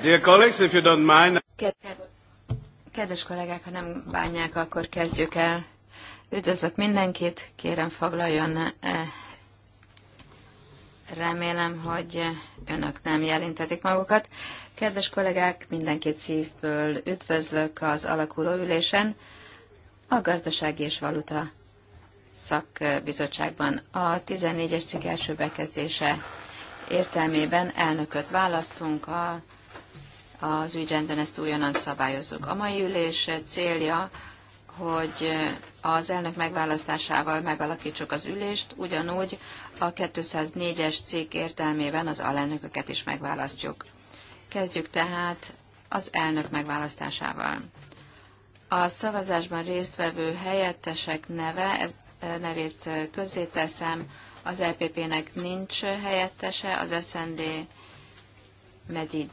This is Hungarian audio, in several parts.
Dear colleagues, if you don't mind... Kedves kollégák, ha nem bánják, akkor kezdjük el. Üdvözlök mindenkit, kérem foglaljon. Eh, remélem, hogy önök nem jelentetik magukat. Kedves kollégák, mindenkit szívből üdvözlök az alakuló ülésen a Gazdasági és Valuta Szakbizottságban a 14-es cikk első bekezdése értelmében elnököt választunk a az ügyrendben ezt újonnan szabályozzuk. A mai ülés célja, hogy az elnök megválasztásával megalakítsuk az ülést, ugyanúgy a 204-es cikk értelmében az alelnököket is megválasztjuk. Kezdjük tehát az elnök megválasztásával. A szavazásban résztvevő helyettesek neve, ez, e, nevét közzéteszem, az EPP-nek nincs helyettese, az SND Medi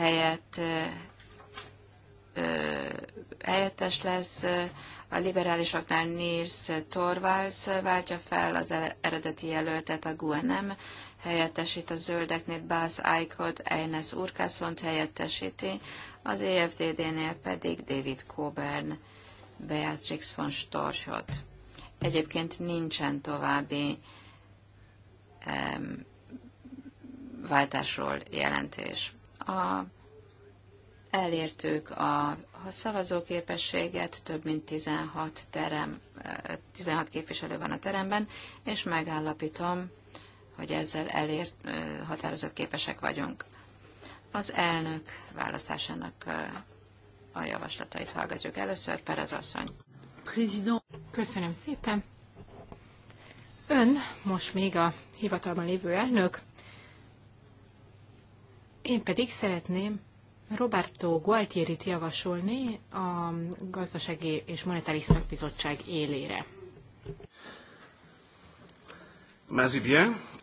helyett helyettes lesz. A liberálisoknál Nils Torvalds váltja fel az eredeti jelöltet a GUNM, helyettesít a zöldeknél Bász Eichhod, Eines Urkászont helyettesíti, az EFDD-nél pedig David Coburn, Beatrix von Storchot. Egyébként nincsen további um, váltásról jelentés a, elértük a, a szavazóképességet, több mint 16, terem, 16 eh, képviselő van a teremben, és megállapítom, hogy ezzel elért eh, határozott képesek vagyunk. Az elnök választásának eh, a javaslatait hallgatjuk először. Perez asszony. Köszönöm szépen. Ön most még a hivatalban lévő elnök, én pedig szeretném Roberto Gualtierit javasolni a Gazdasági és Monetáris Szakbizottság élére.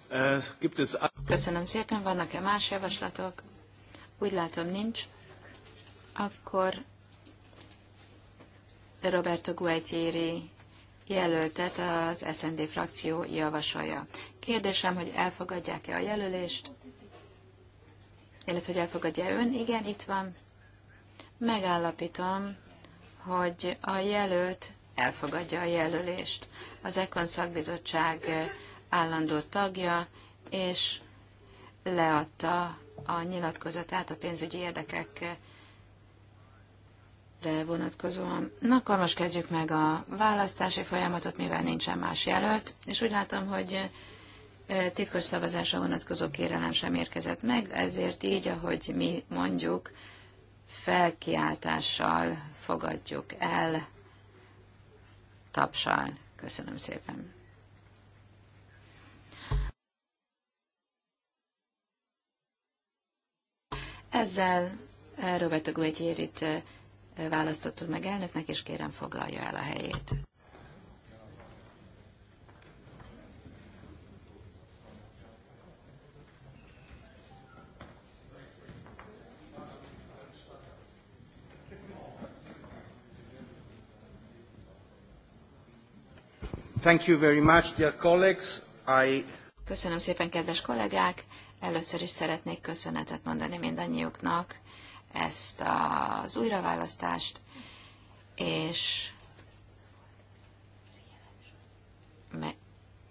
Euh, Köszönöm szépen, vannak-e más javaslatok? Úgy látom, nincs. Akkor Roberto Gualtieri jelöltet az SND frakció javasolja. Kérdésem, hogy elfogadják-e a jelölést? illetve hogy elfogadja ön. Igen, itt van. Megállapítom, hogy a jelölt elfogadja a jelölést. Az Ekon szakbizottság állandó tagja, és leadta a nyilatkozatát a pénzügyi érdekekre vonatkozóan. Na, akkor most kezdjük meg a választási folyamatot, mivel nincsen más jelölt, és úgy látom, hogy titkos szavazásra vonatkozó kérelem sem érkezett meg, ezért így, ahogy mi mondjuk, felkiáltással fogadjuk el, tapsal. Köszönöm szépen. Ezzel Roberto Guegyérit választottuk meg elnöknek, és kérem foglalja el a helyét. Thank you very much, dear colleagues. I... Köszönöm szépen, kedves kollégák! Először is szeretnék köszönetet mondani mindannyiuknak ezt az újraválasztást, és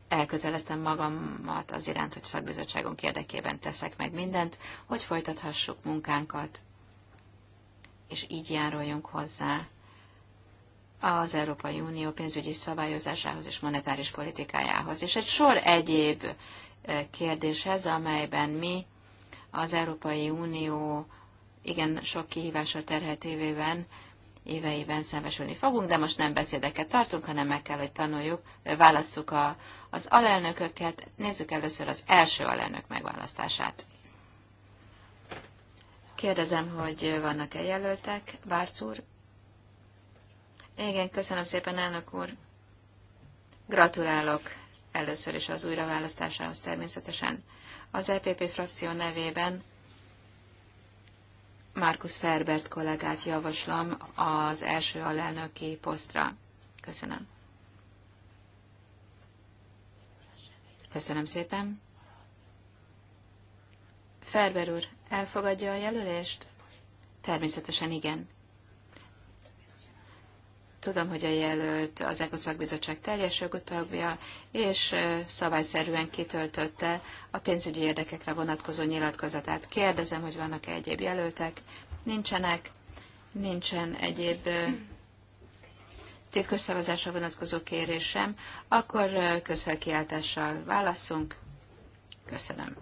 elköteleztem magamat az iránt, hogy szakbizottságunk érdekében teszek meg mindent, hogy folytathassuk munkánkat, és így járuljunk hozzá az Európai Unió pénzügyi szabályozásához és monetáris politikájához, és egy sor egyéb kérdéshez, amelyben mi az Európai Unió igen sok kihívással terhet évében, éveiben szembesülni fogunk, de most nem beszédeket tartunk, hanem meg kell, hogy tanuljuk, válasszuk a, az alelnököket, nézzük először az első alelnök megválasztását. Kérdezem, hogy vannak-e jelöltek, Bárc úr? Igen, köszönöm szépen, elnök úr. Gratulálok először is az újraválasztásához természetesen. Az EPP frakció nevében Markus Ferbert kollégát javaslom az első alelnöki posztra. Köszönöm. Köszönöm szépen. Ferber úr, elfogadja a jelölést? Természetesen igen. Tudom, hogy a jelölt az szakbizottság teljes jogú és szabályszerűen kitöltötte a pénzügyi érdekekre vonatkozó nyilatkozatát. Kérdezem, hogy vannak-e egyéb jelöltek? Nincsenek. Nincsen egyéb titkos szavazásra vonatkozó kérésem, Akkor közfelkiáltással válaszunk. Köszönöm.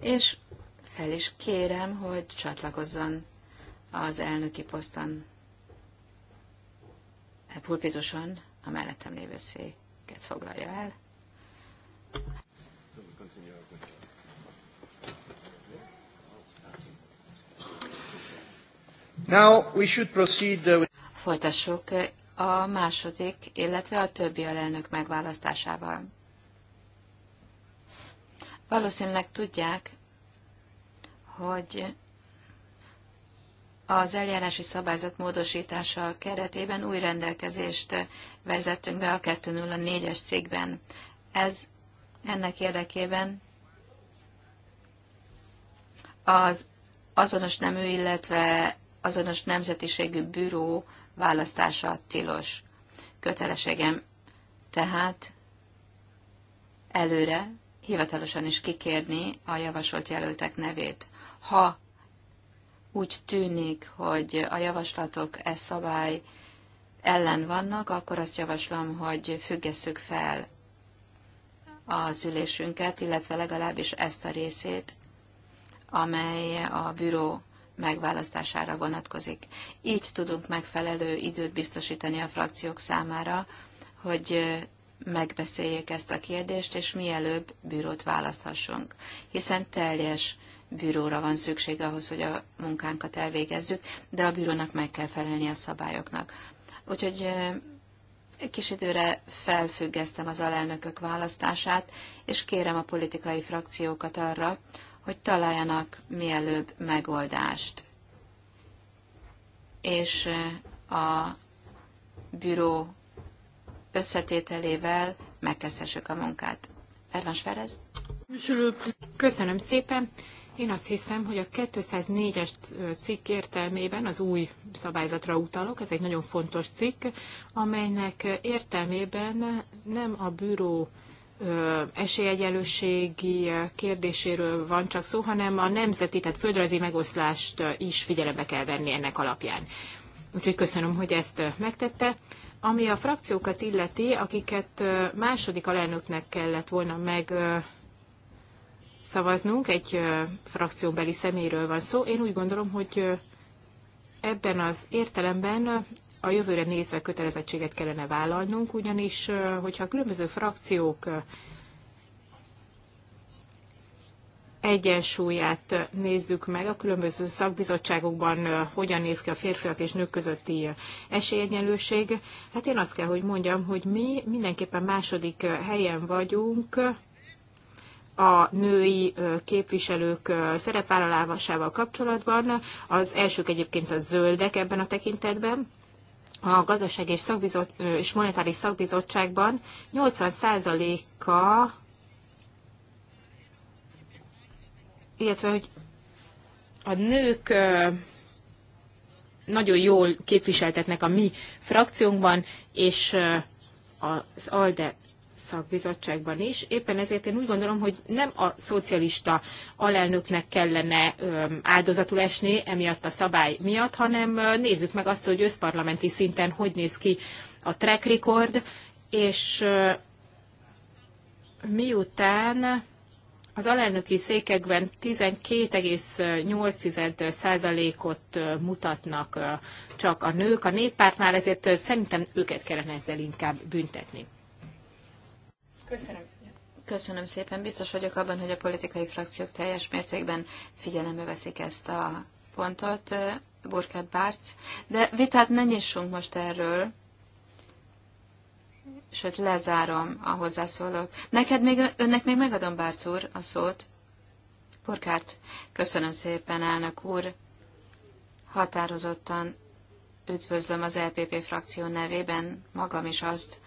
És fel is kérem, hogy csatlakozzon az elnöki poszton eh, pulpituson a mellettem lévő széket foglalja el. Now we should proceed uh, with... Folytassuk eh, a második, illetve a többi alelnök megválasztásával. Valószínűleg tudják, hogy az eljárási szabályzat módosítása keretében új rendelkezést vezettünk be a 204-es cikkben. Ez ennek érdekében az azonos nemű, illetve azonos nemzetiségű bűró választása tilos. Kötelességem tehát előre hivatalosan is kikérni a javasolt jelöltek nevét, ha úgy tűnik, hogy a javaslatok e szabály ellen vannak, akkor azt javaslom, hogy függesszük fel az ülésünket, illetve legalábbis ezt a részét, amely a büró megválasztására vonatkozik. Így tudunk megfelelő időt biztosítani a frakciók számára, hogy megbeszéljék ezt a kérdést, és mielőbb bűrót választhassunk, hiszen teljes bűróra van szükség ahhoz, hogy a munkánkat elvégezzük, de a bűrónak meg kell felelni a szabályoknak. Úgyhogy kis időre felfüggesztem az alelnökök választását, és kérem a politikai frakciókat arra, hogy találjanak mielőbb megoldást. És a büró összetételével megkezdhessük a munkát. Ervans Ferez? Köszönöm szépen. Én azt hiszem, hogy a 204-es cikk értelmében az új szabályzatra utalok, ez egy nagyon fontos cikk, amelynek értelmében nem a bűró esélyegyelőségi kérdéséről van csak szó, hanem a nemzeti, tehát földrajzi megoszlást is figyelembe kell venni ennek alapján. Úgyhogy köszönöm, hogy ezt megtette. Ami a frakciókat illeti, akiket második alelnöknek kellett volna meg szavaznunk, egy frakcióbeli szeméről van szó. Én úgy gondolom, hogy ebben az értelemben a jövőre nézve kötelezettséget kellene vállalnunk, ugyanis hogyha a különböző frakciók egyensúlyát nézzük meg, a különböző szakbizottságokban hogyan néz ki a férfiak és nők közötti esélyegyenlőség. Hát én azt kell, hogy mondjam, hogy mi mindenképpen második helyen vagyunk a női képviselők szerepvállalásával kapcsolatban. Az elsők egyébként a zöldek ebben a tekintetben. A Gazdaság és, Szakbizot- és Monetáris Szakbizottságban 80%-a, illetve hogy a nők nagyon jól képviseltetnek a mi frakciónkban, és az ALDE szakbizottságban is. Éppen ezért én úgy gondolom, hogy nem a szocialista alelnöknek kellene áldozatul esni emiatt a szabály miatt, hanem nézzük meg azt, hogy összparlamenti szinten hogy néz ki a track record, és miután az alelnöki székekben 12,8%-ot mutatnak csak a nők a néppártnál, ezért szerintem őket kellene ezzel inkább büntetni. Köszönöm. Köszönöm szépen. Biztos vagyok abban, hogy a politikai frakciók teljes mértékben figyelembe veszik ezt a pontot, Burkett Bárc. De vitát ne nyissunk most erről, sőt lezárom a hozzászólók. Neked még, önnek még megadom, Bárc úr, a szót. Burkárt, köszönöm szépen, elnök úr. Határozottan üdvözlöm az LPP e frakció nevében magam is azt,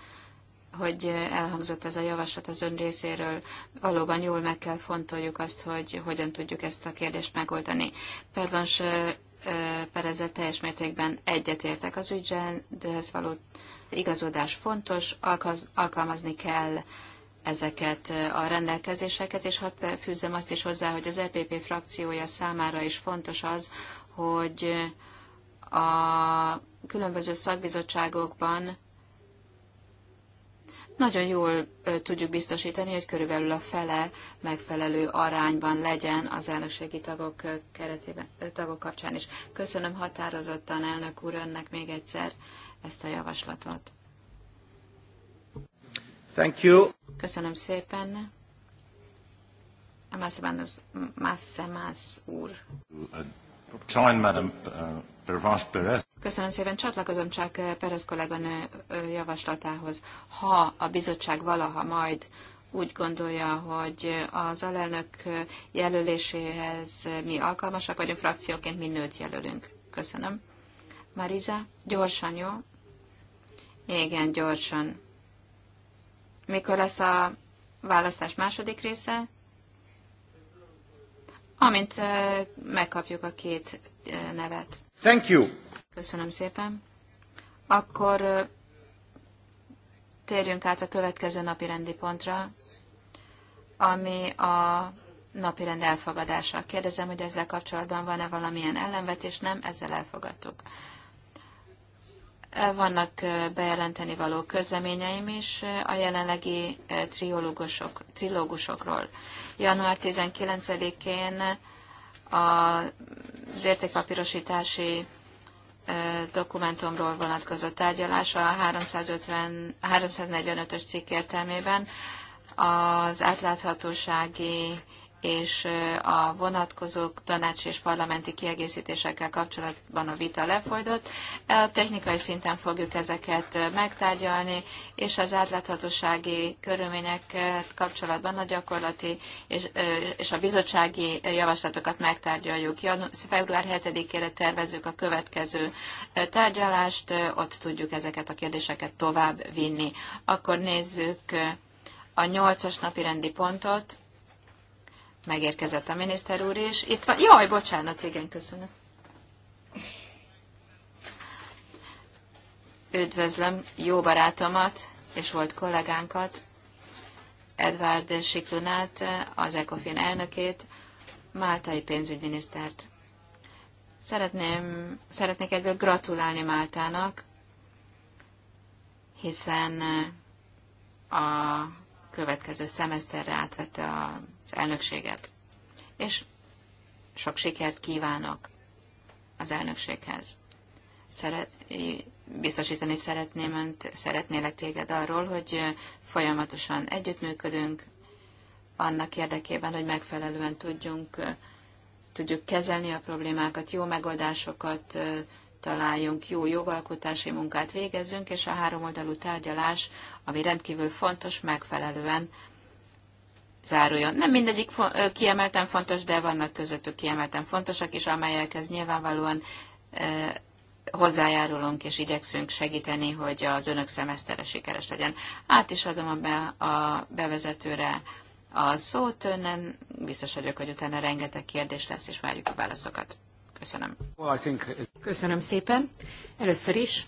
hogy elhangzott ez a javaslat az ön részéről. Valóban jól meg kell fontoljuk azt, hogy hogyan tudjuk ezt a kérdést megoldani. Pervans Perezzel teljes mértékben egyetértek az ügyen, de ez való igazodás fontos, alkalmazni kell ezeket a rendelkezéseket, és hadd fűzzem azt is hozzá, hogy az EPP frakciója számára is fontos az, hogy a különböző szakbizottságokban nagyon jól tudjuk biztosítani, hogy körülbelül a fele megfelelő arányban legyen az elnökségi tagok, keretében, tagok kapcsán is. Köszönöm határozottan, elnök úr, önnek még egyszer ezt a javaslatot. Thank you. Köszönöm szépen. Más, más, más úr. Uh, Köszönöm szépen, csatlakozom csak uh, Perez kolléganő uh, javaslatához. Ha a bizottság valaha majd úgy gondolja, hogy az alelnök jelöléséhez mi alkalmasak vagyunk, frakcióként mi nőt jelölünk. Köszönöm. Mariza, gyorsan, jó? Igen, gyorsan. Mikor lesz a választás második része? amint megkapjuk a két nevet. Thank you. Köszönöm szépen. Akkor térjünk át a következő napi rendi pontra, ami a napi rend elfogadása. Kérdezem, hogy ezzel kapcsolatban van-e valamilyen ellenvetés, nem, ezzel elfogadtuk. Vannak bejelenteni való közleményeim is a jelenlegi triológusok, trilógusokról. Január 19-én az értékpapírosítási dokumentumról vonatkozó tárgyalás a 350, 345-ös cikk értelmében az átláthatósági és a vonatkozó tanács és parlamenti kiegészítésekkel kapcsolatban a vita lefolytott. A technikai szinten fogjuk ezeket megtárgyalni, és az átláthatósági körülmények kapcsolatban a gyakorlati és, és a bizottsági javaslatokat megtárgyaljuk. Janu- február 7-ére tervezzük a következő tárgyalást, ott tudjuk ezeket a kérdéseket tovább vinni. Akkor nézzük a nyolcas napi rendi pontot Megérkezett a miniszter úr és Itt van. Jaj, bocsánat, igen, köszönöm. Üdvözlöm jó barátomat és volt kollégánkat, Edvard Siklunát, az ECOFIN elnökét, Máltai pénzügyminisztert. Szeretném, szeretnék egyből gratulálni Máltának, hiszen a következő szemeszterre átvette az elnökséget. És sok sikert kívánok az elnökséghez. Szeret, biztosítani szeretném önt, szeretnélek téged arról, hogy folyamatosan együttműködünk annak érdekében, hogy megfelelően tudjunk, tudjuk kezelni a problémákat, jó megoldásokat találjunk, jó jogalkotási munkát végezzünk, és a háromoldalú tárgyalás, ami rendkívül fontos, megfelelően záruljon. Nem mindegyik kiemelten fontos, de vannak közöttük kiemelten fontosak is, amelyekhez nyilvánvalóan hozzájárulunk és igyekszünk segíteni, hogy az önök szemesztere sikeres legyen. Át is adom a, be, a bevezetőre a szót önnen, biztos vagyok, hogy utána rengeteg kérdés lesz, és várjuk a válaszokat. Köszönöm. Köszönöm szépen. Először is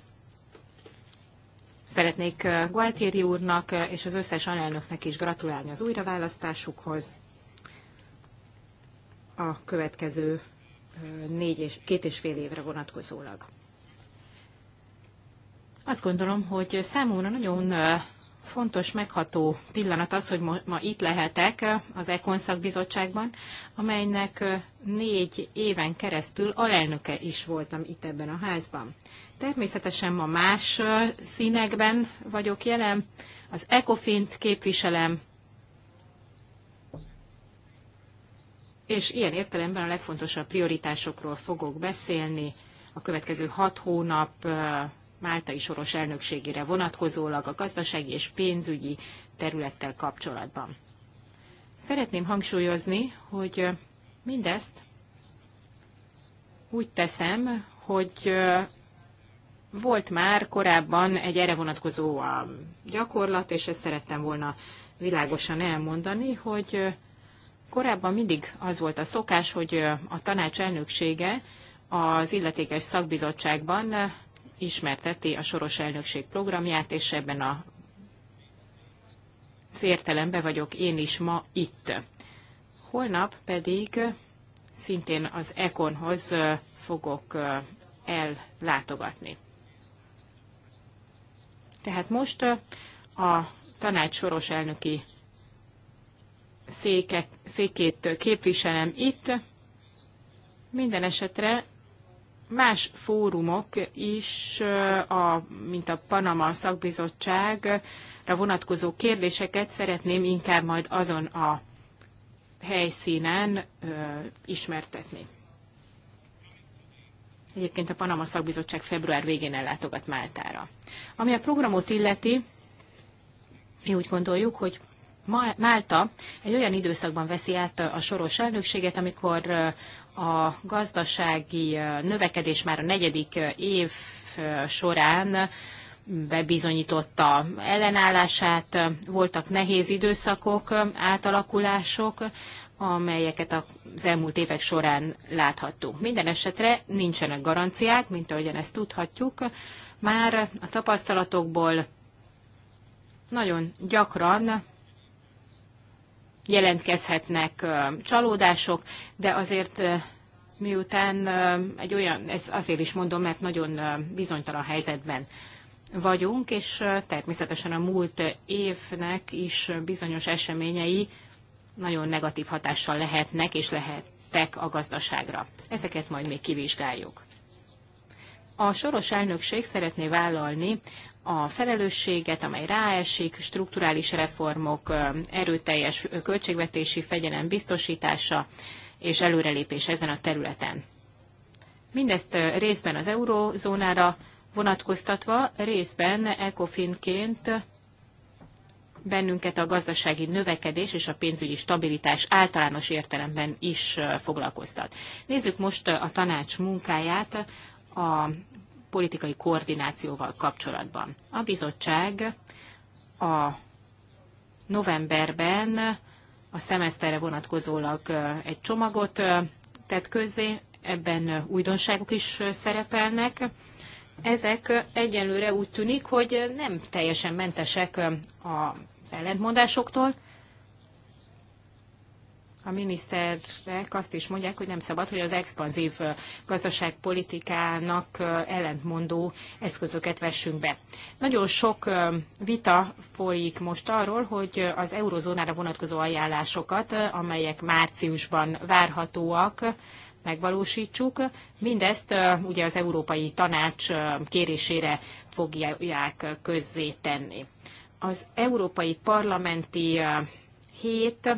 szeretnék uh, Gualtieri úrnak uh, és az összes alelnöknek is gratulálni az újraválasztásukhoz. A következő uh, négy és, két és fél évre vonatkozólag. Azt gondolom, hogy számomra nagyon fontos, megható pillanat az, hogy ma itt lehetek az Ekon szakbizottságban, amelynek négy éven keresztül alelnöke is voltam itt ebben a házban. Természetesen ma más színekben vagyok jelen, az Ecofint képviselem, és ilyen értelemben a legfontosabb prioritásokról fogok beszélni a következő hat hónap máltai soros elnökségére vonatkozólag a gazdasági és pénzügyi területtel kapcsolatban. Szeretném hangsúlyozni, hogy mindezt úgy teszem, hogy volt már korábban egy erre vonatkozó a gyakorlat, és ezt szerettem volna világosan elmondani, hogy korábban mindig az volt a szokás, hogy a tanács elnöksége az illetékes szakbizottságban ismerteti a soros elnökség programját, és ebben a értelemben vagyok én is ma itt. Holnap pedig szintén az Econhoz fogok ellátogatni. Tehát most a tanács soros elnöki széke, székét képviselem itt. Minden esetre más fórumok is, a, mint a Panama szakbizottságra vonatkozó kérdéseket szeretném inkább majd azon a helyszínen ö, ismertetni. Egyébként a Panama szakbizottság február végén ellátogat Máltára. Ami a programot illeti, mi úgy gondoljuk, hogy Málta egy olyan időszakban veszi át a soros elnökséget, amikor a gazdasági növekedés már a negyedik év során bebizonyította ellenállását, voltak nehéz időszakok, átalakulások, amelyeket az elmúlt évek során láthattuk. Minden esetre nincsenek garanciák, mint ahogyan ezt tudhatjuk. Már a tapasztalatokból nagyon gyakran jelentkezhetnek csalódások, de azért miután egy olyan, ez azért is mondom, mert nagyon bizonytalan helyzetben vagyunk, és természetesen a múlt évnek is bizonyos eseményei nagyon negatív hatással lehetnek és lehettek a gazdaságra. Ezeket majd még kivizsgáljuk. A soros elnökség szeretné vállalni a felelősséget, amely ráesik, strukturális reformok, erőteljes költségvetési fegyelem biztosítása és előrelépés ezen a területen. Mindezt részben az eurózónára vonatkoztatva, részben ECOFIN-ként bennünket a gazdasági növekedés és a pénzügyi stabilitás általános értelemben is foglalkoztat. Nézzük most a tanács munkáját a politikai koordinációval kapcsolatban. A bizottság a novemberben a szemeszterre vonatkozólag egy csomagot tett közzé, ebben újdonságok is szerepelnek. Ezek egyenlőre úgy tűnik, hogy nem teljesen mentesek az ellentmondásoktól, a miniszterek azt is mondják, hogy nem szabad, hogy az expanzív gazdaságpolitikának ellentmondó eszközöket vessünk be. Nagyon sok vita folyik most arról, hogy az eurozónára vonatkozó ajánlásokat, amelyek márciusban várhatóak, megvalósítsuk. Mindezt ugye az Európai Tanács kérésére fogják közzétenni. Az Európai Parlamenti hét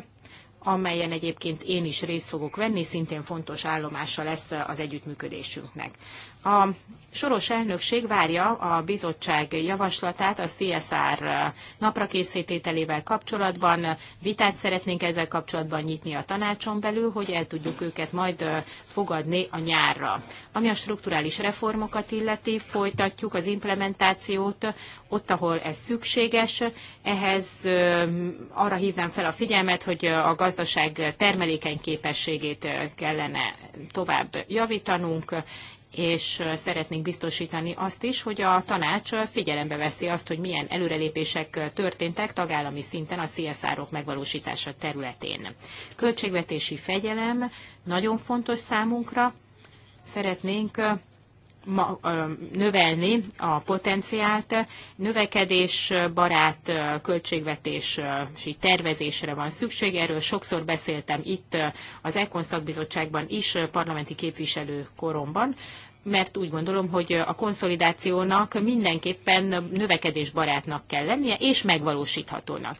amelyen egyébként én is részt fogok venni, szintén fontos állomása lesz az együttműködésünknek. A soros elnökség várja a bizottság javaslatát a CSR naprakészítételével kapcsolatban. Vitát szeretnénk ezzel kapcsolatban nyitni a tanácson belül, hogy el tudjuk őket majd fogadni a nyárra. Ami a strukturális reformokat illeti, folytatjuk az implementációt ott, ahol ez szükséges. Ehhez arra hívnám fel a figyelmet, hogy a gazdaság termelékeny képességét kellene tovább javítanunk, és szeretnénk biztosítani azt is, hogy a tanács figyelembe veszi azt, hogy milyen előrelépések történtek tagállami szinten a CSR-ok megvalósítása területén. Költségvetési fegyelem nagyon fontos számunkra. Szeretnénk ma, növelni a potenciált, növekedés barát költségvetési tervezésre van szükség. Erről sokszor beszéltem itt az Ekon szakbizottságban is parlamenti képviselő koromban mert úgy gondolom, hogy a konszolidációnak mindenképpen növekedésbarátnak kell lennie, és megvalósíthatónak.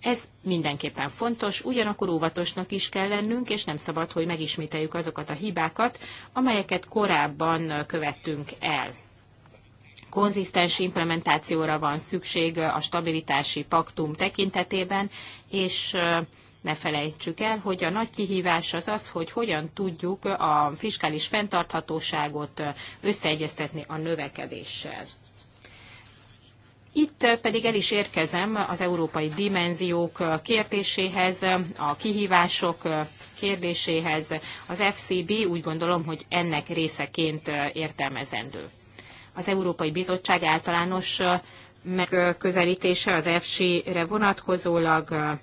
Ez mindenképpen fontos, ugyanakkor óvatosnak is kell lennünk, és nem szabad, hogy megismételjük azokat a hibákat, amelyeket korábban követtünk el. Konzisztens implementációra van szükség a stabilitási paktum tekintetében, és ne felejtsük el, hogy a nagy kihívás az az, hogy hogyan tudjuk a fiskális fenntarthatóságot összeegyeztetni a növekedéssel. Itt pedig el is érkezem az európai dimenziók kérdéséhez, a kihívások kérdéséhez. Az FCB úgy gondolom, hogy ennek részeként értelmezendő. Az Európai Bizottság általános megközelítése az FC-re vonatkozólag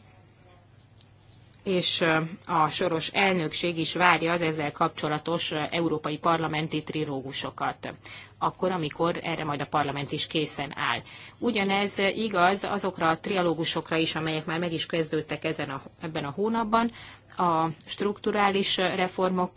és a soros elnökség is várja az ezzel kapcsolatos európai parlamenti trilógusokat akkor, amikor erre majd a parlament is készen áll. Ugyanez igaz azokra a trialógusokra is, amelyek már meg is kezdődtek ezen a, ebben a hónapban, a strukturális reformok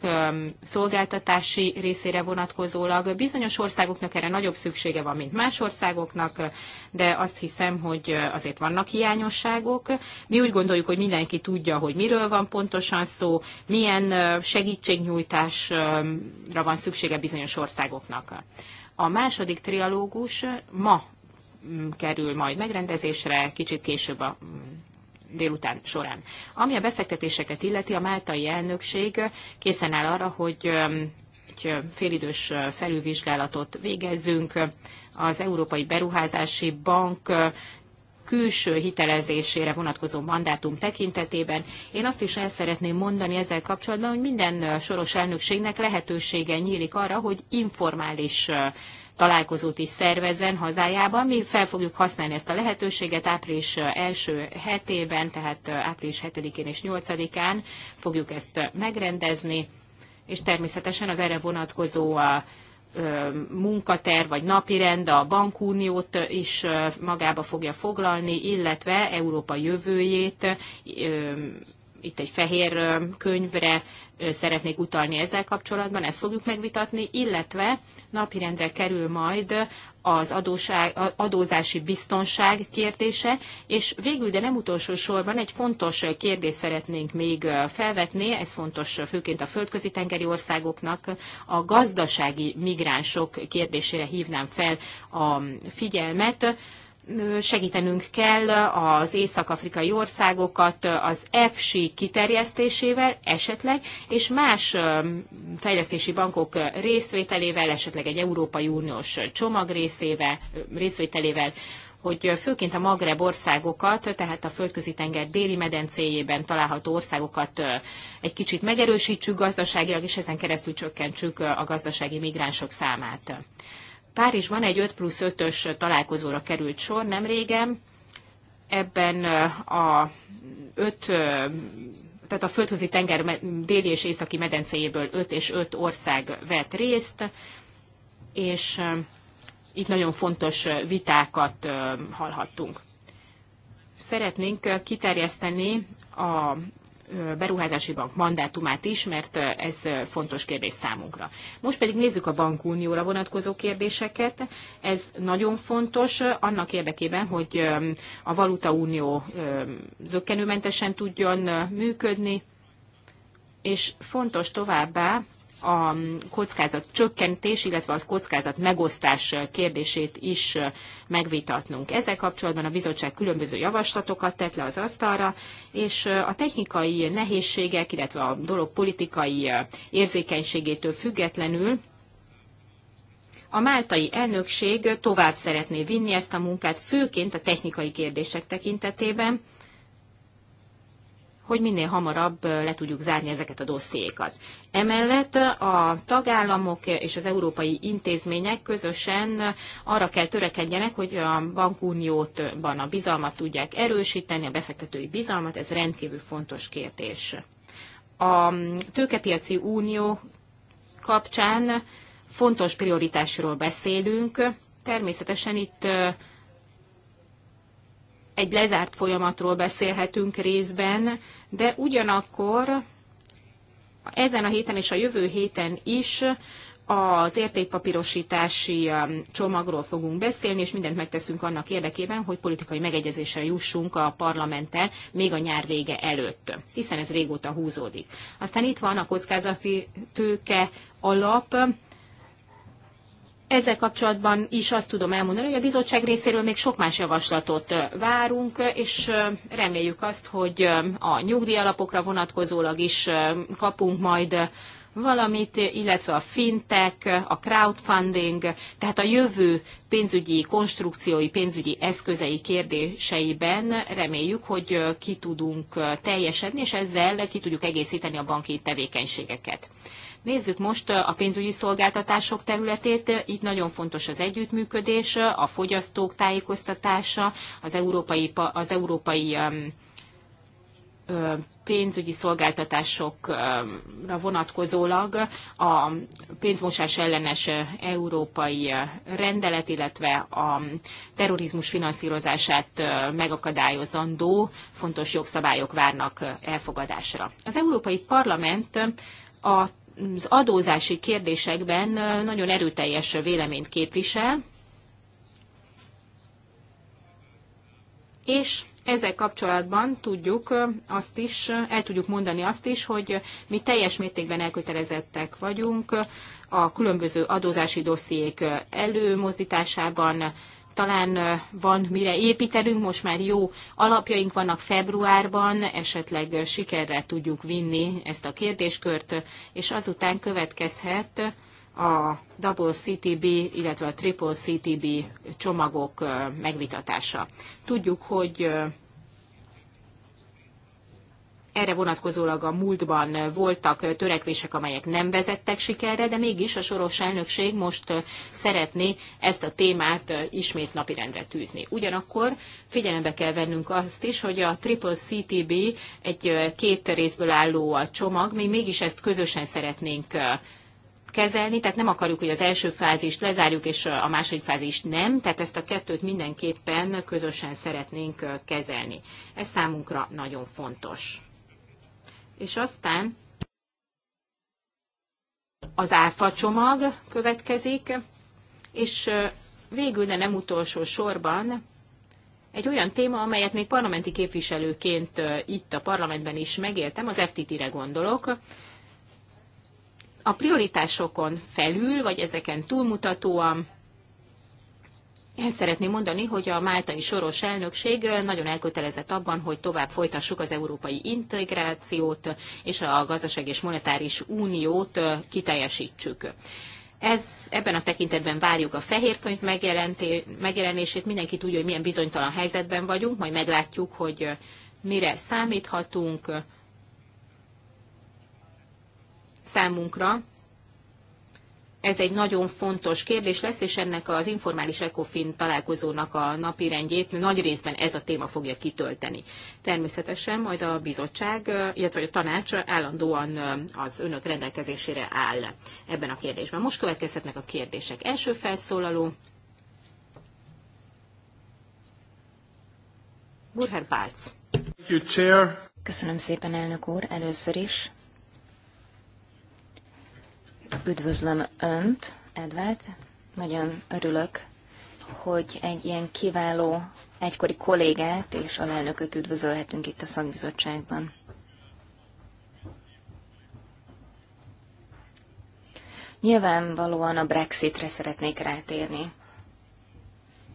szolgáltatási részére vonatkozólag. Bizonyos országoknak erre nagyobb szüksége van, mint más országoknak, de azt hiszem, hogy azért vannak hiányosságok. Mi úgy gondoljuk, hogy mindenki tudja, hogy miről van pontosan szó, milyen segítségnyújtásra van szüksége bizonyos országoknak. A második trialógus ma mm, kerül majd megrendezésre, kicsit később a mm, délután során. Ami a befektetéseket illeti, a máltai elnökség készen áll arra, hogy egy um, um, félidős uh, felülvizsgálatot végezzünk. Az Európai Beruházási Bank uh, külső hitelezésére vonatkozó mandátum tekintetében. Én azt is el szeretném mondani ezzel kapcsolatban, hogy minden uh, soros elnökségnek lehetősége nyílik arra, hogy informális találkozót is szervezzen hazájában. Mi fel fogjuk használni ezt a lehetőséget április első hetében, tehát április 7-én és 8-án fogjuk ezt megrendezni, és természetesen az erre vonatkozó a munkaterv vagy napirend a bankuniót is magába fogja foglalni, illetve Európa jövőjét, itt egy fehér könyvre szeretnék utalni ezzel kapcsolatban, ezt fogjuk megvitatni, illetve napirendre kerül majd az adóság, adózási biztonság kérdése, és végül, de nem utolsó sorban egy fontos kérdést szeretnénk még felvetni, ez fontos főként a földközi tengeri országoknak, a gazdasági migránsok kérdésére hívnám fel a figyelmet segítenünk kell az észak-afrikai országokat az EFSI kiterjesztésével esetleg, és más fejlesztési bankok részvételével, esetleg egy Európai Uniós csomag részével, részvételével, hogy főként a Magreb országokat, tehát a földközi tenger déli medencéjében található országokat egy kicsit megerősítsük gazdaságilag, és ezen keresztül csökkentsük a gazdasági migránsok számát. Párizsban egy 5 plusz 5-ös találkozóra került sor nem régen. Ebben a 5, tehát a földközi tenger déli és északi medencéjéből 5 és 5 ország vett részt, és itt nagyon fontos vitákat hallhattunk. Szeretnénk kiterjeszteni a beruházási bank mandátumát is, mert ez fontos kérdés számunkra. Most pedig nézzük a bankunióra vonatkozó kérdéseket. Ez nagyon fontos annak érdekében, hogy a valutaunió zöggenőmentesen tudjon működni, és fontos továbbá a kockázat csökkentés, illetve a kockázat megosztás kérdését is megvitatnunk. Ezzel kapcsolatban a bizottság különböző javaslatokat tett le az asztalra, és a technikai nehézségek, illetve a dolog politikai érzékenységétől függetlenül a máltai elnökség tovább szeretné vinni ezt a munkát, főként a technikai kérdések tekintetében, hogy minél hamarabb le tudjuk zárni ezeket a dossziékat. Emellett a tagállamok és az európai intézmények közösen arra kell törekedjenek, hogy a bankuniótban a bizalmat tudják erősíteni, a befektetői bizalmat, ez rendkívül fontos kérdés. A tőkepiaci unió kapcsán fontos prioritásról beszélünk, természetesen itt egy lezárt folyamatról beszélhetünk részben, de ugyanakkor ezen a héten és a jövő héten is az értékpapírosítási um, csomagról fogunk beszélni, és mindent megteszünk annak érdekében, hogy politikai megegyezésre jussunk a parlamenttel még a nyár vége előtt, hiszen ez régóta húzódik. Aztán itt van a kockázati tőke alap, ezzel kapcsolatban is azt tudom elmondani, hogy a bizottság részéről még sok más javaslatot várunk, és reméljük azt, hogy a nyugdíjalapokra vonatkozólag is kapunk majd valamit, illetve a fintech, a crowdfunding, tehát a jövő pénzügyi konstrukciói, pénzügyi eszközei kérdéseiben reméljük, hogy ki tudunk teljesedni, és ezzel ki tudjuk egészíteni a banki tevékenységeket. Nézzük most eh, a pénzügyi szolgáltatások területét. Itt nagyon fontos az együttműködés, eh, a fogyasztók tájékoztatása, az európai, az európai pénzügyi szolgáltatásokra vonatkozólag a pénzmosás ellenes eh, európai rendelet, illetve a terrorizmus finanszírozását megakadályozandó fontos jogszabályok várnak elfogadásra. Az Európai Parlament a az adózási kérdésekben nagyon erőteljes véleményt képvisel, és ezzel kapcsolatban tudjuk azt is, el tudjuk mondani azt is, hogy mi teljes mértékben elkötelezettek vagyunk a különböző adózási dossziék előmozdításában, talán van mire építenünk, most már jó alapjaink vannak februárban, esetleg sikerre tudjuk vinni ezt a kérdéskört, és azután következhet a Double CTB, illetve a Triple CTB csomagok megvitatása. Tudjuk, hogy erre vonatkozólag a múltban voltak törekvések, amelyek nem vezettek sikerre, de mégis a soros elnökség most szeretné ezt a témát ismét napirendre tűzni. Ugyanakkor figyelembe kell vennünk azt is, hogy a Triple CTB egy két részből álló a csomag, mi mégis ezt közösen szeretnénk kezelni, tehát nem akarjuk, hogy az első fázist lezárjuk, és a második fázist nem, tehát ezt a kettőt mindenképpen közösen szeretnénk kezelni. Ez számunkra nagyon fontos és aztán az áfa csomag következik, és végül, de nem utolsó sorban, egy olyan téma, amelyet még parlamenti képviselőként itt a parlamentben is megéltem, az FTT-re gondolok. A prioritásokon felül, vagy ezeken túlmutatóan én szeretném mondani, hogy a máltai soros elnökség nagyon elkötelezett abban, hogy tovább folytassuk az európai integrációt és a gazdaság és monetáris uniót kiteljesítsük. Ez, ebben a tekintetben várjuk a fehér könyv megjelenését. Mindenki tudja, hogy milyen bizonytalan helyzetben vagyunk, majd meglátjuk, hogy mire számíthatunk számunkra ez egy nagyon fontos kérdés lesz, és ennek az informális ECOFIN találkozónak a napi rendjét nagy részben ez a téma fogja kitölteni. Természetesen majd a bizottság, illetve a tanács állandóan az önök rendelkezésére áll ebben a kérdésben. Most következhetnek a kérdések. Első felszólaló. Burher Pálc. Köszönöm szépen, elnök úr, először is. Üdvözlöm Önt, Edvard. Nagyon örülök, hogy egy ilyen kiváló egykori kollégát és alelnököt üdvözölhetünk itt a szakbizottságban. Nyilvánvalóan a Brexitre szeretnék rátérni.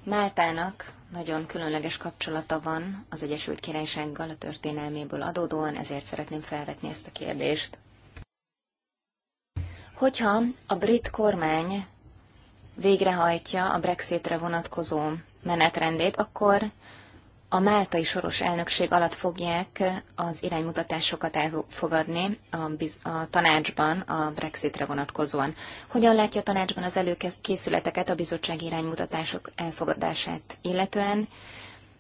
Máltának nagyon különleges kapcsolata van az Egyesült Királysággal a történelméből adódóan, ezért szeretném felvetni ezt a kérdést. Hogyha a brit kormány végrehajtja a Brexitre vonatkozó menetrendét, akkor a máltai soros elnökség alatt fogják az iránymutatásokat elfogadni a, biz- a tanácsban a Brexitre vonatkozóan. Hogyan látja a tanácsban az előkészületeket a bizottság iránymutatások elfogadását illetően?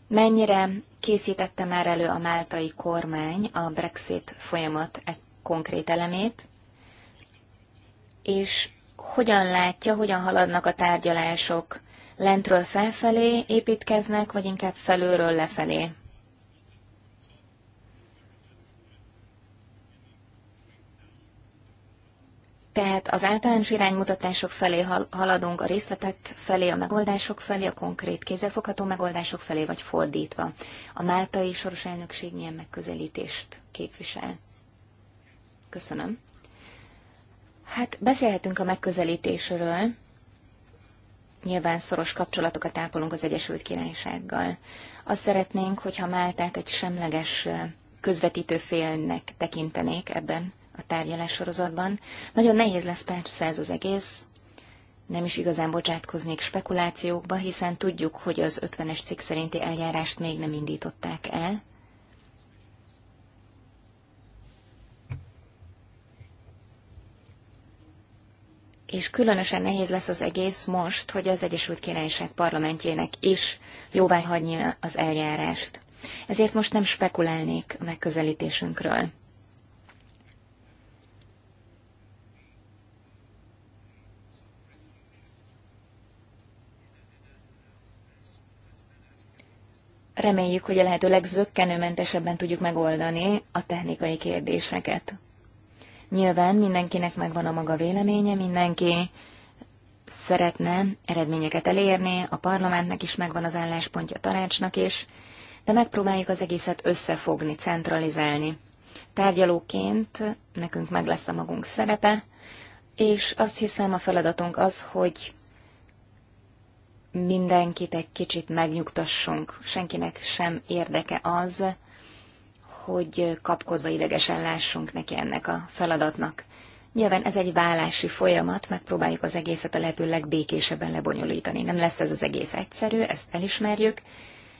Mennyire készítette már elő a máltai kormány a Brexit folyamat e- konkrét elemét? és hogyan látja, hogyan haladnak a tárgyalások? Lentről felfelé építkeznek, vagy inkább felülről lefelé? Tehát az általános iránymutatások felé haladunk, a részletek felé, a megoldások felé, a konkrét kézzelfogható megoldások felé, vagy fordítva. A máltai soros elnökség milyen megközelítést képvisel? Köszönöm. Hát beszélhetünk a megközelítésről. Nyilván szoros kapcsolatokat ápolunk az Egyesült Királysággal. Azt szeretnénk, hogyha Máltát egy semleges közvetítő félnek tekintenék ebben a tárgyalás sorozatban. Nagyon nehéz lesz persze ez az egész, nem is igazán bocsátkoznék spekulációkba, hiszen tudjuk, hogy az 50-es cikk szerinti eljárást még nem indították el. és különösen nehéz lesz az egész most, hogy az Egyesült Királyság parlamentjének is jóvá hagyja az eljárást. Ezért most nem spekulálnék a megközelítésünkről. Reméljük, hogy a lehető legzökkenőmentesebben tudjuk megoldani a technikai kérdéseket. Nyilván mindenkinek megvan a maga véleménye, mindenki szeretne eredményeket elérni, a parlamentnek is megvan az álláspontja, a tanácsnak is, de megpróbáljuk az egészet összefogni, centralizálni. Tárgyalóként nekünk meg lesz a magunk szerepe, és azt hiszem a feladatunk az, hogy mindenkit egy kicsit megnyugtassunk. Senkinek sem érdeke az, hogy kapkodva idegesen lássunk neki ennek a feladatnak. Nyilván ez egy vállási folyamat, megpróbáljuk az egészet a lehető legbékésebben lebonyolítani. Nem lesz ez az egész egyszerű, ezt elismerjük,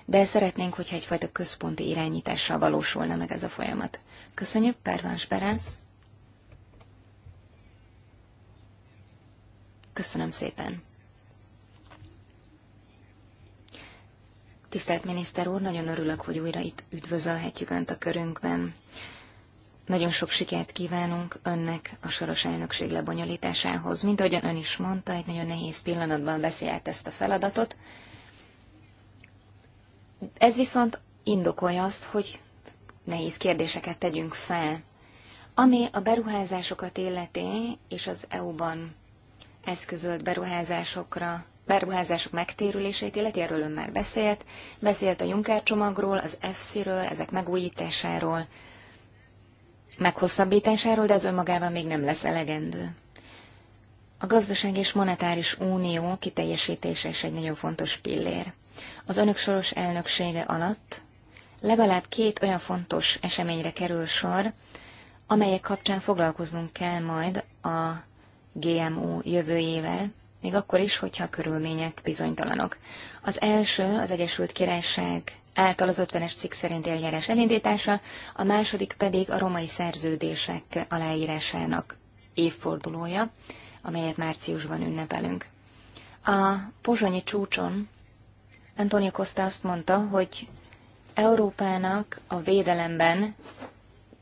de szeretnénk, hogyha egyfajta központi irányítással valósulna meg ez a folyamat. Köszönjük, Pervans Berász! Köszönöm szépen! Tisztelt miniszter úr, nagyon örülök, hogy újra itt üdvözölhetjük Önt a körünkben. Nagyon sok sikert kívánunk Önnek a soros elnökség lebonyolításához. Mint ahogyan Ön is mondta, egy nagyon nehéz pillanatban beszélt ezt a feladatot. Ez viszont indokolja azt, hogy nehéz kérdéseket tegyünk fel. Ami a beruházásokat illeti, és az EU-ban eszközölt beruházásokra beruházások megtérülését illetve erről ön már beszélt. Beszélt a Juncker csomagról, az EFSZ-ről, ezek megújításáról, meghosszabbításáról, de ez önmagában még nem lesz elegendő. A gazdaság és monetáris unió kiteljesítése is egy nagyon fontos pillér. Az önök soros elnöksége alatt legalább két olyan fontos eseményre kerül sor, amelyek kapcsán foglalkoznunk kell majd a GMO jövőjével, még akkor is, hogyha a körülmények bizonytalanok. Az első az Egyesült Királyság által az 50-es cikk szerint eljárás elindítása, a második pedig a romai szerződések aláírásának évfordulója, amelyet márciusban ünnepelünk. A pozsonyi csúcson Antonio Costa azt mondta, hogy Európának a védelemben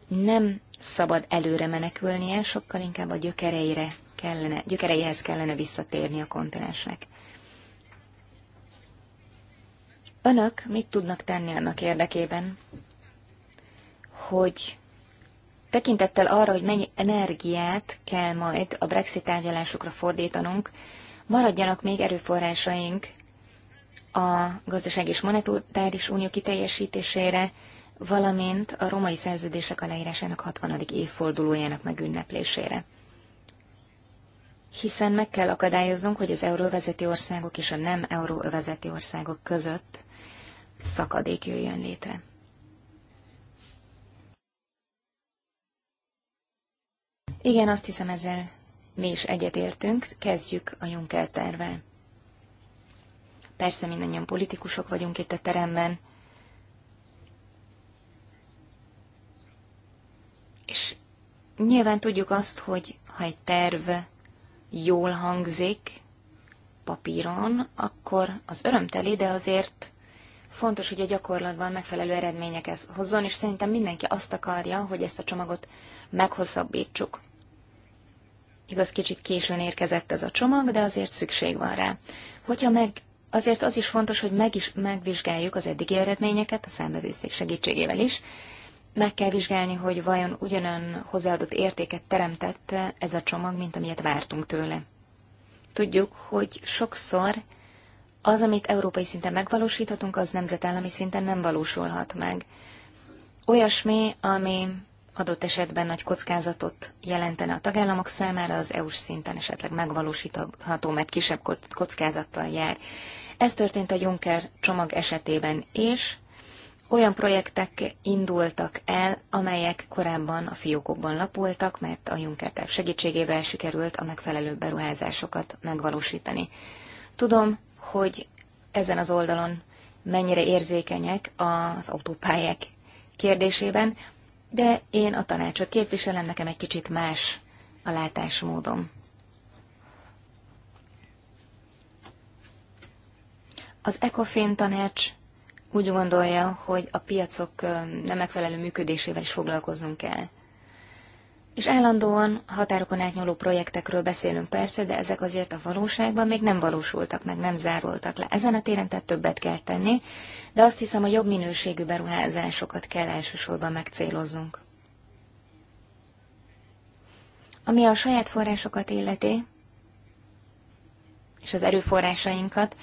nem szabad előre menekülnie, sokkal inkább a gyökereire kellene, gyökereihez kellene visszatérni a kontinensnek. Önök mit tudnak tenni annak érdekében, hogy tekintettel arra, hogy mennyi energiát kell majd a Brexit tárgyalásokra fordítanunk, maradjanak még erőforrásaink a gazdaság és monetáris unió kiteljesítésére, valamint a romai szerződések aláírásának 60. évfordulójának megünneplésére hiszen meg kell akadályoznunk, hogy az euróvezeti országok és a nem euróvezeti országok között szakadék jöjjön létre. Igen, azt hiszem ezzel mi is egyetértünk, kezdjük a Juncker tervvel. Persze mindannyian politikusok vagyunk itt a teremben, és nyilván tudjuk azt, hogy ha egy terv jól hangzik papíron, akkor az örömteli, de azért fontos, hogy a gyakorlatban megfelelő eredményekhez hozzon, és szerintem mindenki azt akarja, hogy ezt a csomagot meghosszabbítsuk. Igaz, kicsit későn érkezett ez a csomag, de azért szükség van rá. Hogyha meg azért az is fontos, hogy meg is, megvizsgáljuk az eddigi eredményeket a számbevőszék segítségével is, meg kell vizsgálni, hogy vajon ugyanan hozzáadott értéket teremtett ez a csomag, mint amilyet vártunk tőle. Tudjuk, hogy sokszor az, amit európai szinten megvalósíthatunk, az nemzetállami szinten nem valósulhat meg. Olyasmi, ami adott esetben nagy kockázatot jelentene a tagállamok számára, az EU-s szinten esetleg megvalósítható, mert kisebb kockázattal jár. Ez történt a Juncker csomag esetében is, olyan projektek indultak el, amelyek korábban a fiókokban lapultak, mert a Juncker terv segítségével sikerült a megfelelő beruházásokat megvalósítani. Tudom, hogy ezen az oldalon mennyire érzékenyek az autópályák kérdésében, de én a tanácsot képviselem, nekem egy kicsit más a látásmódom. Az ECOFIN tanács úgy gondolja, hogy a piacok nem megfelelő működésével is foglalkoznunk kell. És állandóan határokon átnyúló projektekről beszélünk persze, de ezek azért a valóságban még nem valósultak meg, nem zárultak le. Ezen a téren tehát többet kell tenni, de azt hiszem, a jobb minőségű beruházásokat kell elsősorban megcéloznunk. Ami a saját forrásokat illeti, és az erőforrásainkat,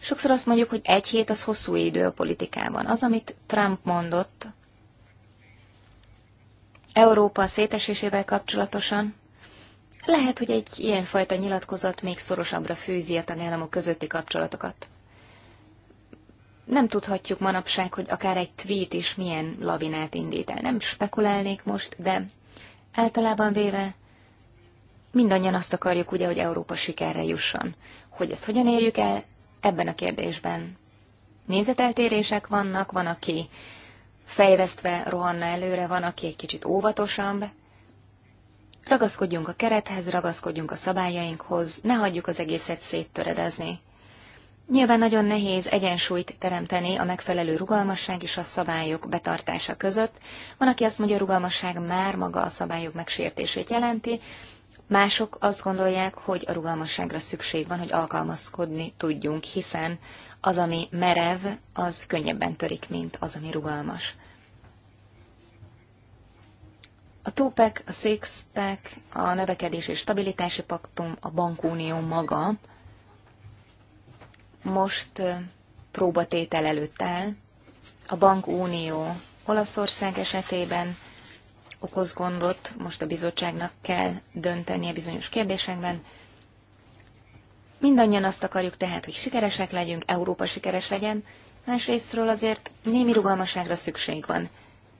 Sokszor azt mondjuk, hogy egy hét az hosszú idő a politikában. Az, amit Trump mondott Európa szétesésével kapcsolatosan, lehet, hogy egy ilyenfajta nyilatkozat még szorosabbra fűzi a tagállamok közötti kapcsolatokat. Nem tudhatjuk manapság, hogy akár egy tweet is milyen lavinát indít el. Nem spekulálnék most, de általában véve mindannyian azt akarjuk ugye, hogy Európa sikerre jusson. Hogy ezt hogyan érjük el, ebben a kérdésben nézeteltérések vannak, van, aki fejvesztve rohanna előre, van, aki egy kicsit óvatosabb. Ragaszkodjunk a kerethez, ragaszkodjunk a szabályainkhoz, ne hagyjuk az egészet széttöredezni. Nyilván nagyon nehéz egyensúlyt teremteni a megfelelő rugalmasság és a szabályok betartása között. Van, aki azt mondja, a rugalmasság már maga a szabályok megsértését jelenti, Mások azt gondolják, hogy a rugalmasságra szükség van, hogy alkalmazkodni tudjunk, hiszen az, ami merev, az könnyebben törik, mint az, ami rugalmas. A túpek, a székszpek, a növekedés és stabilitási paktum, a bankunió maga most próbatétel előtt áll. A bankunió Olaszország esetében okoz gondot, most a bizottságnak kell döntenie bizonyos kérdésekben. Mindannyian azt akarjuk tehát, hogy sikeresek legyünk, Európa sikeres legyen, másrésztről azért némi rugalmaságra szükség van.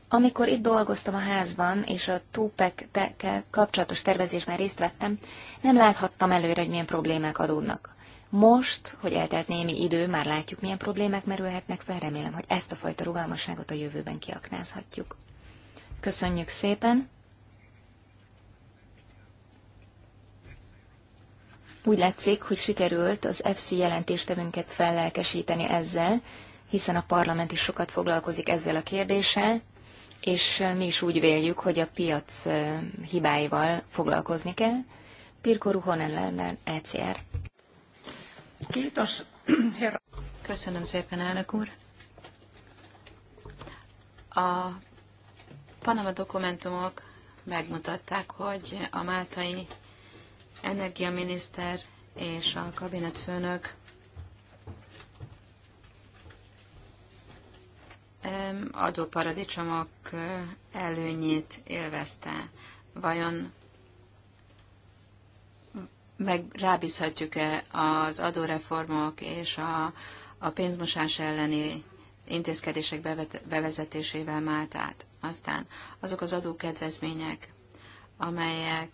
Amikor itt dolgoztam a házban, és a túpekkel kapcsolatos tervezésben részt vettem, nem láthattam előre, hogy milyen problémák adódnak. Most, hogy eltelt némi idő, már látjuk, milyen problémák merülhetnek fel, remélem, hogy ezt a fajta rugalmasságot a jövőben kiaknázhatjuk. Köszönjük szépen. Úgy látszik, hogy sikerült az FC jelentéstevünket fellelkesíteni ezzel, hiszen a parlament is sokat foglalkozik ezzel a kérdéssel, és mi is úgy véljük, hogy a piac hibáival foglalkozni kell. Pirko Ruhonen lenne ECR. Kétos, Köszönöm szépen, elnök úr. A Panama dokumentumok megmutatták, hogy a máltai energiaminiszter és a kabinetfőnök adóparadicsomok előnyét élvezte. Vajon meg rábízhatjuk-e az adóreformok és a, a pénzmosás elleni intézkedések bevezetésével Máltát. Aztán azok az adókedvezmények, amelyek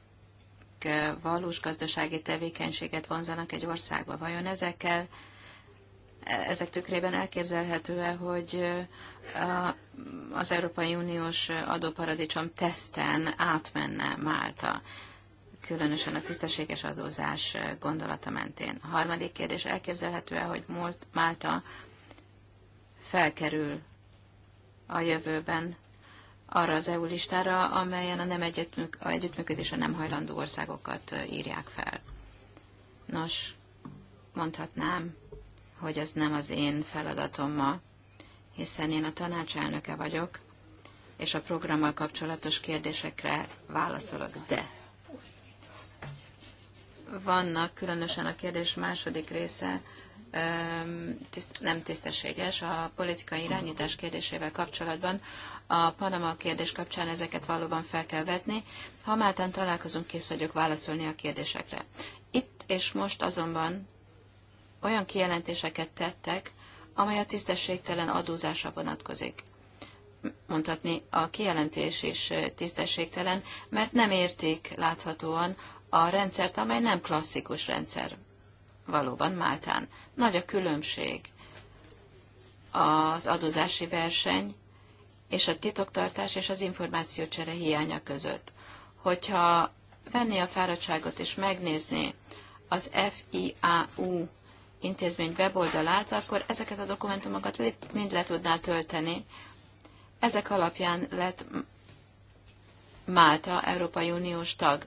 valós gazdasági tevékenységet vonzanak egy országba. Vajon ezekkel, e, ezek tükrében elképzelhető-e, hogy az Európai Uniós adóparadicsom teszten átmenne Málta? különösen a tisztességes adózás gondolata mentén. A harmadik kérdés, elképzelhető-e, hogy Málta felkerül a jövőben arra az EU listára, amelyen a nem együttműk, a együttműködésre nem hajlandó országokat írják fel. Nos, mondhatnám, hogy ez nem az én feladatom ma, hiszen én a tanácselnöke vagyok, és a programmal kapcsolatos kérdésekre válaszolok, de vannak különösen a kérdés második része, tiszt, nem tisztességes a politikai irányítás kérdésével kapcsolatban. A Panama kérdés kapcsán ezeket valóban fel kell vetni. Ha máltán találkozunk, kész vagyok válaszolni a kérdésekre. Itt és most azonban olyan kijelentéseket tettek, amely a tisztességtelen adózásra vonatkozik. Mondhatni, a kijelentés is tisztességtelen, mert nem értik láthatóan a rendszert, amely nem klasszikus rendszer. Valóban Máltán. Nagy a különbség az adózási verseny és a titoktartás és az információcsere hiánya között. Hogyha venné a fáradtságot és megnézni az FIAU intézmény weboldalát, akkor ezeket a dokumentumokat mind le tudná tölteni. Ezek alapján lett Málta Európai Uniós tag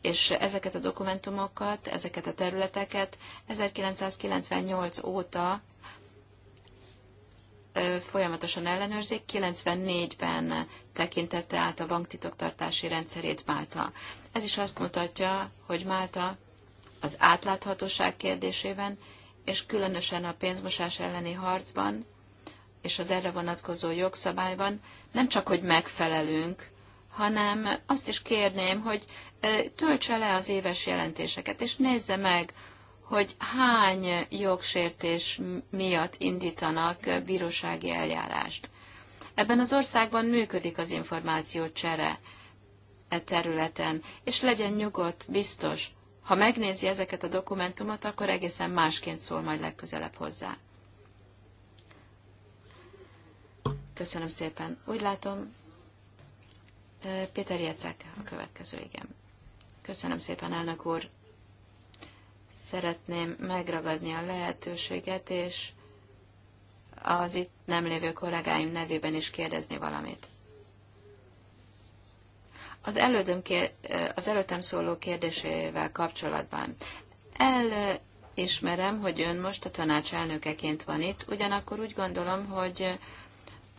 és ezeket a dokumentumokat, ezeket a területeket 1998 óta folyamatosan ellenőrzik. 94-ben tekintette át a banktitoktartási rendszerét Málta. Ez is azt mutatja, hogy Málta az átláthatóság kérdésében, és különösen a pénzmosás elleni harcban, és az erre vonatkozó jogszabályban nem csak, hogy megfelelünk hanem azt is kérném, hogy töltse le az éves jelentéseket, és nézze meg, hogy hány jogsértés miatt indítanak bírósági eljárást. Ebben az országban működik az csere e területen, és legyen nyugodt, biztos, ha megnézi ezeket a dokumentumot, akkor egészen másként szól majd legközelebb hozzá. Köszönöm szépen. Úgy látom, Péter Jecek a következő, igen. Köszönöm szépen, elnök úr. Szeretném megragadni a lehetőséget, és az itt nem lévő kollégáim nevében is kérdezni valamit. Az, elődöm, az előttem szóló kérdésével kapcsolatban elismerem, hogy ön most a tanács elnökeként van itt, ugyanakkor úgy gondolom, hogy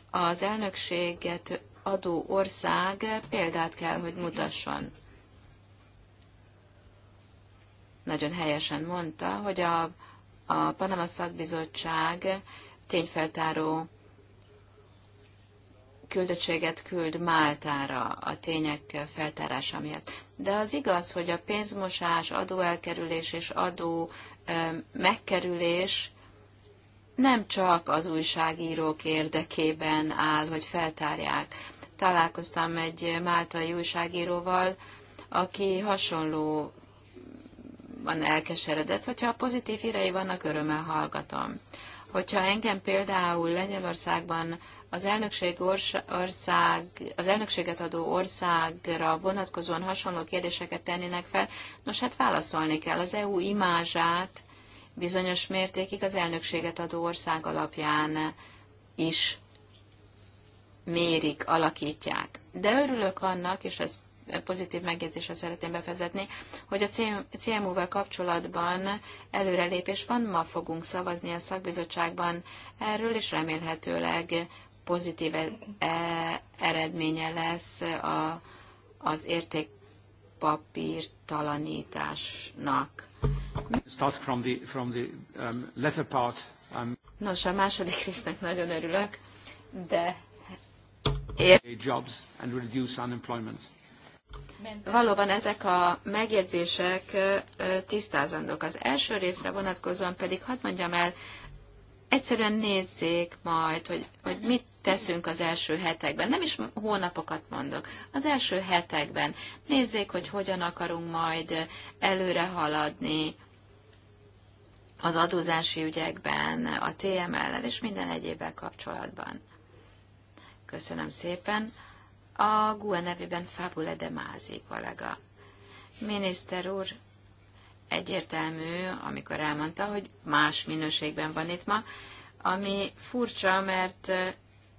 az elnökséget adó ország példát kell, hogy mutasson. Nagyon helyesen mondta, hogy a, a Panama Szakbizottság tényfeltáró küldöttséget küld Máltára a tények feltárása miatt. De az igaz, hogy a pénzmosás, adóelkerülés és adó megkerülés nem csak az újságírók érdekében áll, hogy feltárják. Találkoztam egy máltai újságíróval, aki hasonló van elkeseredett, hogyha pozitív hírei vannak, örömmel hallgatom. Hogyha engem például Lengyelországban az, elnökség ország, az elnökséget adó országra vonatkozóan hasonló kérdéseket tennének fel, nos hát válaszolni kell az EU imázsát, bizonyos mértékig az elnökséget adó ország alapján is mérik, alakítják. De örülök annak, és ez pozitív megjegyzésre szeretném befezetni, hogy a CMU-val kapcsolatban előrelépés van, ma fogunk szavazni a szakbizottságban erről, és remélhetőleg pozitív e- e- eredménye lesz a, az értékpapírtalanításnak. Start from the, from the um, part. Um, Nos, a második résznek nagyon örülök, de jobs and reduce unemployment. Valóban ezek a megjegyzések tisztázandók. Az első részre vonatkozóan pedig hadd mondjam el, egyszerűen nézzék majd, hogy, hogy mit teszünk az első hetekben. Nem is hónapokat mondok, az első hetekben. Nézzék, hogy hogyan akarunk majd előre haladni az adózási ügyekben, a TML-el és minden egyébben kapcsolatban. Köszönöm szépen. A GUE nevében Fabule de Mázi kollega. Miniszter úr, egyértelmű, amikor elmondta, hogy más minőségben van itt ma, ami furcsa, mert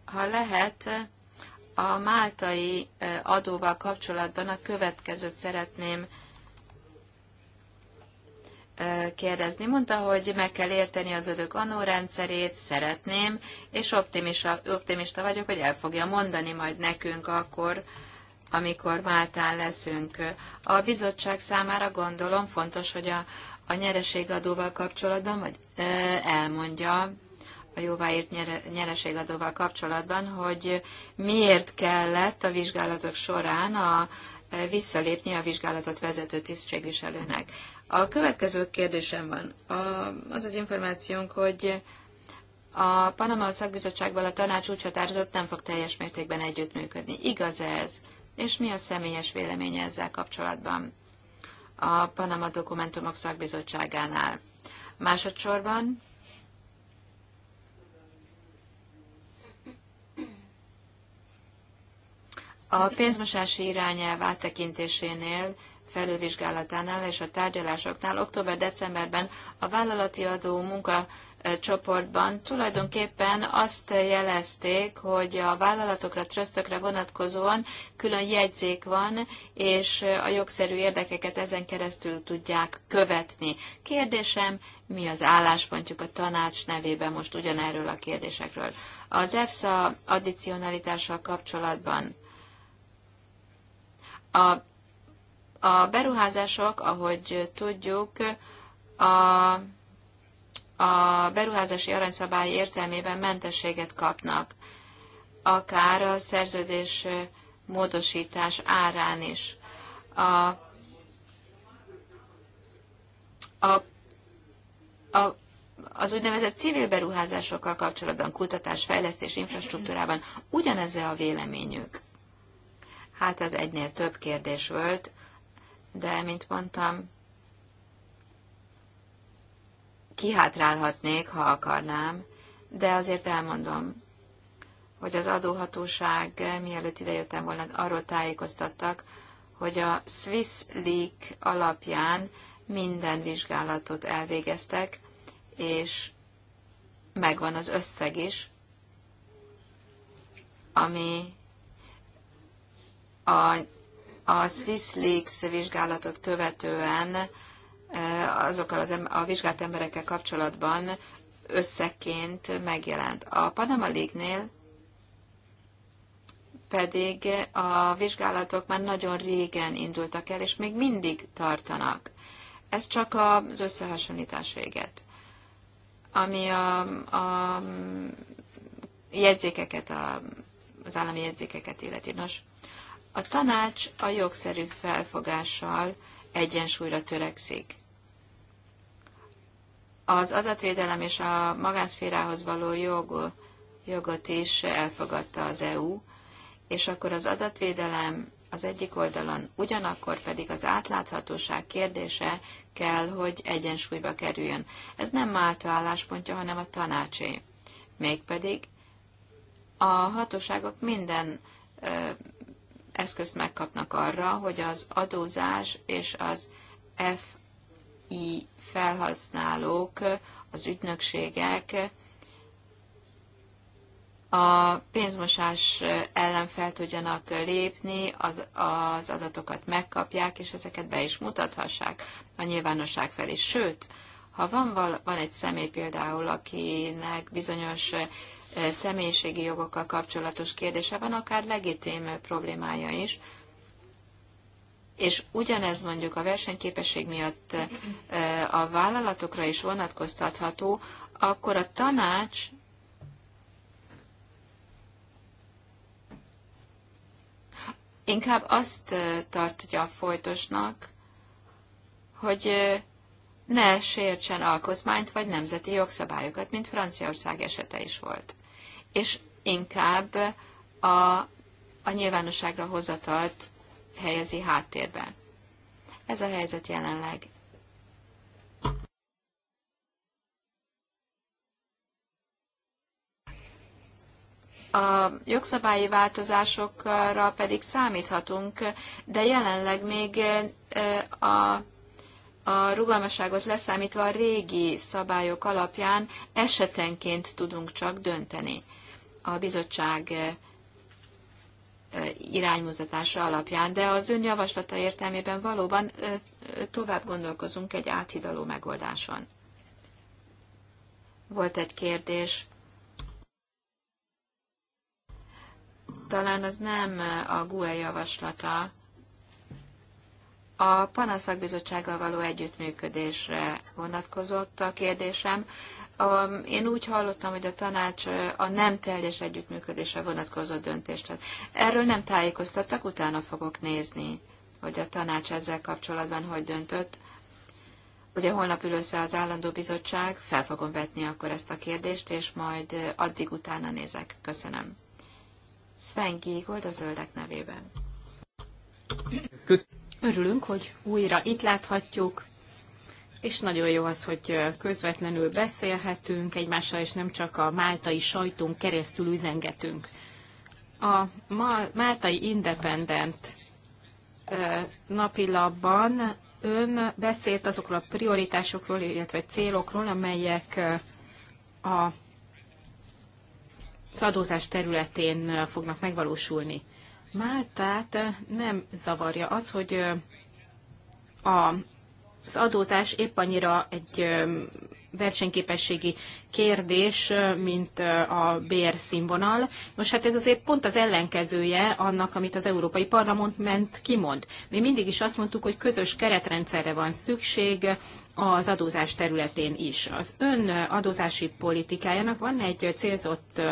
ha lehet, a máltai adóval kapcsolatban a következőt szeretném kérdezni. Mondta, hogy meg kell érteni az ödök anórendszerét, szeretném, és optimista, optimista vagyok, hogy el fogja mondani majd nekünk akkor, amikor Máltán leszünk. A bizottság számára gondolom fontos, hogy a, a nyereségadóval kapcsolatban vagy, elmondja a jóváírt nyereségadóval kapcsolatban, hogy miért kellett a vizsgálatok során a, e, visszalépni a vizsgálatot vezető tisztségviselőnek. A következő kérdésem van. A, az az információnk, hogy a Panama szakbizottságban a tanács úgy határozott, nem fog teljes mértékben együttműködni. Igaz ez? És mi a személyes véleménye ezzel kapcsolatban a Panama dokumentumok szakbizottságánál? Másodszorban A pénzmosási irányelv áttekintésénél felülvizsgálatánál és a tárgyalásoknál október-decemberben a vállalati adó munka csoportban tulajdonképpen azt jelezték, hogy a vállalatokra, trösztökre vonatkozóan külön jegyzék van, és a jogszerű érdekeket ezen keresztül tudják követni. Kérdésem, mi az álláspontjuk a tanács nevében most ugyanerről a kérdésekről? Az EFSA addicionalitással kapcsolatban a, a beruházások, ahogy tudjuk, a, a beruházási aranyszabály értelmében mentességet kapnak, akár a szerződés módosítás árán is. A, a, a, az úgynevezett civil beruházásokkal kapcsolatban, kutatás, fejlesztés, infrastruktúrában ugyanez a véleményük. Hát ez egynél több kérdés volt, de mint mondtam, kihátrálhatnék, ha akarnám, de azért elmondom, hogy az adóhatóság, mielőtt idejöttem volna, arról tájékoztattak, hogy a Swiss Leak alapján minden vizsgálatot elvégeztek, és megvan az összeg is, ami a, a Leaks vizsgálatot követően azokkal az em- a vizsgált emberekkel kapcsolatban összeként megjelent. A Panama League-nél pedig a vizsgálatok már nagyon régen indultak el, és még mindig tartanak. Ez csak az összehasonlítás véget. Ami a, a jegyzékeket, a, az állami jegyzékeket illeti. Nos, a tanács a jogszerű felfogással egyensúlyra törekszik. Az adatvédelem és a magánszférához való jog, jogot is elfogadta az EU, és akkor az adatvédelem az egyik oldalon, ugyanakkor pedig az átláthatóság kérdése kell, hogy egyensúlyba kerüljön. Ez nem Málta álláspontja, hanem a tanácsé. Mégpedig a hatóságok minden eszközt megkapnak arra, hogy az adózás és az FI felhasználók, az ügynökségek a pénzmosás ellen fel tudjanak lépni, az, az adatokat megkapják, és ezeket be is mutathassák a nyilvánosság felé. Sőt, ha van, val, van egy személy például, akinek bizonyos személyiségi jogokkal kapcsolatos kérdése van, akár legitim problémája is. És ugyanez mondjuk a versenyképesség miatt a vállalatokra is vonatkoztatható, akkor a tanács inkább azt tartja folytosnak, hogy ne sértsen alkotmányt vagy nemzeti jogszabályokat, mint Franciaország esete is volt és inkább a, a nyilvánosságra hozatalt helyezi háttérben. Ez a helyzet jelenleg. A jogszabályi változásokra pedig számíthatunk, de jelenleg még a, a rugalmasságot leszámítva a régi szabályok alapján esetenként tudunk csak dönteni a bizottság eh, eh, iránymutatása alapján, de az ön javaslata értelmében valóban eh, tovább gondolkozunk egy áthidaló megoldáson. Volt egy kérdés, talán az nem a GUE javaslata, a Panaszakbizottsággal való együttműködésre vonatkozott a kérdésem. A, én úgy hallottam, hogy a tanács a nem teljes együttműködésre vonatkozó döntést. Erről nem tájékoztattak, utána fogok nézni, hogy a tanács ezzel kapcsolatban hogy döntött. Ugye holnap ül össze az állandó bizottság, fel fogom vetni akkor ezt a kérdést, és majd addig utána nézek. Köszönöm. Sven Gígold a zöldek nevében. Örülünk, hogy újra itt láthatjuk és nagyon jó az, hogy közvetlenül beszélhetünk egymással, és nem csak a máltai sajtón keresztül üzengetünk. A Máltai Independent napilapban ön beszélt azokról a prioritásokról, illetve célokról, amelyek a az adózás területén fognak megvalósulni. Máltát nem zavarja az, hogy a az adózás épp annyira egy versenyképességi kérdés, mint a BR színvonal. Most hát ez azért pont az ellenkezője annak, amit az Európai Parlament ment kimond. Mi mindig is azt mondtuk, hogy közös keretrendszerre van szükség, az adózás területén is. Az ön adózási politikájának van egy célzott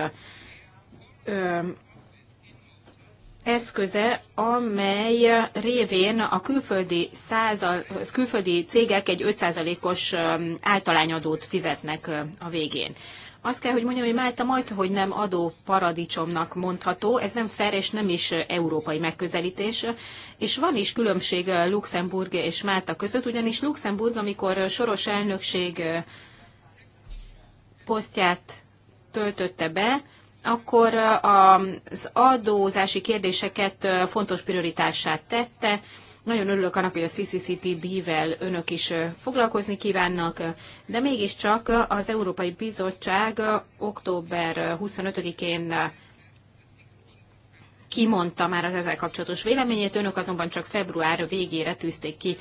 eszköze, amely révén a külföldi, százal, külföldi cégek egy 5%-os általányadót fizetnek a végén. Azt kell, hogy mondjam, hogy Málta majd, hogy nem adó paradicsomnak mondható, ez nem fair és nem is európai megközelítés, és van is különbség Luxemburg és Málta között, ugyanis Luxemburg, amikor soros elnökség posztját töltötte be, akkor az adózási kérdéseket fontos prioritását tette. Nagyon örülök annak, hogy a CCCTB-vel önök is foglalkozni kívánnak, de mégiscsak az Európai Bizottság október 25-én kimondta már az ezzel kapcsolatos véleményét, önök azonban csak február végére tűzték ki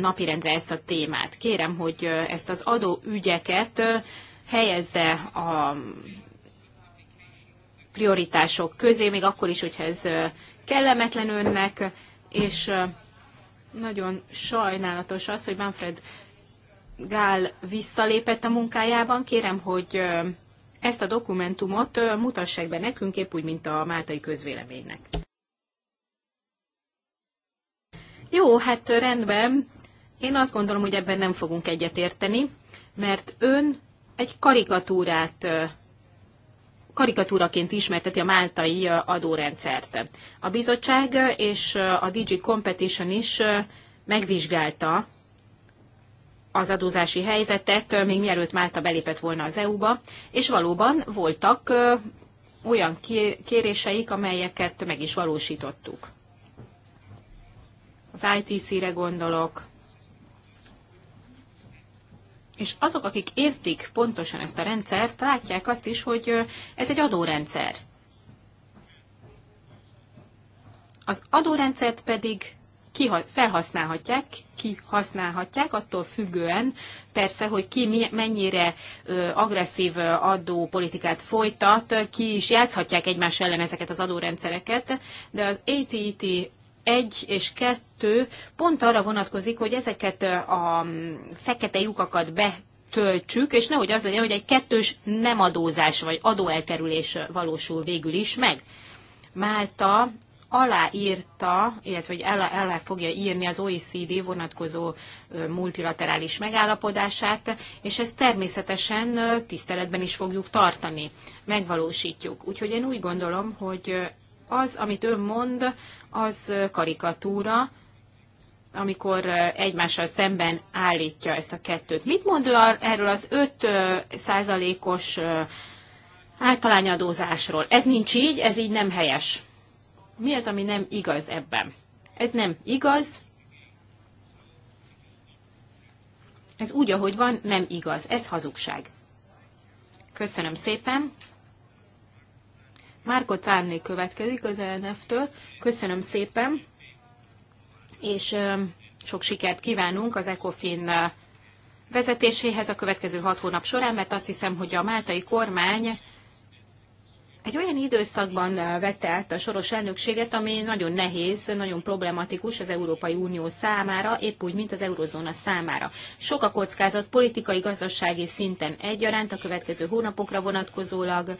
napirendre ezt a témát. Kérem, hogy ezt az adóügyeket helyezze a prioritások közé, még akkor is, hogyha ez kellemetlen önnek, és nagyon sajnálatos az, hogy Manfred Gál visszalépett a munkájában. Kérem, hogy ezt a dokumentumot mutassák be nekünk, épp úgy, mint a máltai közvéleménynek. Jó, hát rendben. Én azt gondolom, hogy ebben nem fogunk egyetérteni, mert ön egy karikatúrát karikatúraként ismerteti a máltai adórendszert. A bizottság és a DG Competition is megvizsgálta az adózási helyzetet, még mielőtt Málta belépett volna az EU-ba, és valóban voltak olyan kéréseik, amelyeket meg is valósítottuk. Az ITC-re gondolok, és azok, akik értik pontosan ezt a rendszert, látják azt is, hogy ez egy adórendszer. Az adórendszert pedig ki felhasználhatják, kihasználhatják, attól függően persze, hogy ki mennyire ö, agresszív adópolitikát folytat, ki is játszhatják egymás ellen ezeket az adórendszereket, de az ATT 1 és 2 pont arra vonatkozik, hogy ezeket a fekete lyukakat be töltsük, és nehogy az legyen, hogy egy kettős nem adózás vagy adóelkerülés valósul végül is meg. Málta aláírta, illetve hogy alá, alá fogja írni az OECD vonatkozó multilaterális megállapodását, és ezt természetesen tiszteletben is fogjuk tartani, megvalósítjuk. Úgyhogy én úgy gondolom, hogy az, amit ön mond, az karikatúra, amikor egymással szemben állítja ezt a kettőt. Mit mond ő erről az 5 százalékos általányadózásról? Ez nincs így, ez így nem helyes. Mi az, ami nem igaz ebben? Ez nem igaz, ez úgy, ahogy van, nem igaz. Ez hazugság. Köszönöm szépen. Márko Cárné következik az lnf től Köszönöm szépen, és sok sikert kívánunk az ECOFIN vezetéséhez a következő hat hónap során, mert azt hiszem, hogy a máltai kormány egy olyan időszakban vette át a soros elnökséget, ami nagyon nehéz, nagyon problematikus az Európai Unió számára, épp úgy, mint az eurozóna számára. Sok a kockázat politikai, gazdasági szinten egyaránt a következő hónapokra vonatkozólag,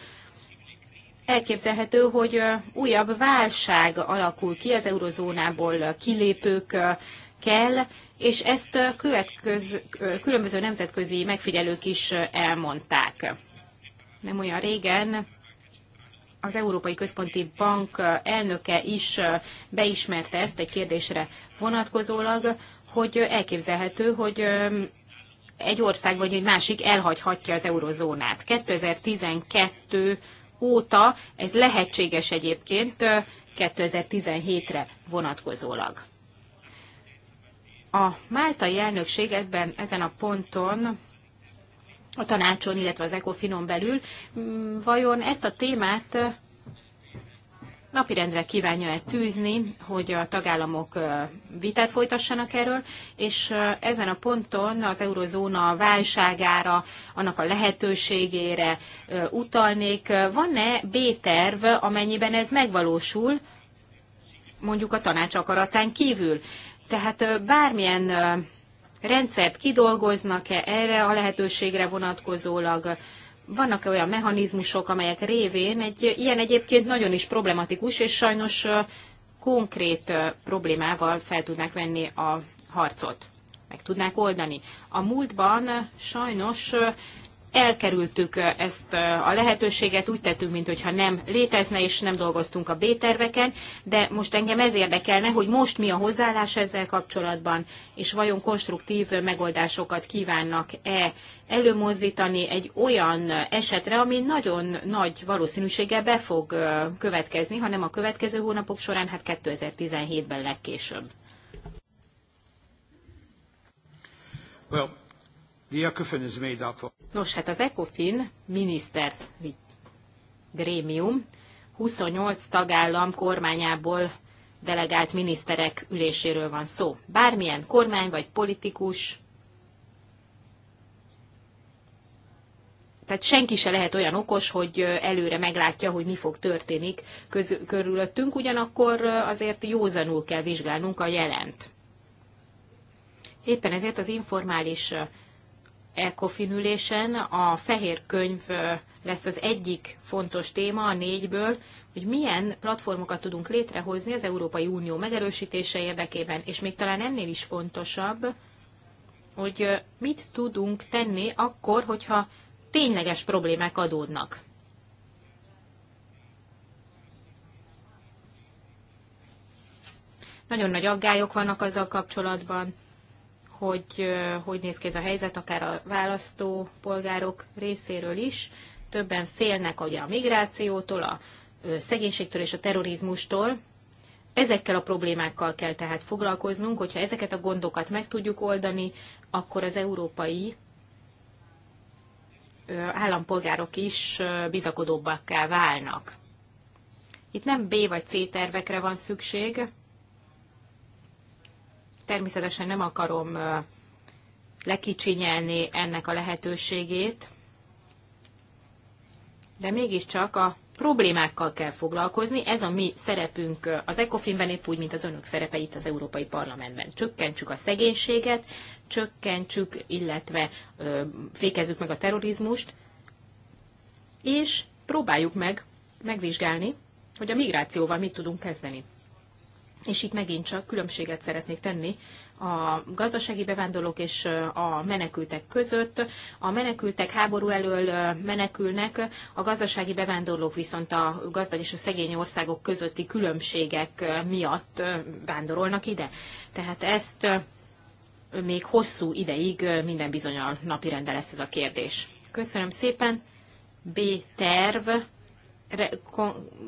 elképzelhető, hogy újabb válság alakul ki az eurozónából kilépők kell, és ezt követköz, különböző nemzetközi megfigyelők is elmondták. Nem olyan régen az Európai Központi Bank elnöke is beismerte ezt egy kérdésre vonatkozólag, hogy elképzelhető, hogy egy ország vagy egy másik elhagyhatja az eurozónát. 2012 óta ez lehetséges egyébként 2017-re vonatkozólag. A máltai elnökség ebben, ezen a ponton a tanácson, illetve az ECOFINon belül vajon ezt a témát napirendre kívánja-e tűzni, hogy a tagállamok vitát folytassanak erről, és ezen a ponton az eurozóna válságára, annak a lehetőségére utalnék. Van-e B-terv, amennyiben ez megvalósul, mondjuk a tanács akaratán kívül? Tehát bármilyen rendszert kidolgoznak-e erre a lehetőségre vonatkozólag, vannak-e olyan mechanizmusok, amelyek révén egy ilyen egyébként nagyon is problematikus, és sajnos konkrét problémával fel tudnák venni a harcot, meg tudnák oldani. A múltban sajnos elkerültük ezt a lehetőséget, úgy tettünk, mintha nem létezne, és nem dolgoztunk a B-terveken, de most engem ez érdekelne, hogy most mi a hozzáállás ezzel kapcsolatban, és vajon konstruktív megoldásokat kívánnak-e előmozdítani egy olyan esetre, ami nagyon nagy valószínűséggel be fog következni, hanem a következő hónapok során, hát 2017-ben legkésőbb. Well, Nos, hát az ECOFIN miniszter grémium 28 tagállam kormányából delegált miniszterek üléséről van szó. Bármilyen kormány vagy politikus, tehát senki se lehet olyan okos, hogy előre meglátja, hogy mi fog történni körülöttünk, ugyanakkor azért józanul kell vizsgálnunk a jelent. Éppen ezért az informális ECOFIN a fehér könyv lesz az egyik fontos téma a négyből, hogy milyen platformokat tudunk létrehozni az Európai Unió megerősítése érdekében, és még talán ennél is fontosabb, hogy mit tudunk tenni akkor, hogyha tényleges problémák adódnak. Nagyon nagy aggályok vannak azzal kapcsolatban, hogy hogy néz ki ez a helyzet, akár a választó polgárok részéről is. Többen félnek ugye, a migrációtól, a szegénységtől és a terrorizmustól. Ezekkel a problémákkal kell tehát foglalkoznunk, hogyha ezeket a gondokat meg tudjuk oldani, akkor az európai állampolgárok is bizakodóbbakká válnak. Itt nem B vagy C tervekre van szükség, Természetesen nem akarom lekicsinyelni ennek a lehetőségét, de mégiscsak a problémákkal kell foglalkozni. Ez a mi szerepünk az ECOFIN-ben, épp úgy, mint az önök szerepe itt az Európai Parlamentben. Csökkentsük a szegénységet, csökkentsük, illetve ö, fékezzük meg a terrorizmust, és próbáljuk meg megvizsgálni, hogy a migrációval mit tudunk kezdeni. És itt megint csak különbséget szeretnék tenni a gazdasági bevándorlók és a menekültek között. A menekültek háború elől menekülnek, a gazdasági bevándorlók viszont a gazdag és a szegény országok közötti különbségek miatt vándorolnak ide. Tehát ezt még hosszú ideig minden bizonyal napirendre lesz ez a kérdés. Köszönöm szépen. B terv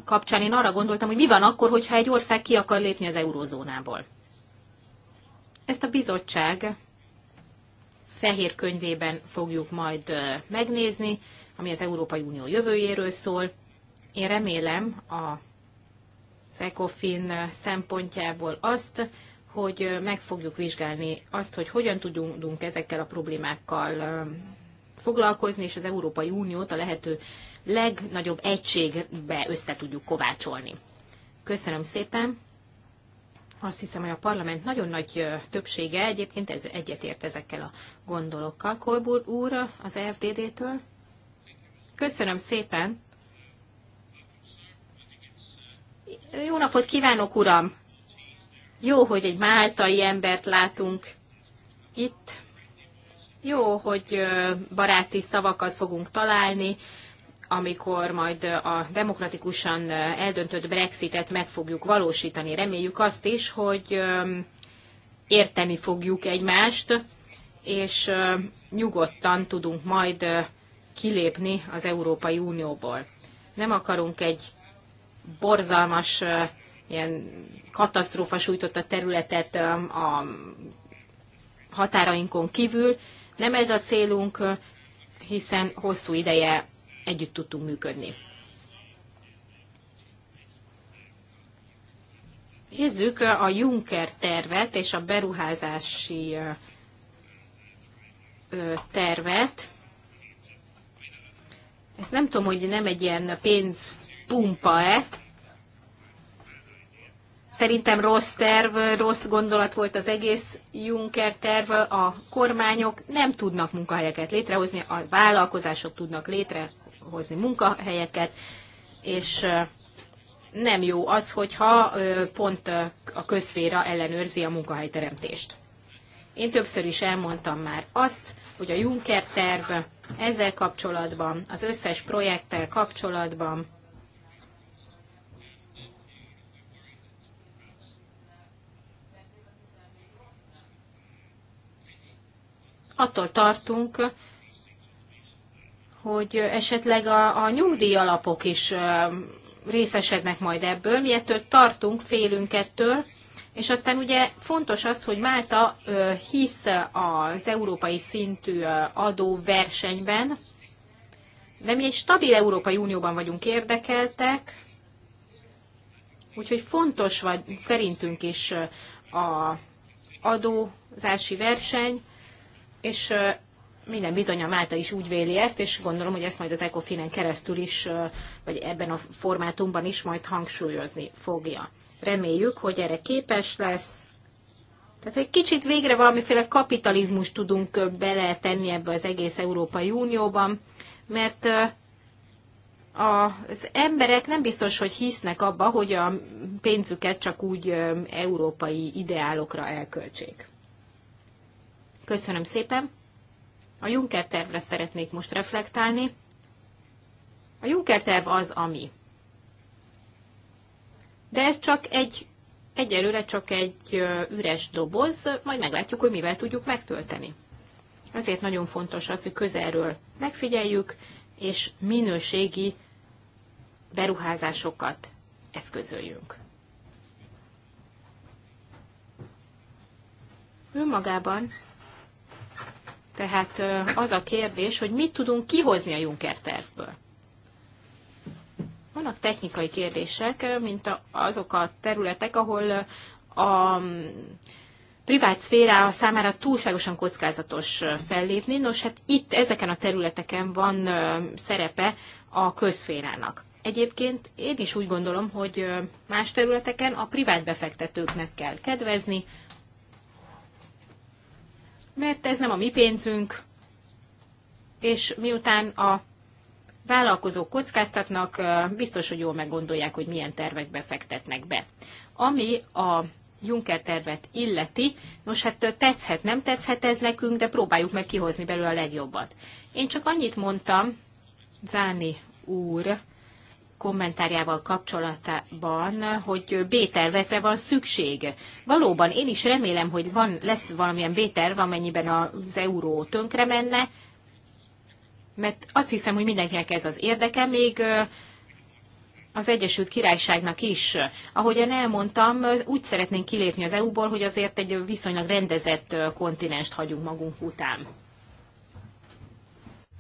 kapcsán én arra gondoltam, hogy mi van akkor, hogyha egy ország ki akar lépni az eurozónából. Ezt a bizottság fehér könyvében fogjuk majd megnézni, ami az Európai Unió jövőjéről szól. Én remélem a ECOFIN szempontjából azt, hogy meg fogjuk vizsgálni azt, hogy hogyan tudunk ezekkel a problémákkal foglalkozni, és az Európai Uniót a lehető legnagyobb egységbe össze tudjuk kovácsolni. Köszönöm szépen! Azt hiszem, hogy a parlament nagyon nagy többsége egyébként ez, egyetért ezekkel a gondolokkal. Kolbur úr az FDD-től. Köszönöm szépen! Jó napot kívánok, uram! Jó, hogy egy máltai embert látunk itt. Jó, hogy baráti szavakat fogunk találni, amikor majd a demokratikusan eldöntött Brexitet meg fogjuk valósítani. Reméljük azt is, hogy érteni fogjuk egymást, és nyugodtan tudunk majd kilépni az Európai Unióból. Nem akarunk egy borzalmas, ilyen katasztrófa a területet a határainkon kívül. Nem ez a célunk, hiszen hosszú ideje együtt tudtunk működni. Nézzük eh, a Juncker tervet és a beruházási eh, eh, tervet. Ezt nem tudom, hogy nem egy ilyen pénzpumpa-e. Szerintem rossz terv, rossz gondolat volt az egész Juncker terv. A kormányok nem tudnak munkahelyeket létrehozni, a vállalkozások tudnak létre hozni munkahelyeket, és nem jó az, hogyha pont a közféra ellenőrzi a munkahelyteremtést. Én többször is elmondtam már azt, hogy a Juncker terv ezzel kapcsolatban, az összes projekttel kapcsolatban attól tartunk, hogy esetleg a, a nyugdíjalapok is részesednek majd ebből, mi ettől tartunk, félünk ettől, és aztán ugye fontos az, hogy Málta hisz az európai szintű adóversenyben, de mi egy stabil Európai Unióban vagyunk érdekeltek, úgyhogy fontos vagy szerintünk is a adózási verseny, és minden bizony a Málta is úgy véli ezt, és gondolom, hogy ezt majd az ECOFIN-en keresztül is, vagy ebben a formátumban is majd hangsúlyozni fogja. Reméljük, hogy erre képes lesz. Tehát egy kicsit végre valamiféle kapitalizmus tudunk beletenni ebbe az egész Európai Unióban, mert az emberek nem biztos, hogy hisznek abba, hogy a pénzüket csak úgy európai ideálokra elköltsék. Köszönöm szépen! A Juncker tervre szeretnék most reflektálni. A Juncker terv az, ami. De ez csak egy, egyelőre csak egy üres doboz, majd meglátjuk, hogy mivel tudjuk megtölteni. Azért nagyon fontos az, hogy közelről megfigyeljük, és minőségi beruházásokat eszközöljünk. Önmagában tehát az a kérdés, hogy mit tudunk kihozni a Juncker tervből. Vannak technikai kérdések, mint azok a területek, ahol a privát szféra számára túlságosan kockázatos fellépni. Nos, hát itt ezeken a területeken van szerepe a közszférának. Egyébként én is úgy gondolom, hogy más területeken a privát befektetőknek kell kedvezni, mert ez nem a mi pénzünk, és miután a vállalkozók kockáztatnak, biztos, hogy jól meggondolják, hogy milyen tervekbe fektetnek be. Ami a Juncker tervet illeti, nos hát tetszhet, nem tetszhet ez nekünk, de próbáljuk meg kihozni belőle a legjobbat. Én csak annyit mondtam, Záni úr kommentárjával kapcsolatban, hogy B-tervekre van szükség. Valóban én is remélem, hogy van, lesz valamilyen B-terv, amennyiben az euró tönkre menne, mert azt hiszem, hogy mindenkinek ez az érdeke, még az Egyesült Királyságnak is. Ahogyan elmondtam, úgy szeretnénk kilépni az EU-ból, hogy azért egy viszonylag rendezett kontinenst hagyunk magunk után.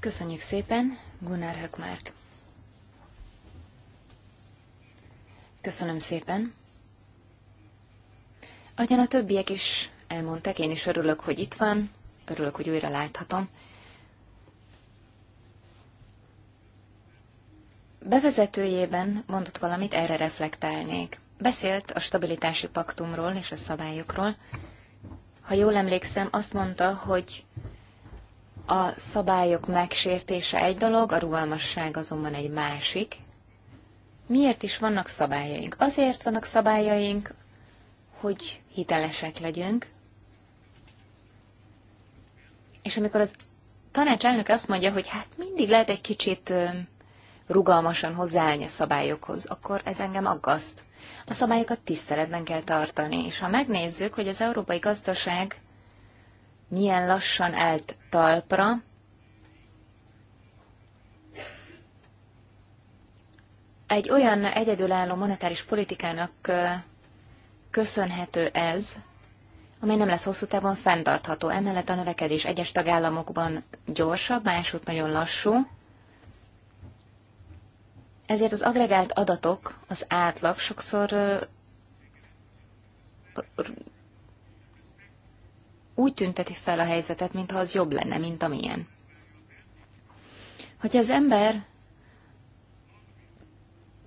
Köszönjük szépen, Gunnar Hökmárk. Köszönöm szépen. Ahogyan a többiek is elmondták, én is örülök, hogy itt van, örülök, hogy újra láthatom. Bevezetőjében mondott valamit, erre reflektálnék. Beszélt a stabilitási paktumról és a szabályokról. Ha jól emlékszem, azt mondta, hogy a szabályok megsértése egy dolog, a rugalmasság azonban egy másik. Miért is vannak szabályaink? Azért vannak szabályaink, hogy hitelesek legyünk. És amikor az tanácselnök azt mondja, hogy hát mindig lehet egy kicsit rugalmasan hozzáállni a szabályokhoz, akkor ez engem aggaszt. A szabályokat tiszteletben kell tartani, és ha megnézzük, hogy az európai gazdaság milyen lassan állt talpra, Egy olyan egyedülálló monetáris politikának köszönhető ez, amely nem lesz hosszú távon fenntartható. Emellett a növekedés egyes tagállamokban gyorsabb, másút nagyon lassú. Ezért az agregált adatok, az átlag sokszor úgy tünteti fel a helyzetet, mintha az jobb lenne, mint amilyen. Hogyha az ember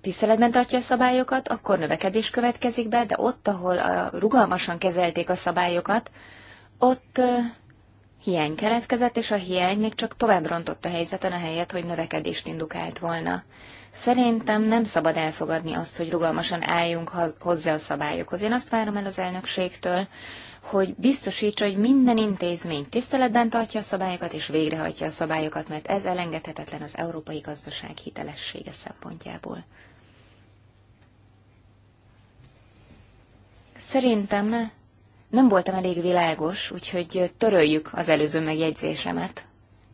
tiszteletben tartja a szabályokat, akkor növekedés következik be, de ott, ahol a rugalmasan kezelték a szabályokat, ott hiány keletkezett, és a hiány még csak tovább rontott a helyzeten, a helyet, hogy növekedést indukált volna. Szerintem nem szabad elfogadni azt, hogy rugalmasan álljunk hozzá a szabályokhoz. Én azt várom el az elnökségtől, hogy biztosítsa, hogy minden intézmény tiszteletben tartja a szabályokat és végrehajtja a szabályokat, mert ez elengedhetetlen az európai gazdaság hitelessége szempontjából. Szerintem nem voltam elég világos, úgyhogy töröljük az előző megjegyzésemet,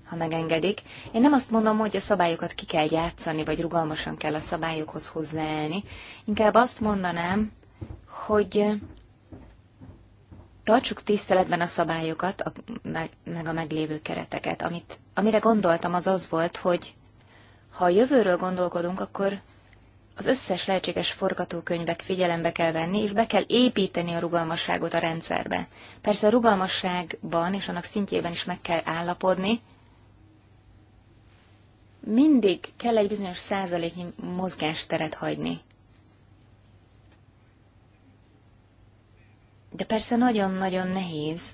ha megengedik. Én nem azt mondom, hogy a szabályokat ki kell játszani, vagy rugalmasan kell a szabályokhoz hozzáállni. Inkább azt mondanám, hogy tartsuk tiszteletben a szabályokat, a, meg, meg a meglévő kereteket. Amit, amire gondoltam, az az volt, hogy ha a jövőről gondolkodunk, akkor az összes lehetséges forgatókönyvet figyelembe kell venni, és be kell építeni a rugalmasságot a rendszerbe. Persze a rugalmasságban és annak szintjében is meg kell állapodni. Mindig kell egy bizonyos százaléknyi mozgásteret hagyni. De persze nagyon-nagyon nehéz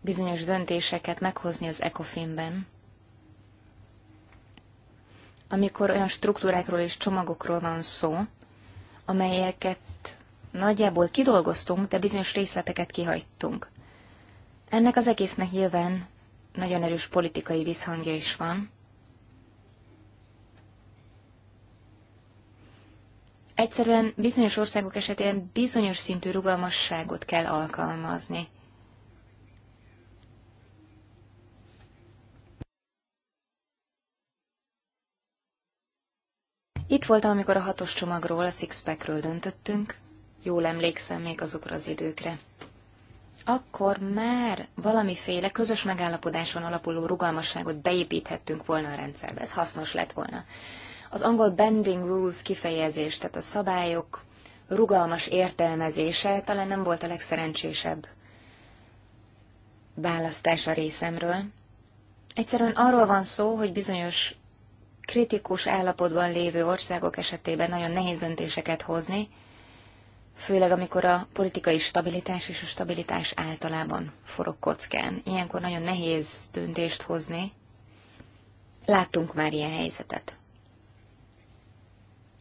bizonyos döntéseket meghozni az ECOFIN-ben amikor olyan struktúrákról és csomagokról van szó, amelyeket nagyjából kidolgoztunk, de bizonyos részleteket kihagytunk. Ennek az egésznek nyilván nagyon erős politikai visszhangja is van. Egyszerűen bizonyos országok esetén bizonyos szintű rugalmasságot kell alkalmazni. Itt voltam, amikor a hatos csomagról, a sixpackről döntöttünk. Jól emlékszem még azokra az időkre. Akkor már valamiféle közös megállapodáson alapuló rugalmasságot beépíthettünk volna a rendszerbe. Ez hasznos lett volna. Az angol bending rules kifejezés, tehát a szabályok rugalmas értelmezése talán nem volt a legszerencsésebb választás a részemről. Egyszerűen arról van szó, hogy bizonyos kritikus állapotban lévő országok esetében nagyon nehéz döntéseket hozni, főleg amikor a politikai stabilitás és a stabilitás általában forog kockán. Ilyenkor nagyon nehéz döntést hozni. Láttunk már ilyen helyzetet.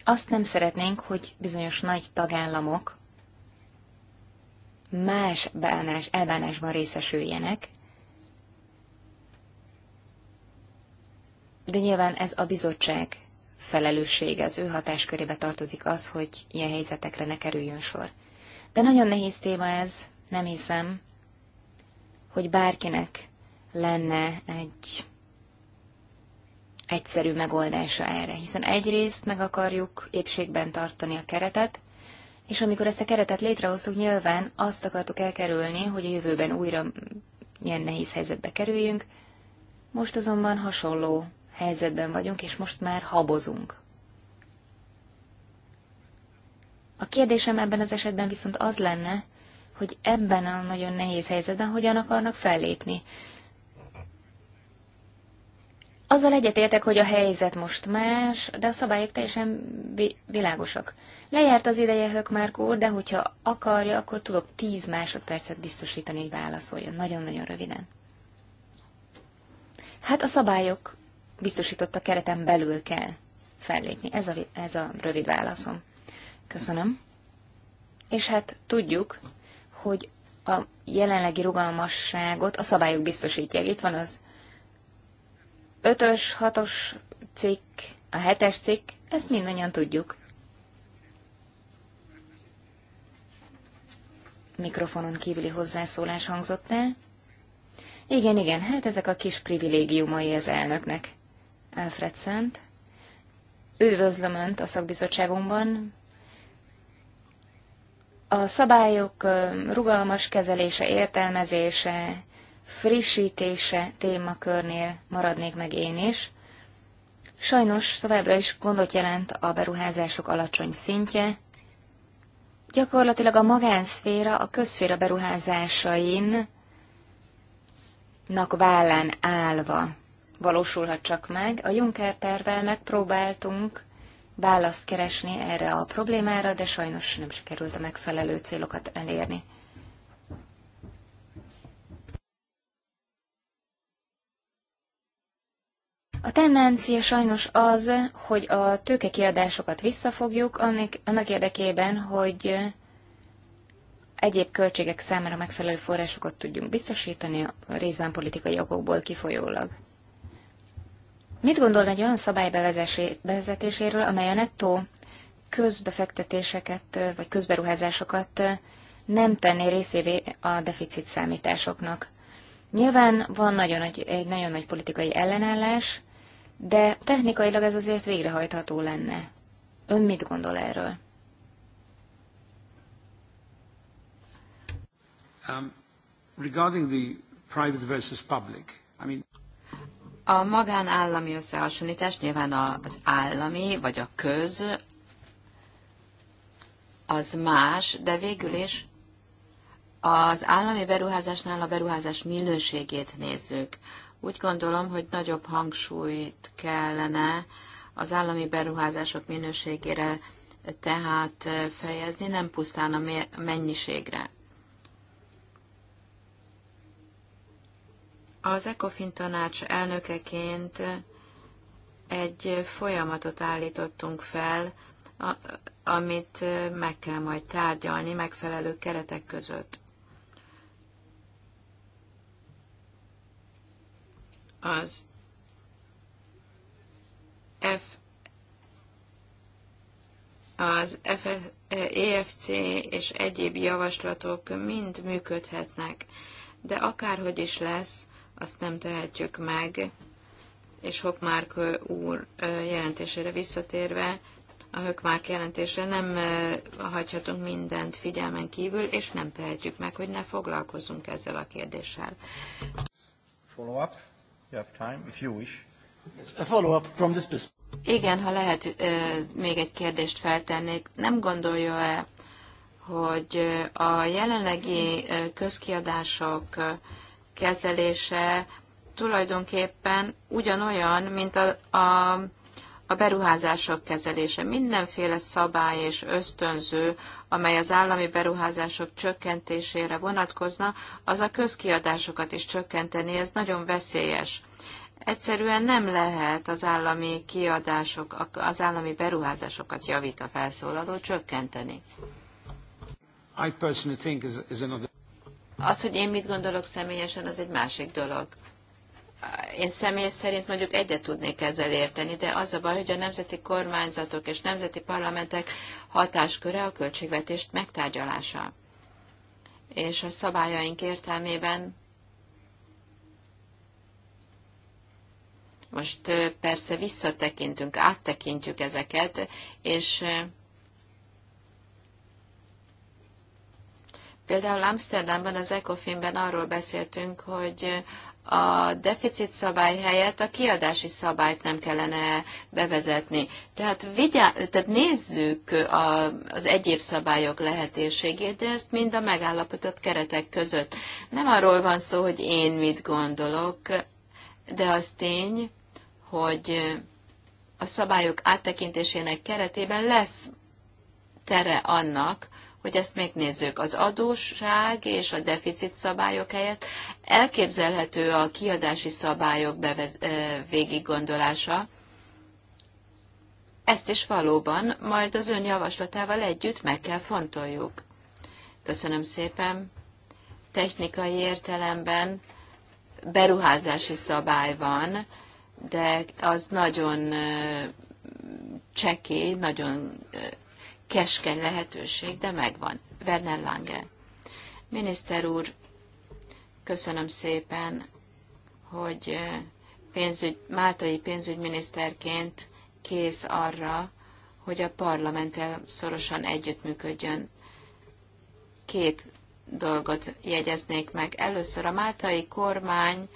Azt nem szeretnénk, hogy bizonyos nagy tagállamok más bánás, elbánásban részesüljenek, de nyilván ez a bizottság felelőssége, az ő hatáskörébe tartozik az, hogy ilyen helyzetekre ne kerüljön sor. De nagyon nehéz téma ez, nem hiszem, hogy bárkinek lenne egy egyszerű megoldása erre, hiszen egyrészt meg akarjuk épségben tartani a keretet, és amikor ezt a keretet létrehoztuk, nyilván azt akartuk elkerülni, hogy a jövőben újra ilyen nehéz helyzetbe kerüljünk, most azonban hasonló helyzetben vagyunk, és most már habozunk. A kérdésem ebben az esetben viszont az lenne, hogy ebben a nagyon nehéz helyzetben hogyan akarnak fellépni. Azzal egyetértek, hogy a helyzet most más, de a szabályok teljesen világosak. Lejárt az ideje Hökmárk úr, de hogyha akarja, akkor tudok tíz másodpercet biztosítani, hogy válaszoljon. Nagyon-nagyon röviden. Hát a szabályok biztosította kereten belül kell fellépni. Ez a, ez a rövid válaszom. Köszönöm. És hát tudjuk, hogy a jelenlegi rugalmasságot a szabályok biztosítják. Itt van az 5-ös, 6-os cikk, a 7-es cikk, ezt mindannyian tudjuk. Mikrofonon kívüli hozzászólás hangzott el. Igen, igen, hát ezek a kis privilégiumai az elnöknek. Alfred Szent. Üdvözlöm Önt a szakbizottságunkban. A szabályok rugalmas kezelése, értelmezése, frissítése témakörnél maradnék meg én is. Sajnos továbbra is gondot jelent a beruházások alacsony szintje. Gyakorlatilag a magánszféra a közszféra beruházásain vállán állva valósulhat csak meg. A Juncker tervvel megpróbáltunk választ keresni erre a problémára, de sajnos nem sikerült a megfelelő célokat elérni. A tendencia sajnos az, hogy a tőkekiadásokat visszafogjuk annak érdekében, hogy egyéb költségek számára megfelelő forrásokat tudjunk biztosítani, részben politikai okokból kifolyólag. Mit gondol egy olyan szabály bevezetéséről, amely a nettó közbefektetéseket vagy közberuházásokat nem tenné részévé a deficit számításoknak? Nyilván van nagyon nagy, egy nagyon nagy politikai ellenállás, de technikailag ez azért végrehajtható lenne. Ön mit gondol erről? Um, regarding the private versus public, I mean... A magánállami összehasonlítás nyilván az állami vagy a köz az más, de végül is az állami beruházásnál a beruházás minőségét nézzük. Úgy gondolom, hogy nagyobb hangsúlyt kellene az állami beruházások minőségére tehát fejezni, nem pusztán a mennyiségre. Az ECOFIN tanács elnökeként egy folyamatot állítottunk fel, amit meg kell majd tárgyalni megfelelő keretek között. Az F az F, EFC és egyéb javaslatok mind működhetnek, de akárhogy is lesz, azt nem tehetjük meg, és Hokmárk úr jelentésére visszatérve, a Hökmárk jelentésre nem hagyhatunk mindent figyelmen kívül, és nem tehetjük meg, hogy ne foglalkozzunk ezzel a kérdéssel. Follow up? You have time, if you wish. A follow up from this Igen, ha lehet, még egy kérdést feltennék. Nem gondolja-e, hogy a jelenlegi közkiadások kezelése tulajdonképpen ugyanolyan, mint a, a, a beruházások kezelése. Mindenféle szabály és ösztönző, amely az állami beruházások csökkentésére vonatkozna, az a közkiadásokat is csökkenteni, ez nagyon veszélyes. Egyszerűen nem lehet az állami kiadások, az állami beruházásokat javít a felszólaló csökkenteni. I personally think is, is another... Az, hogy én mit gondolok személyesen, az egy másik dolog. Én személy szerint mondjuk egyet tudnék ezzel érteni, de az a baj, hogy a nemzeti kormányzatok és nemzeti parlamentek hatásköre a költségvetést megtárgyalása. És a szabályaink értelmében most persze visszatekintünk, áttekintjük ezeket, és Például Amsterdamban az ecofin arról beszéltünk, hogy a deficit szabály helyett a kiadási szabályt nem kellene bevezetni. Tehát, vigyá, tehát nézzük a, az egyéb szabályok lehetőségét, de ezt mind a megállapított keretek között. Nem arról van szó, hogy én mit gondolok, de az tény, hogy a szabályok áttekintésének keretében lesz tere annak, hogy ezt még nézzük. Az adósság és a deficit szabályok helyett elképzelhető a kiadási szabályok bevez- gondolása Ezt is valóban majd az ön javaslatával együtt meg kell fontoljuk. Köszönöm szépen. Technikai értelemben beruházási szabály van, de az nagyon csekély, nagyon keskeny lehetőség, de megvan. Werner Lange. Miniszter úr, köszönöm szépen, hogy eh, pénzügy, máltai pénzügyminiszterként kész arra, hogy a parlamenttel szorosan együttműködjön. Két dolgot jegyeznék meg. Először a máltai kormány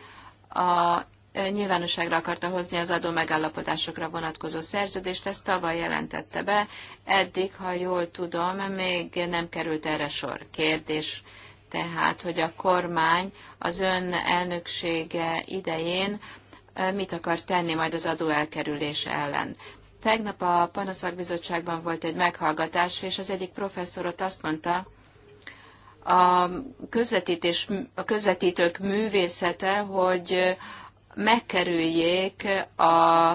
a nyilvánosságra akarta hozni az adó megállapodásokra vonatkozó szerződést, ezt tavaly jelentette be, eddig, ha jól tudom, még nem került erre sor. Kérdés tehát, hogy a kormány az ön elnöksége idején mit akar tenni majd az adó elkerülése ellen. Tegnap a Panaszakbizottságban volt egy meghallgatás, és az egyik professzorot azt mondta, a, közvetítés, a közvetítők művészete, hogy megkerüljék a,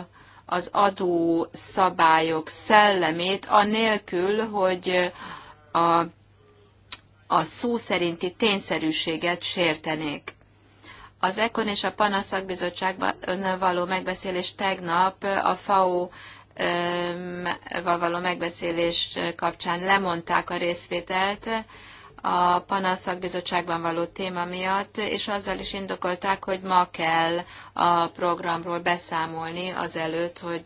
az adó szabályok szellemét, anélkül, hogy a, a szó szerinti tényszerűséget sértenék. Az Ekon és a PANASZ szakbizottságban való megbeszélés tegnap a FAO val való megbeszélés kapcsán lemondták a részvételt, a Panaszakbizottságban való téma miatt, és azzal is indokolták, hogy ma kell a programról beszámolni azelőtt, hogy,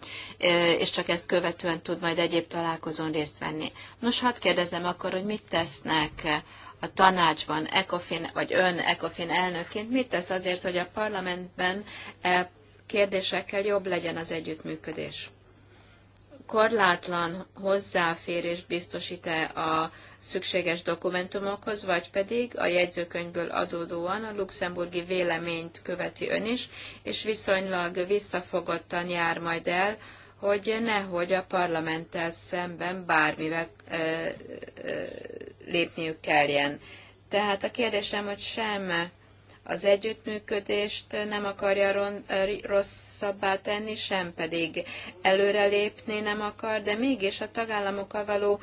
és csak ezt követően tud majd egyéb találkozón részt venni. Nos, hát kérdezem akkor, hogy mit tesznek a tanácsban, ECOFIN, vagy ön ECOFIN elnökként, mit tesz azért, hogy a parlamentben e kérdésekkel jobb legyen az együttműködés? Korlátlan hozzáférés biztosít-e a szükséges dokumentumokhoz, vagy pedig a jegyzőkönyvből adódóan a luxemburgi véleményt követi ön is, és viszonylag visszafogottan jár majd el, hogy nehogy a parlamenttel szemben bármivel ö, ö, lépniük kelljen. Tehát a kérdésem, hogy sem az együttműködést nem akarja rosszabbá tenni, sem pedig előrelépni nem akar, de mégis a való,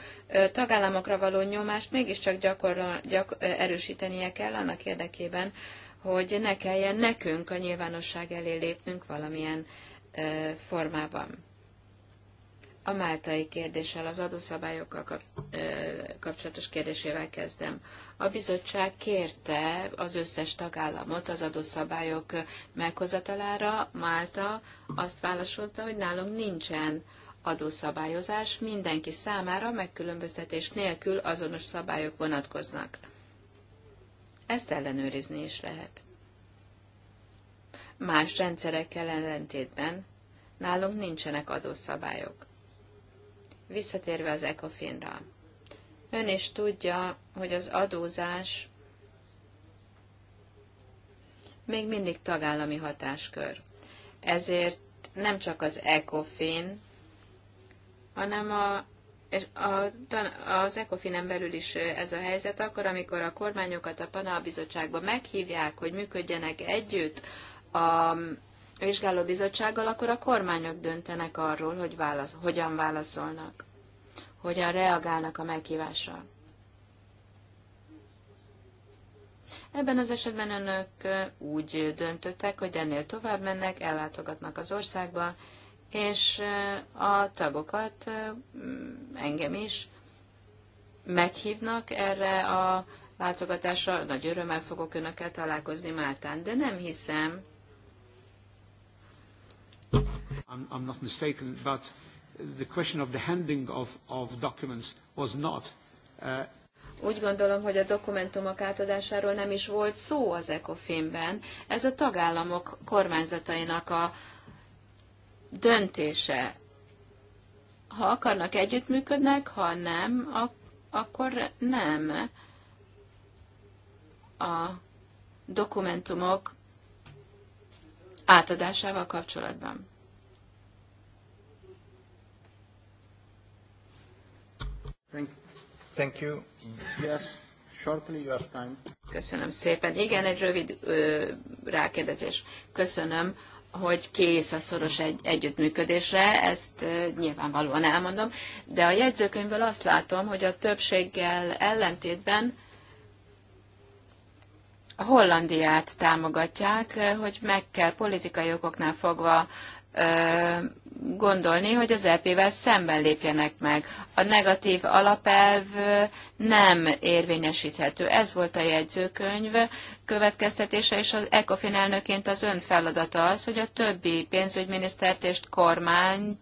tagállamokra való nyomást mégiscsak gyakorol, gyak, erősítenie kell annak érdekében, hogy ne kelljen nekünk a nyilvánosság elé lépnünk valamilyen formában. A máltai kérdéssel, az adószabályokkal kapcsolatos kérdésével kezdem. A bizottság kérte az összes tagállamot az adószabályok meghozatalára. Málta azt válaszolta, hogy nálunk nincsen adószabályozás, mindenki számára megkülönböztetés nélkül azonos szabályok vonatkoznak. Ezt ellenőrizni is lehet. Más rendszerekkel ellentétben nálunk nincsenek adószabályok. Visszatérve az ECOFIN-ra. Ön is tudja, hogy az adózás még mindig tagállami hatáskör. Ezért nem csak az ECOFIN, hanem a, és a, az ecofin belül is ez a helyzet, akkor, amikor a kormányokat a panelbizottságba meghívják, hogy működjenek együtt a bizottsággal, akkor a kormányok döntenek arról, hogy válasz, hogyan válaszolnak, hogyan reagálnak a meghívásra. Ebben az esetben önök úgy döntöttek, hogy ennél tovább mennek, ellátogatnak az országba, és a tagokat, engem is, meghívnak erre a látogatásra. Nagy örömmel fogok önökkel találkozni Máltán, de nem hiszem, I'm, I'm not mistaken, but the question of the handling of, of documents was not uh, úgy gondolom, hogy a dokumentumok átadásáról nem is volt szó az ECOFIN-ben. Ez a tagállamok kormányzatainak a döntése. Ha akarnak, együttműködnek, ha nem, ak- akkor nem. A dokumentumok átadásával kapcsolatban. Thank, thank you. Yes, shortly you have time. Köszönöm szépen. Igen, egy rövid ö, rákérdezés. Köszönöm hogy kész a szoros egy, együttműködésre, ezt ö, nyilvánvalóan elmondom, de a jegyzőkönyvből azt látom, hogy a többséggel ellentétben Hollandiát támogatják, eh, hogy meg kell politikai okoknál fogva eh, gondolni, hogy az EP-vel szemben lépjenek meg. A negatív alapelv eh, nem érvényesíthető. Ez volt a jegyzőkönyv következtetése, és az ECOFIN elnöként az ön feladata az, hogy a többi pénzügyminisztert és kormányt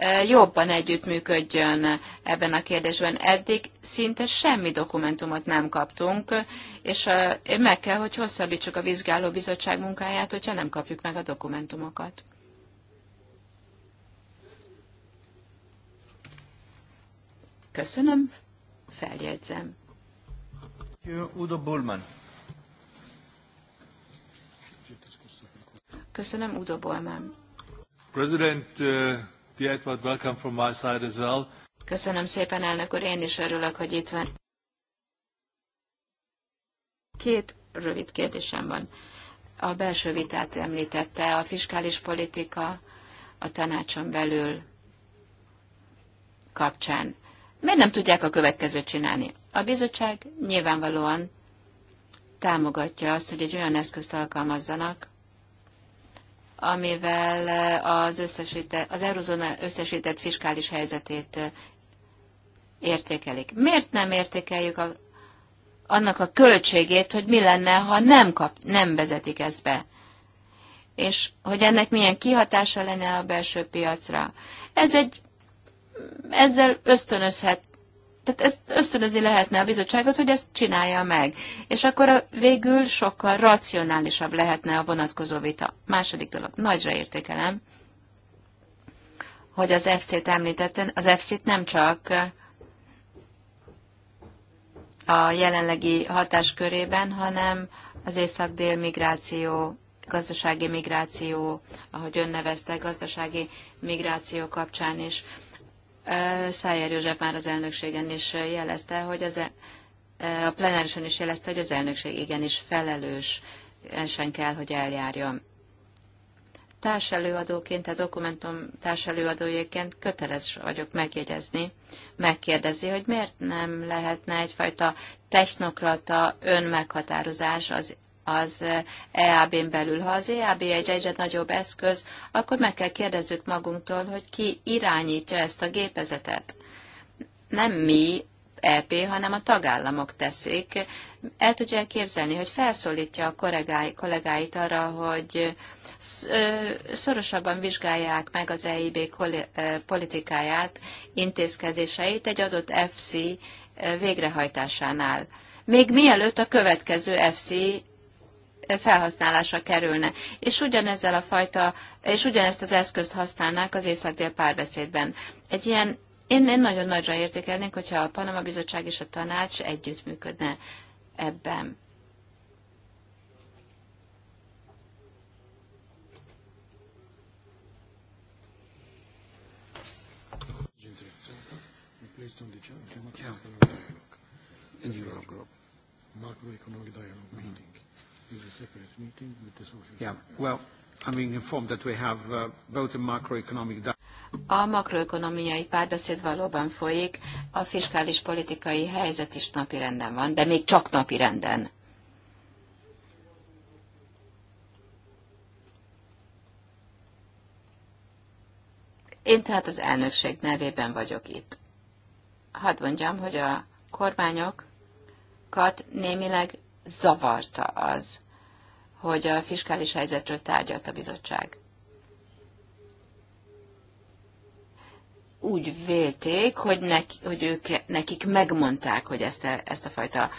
Eh, jobban együttműködjön ebben a kérdésben. Eddig szinte semmi dokumentumot nem kaptunk, és eh, meg kell, hogy hosszabbítsuk a vizsgáló bizottság munkáját, hogyha nem kapjuk meg a dokumentumokat. Köszönöm, feljegyzem. Udo Bullman. Köszönöm, Udo Bullman. President, uh welcome from my side as well. Köszönöm szépen, elnök úr, én is örülök, hogy itt van. Két rövid kérdésem van. A belső vitát említette, a fiskális politika a tanácson belül kapcsán. Miért nem tudják a következőt csinálni? A bizottság nyilvánvalóan támogatja azt, hogy egy olyan eszközt alkalmazzanak, amivel eh, az, összesített, az eurozóna összesített fiskális helyzetét eh, értékelik. Miért nem értékeljük a, annak a költségét, hogy mi lenne, ha nem, kap, nem vezetik ezt be? És hogy ennek milyen kihatása lenne a belső piacra? Ez egy, ezzel ösztönözhet, tehát ezt ösztönözni lehetne a bizottságot, hogy ezt csinálja meg. És akkor a, végül sokkal racionálisabb lehetne a vonatkozó vita. Második dolog, nagyra értékelem, hogy az FC-t említetten, az FC-t nem csak a jelenlegi hatáskörében, hanem az észak-dél migráció, gazdasági migráció, ahogy ön nevezte, gazdasági migráció kapcsán is. Szájer József már az elnökségen is jelezte, hogy az e, e, a plenárison is jelezte, hogy az elnökség igenis felelős e, sen kell, hogy eljárjon. Társelőadóként, a dokumentum társelőadójéként köteles vagyok megjegyezni, megkérdezi, hogy miért nem lehetne egyfajta technokrata önmeghatározás az az EAB-n belül. Ha az EAB egy egyre nagyobb eszköz, akkor meg kell kérdezzük magunktól, hogy ki irányítja ezt a gépezetet. Nem mi, EP, hanem a tagállamok teszik. El tudja képzelni, hogy felszólítja a kollégáit arra, hogy szorosabban vizsgálják meg az EIB politikáját, intézkedéseit egy adott FC végrehajtásánál. Még mielőtt a következő FC felhasználásra kerülne. És ugyanezzel a fajta, és ugyanezt az eszközt használnák az észak-dél párbeszédben. Egy ilyen, én, én nagyon nagyra értékelnék, hogyha a Panama Bizottság és a tanács együttműködne ebben. Macroeconomic separate meeting with the social Yeah, sector. well, I'm being informed that we have uh, both a macroeconomic a makroökonomiai párbeszéd valóban folyik, a fiskális politikai helyzet is napi renden van, de még csak napi renden. Én tehát az elnökség nevében vagyok itt. Hadd mondjam, hogy a kormányokat némileg zavarta az, hogy a fiskális helyzetről tárgyalt a bizottság. Úgy vélték, hogy, neki, hogy ők, nekik megmondták, hogy ezt a, e, ezt a fajta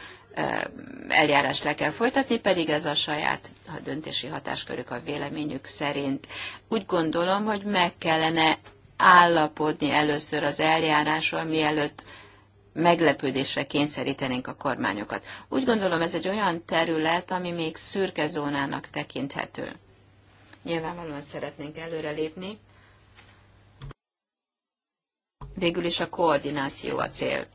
eljárást le kell folytatni, pedig ez a saját a döntési hatáskörük a véleményük szerint. Úgy gondolom, hogy meg kellene állapodni először az eljárásról, mielőtt meglepődésre kényszerítenénk a kormányokat. Úgy gondolom, ez egy olyan terület, ami még szürke zónának tekinthető. Nyilvánvalóan szeretnénk előrelépni. Végül is a koordináció a cél.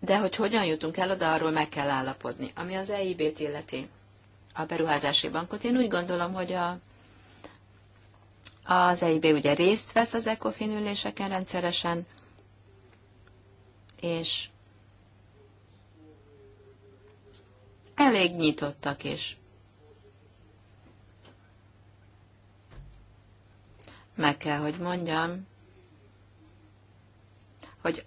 De hogy hogyan jutunk el oda, arról meg kell állapodni. Ami az EIB-t illeti, a beruházási bankot, én úgy gondolom, hogy a, az EIB ugye részt vesz az ECOFIN üléseken rendszeresen, és elég nyitottak is. Meg kell, hogy mondjam, hogy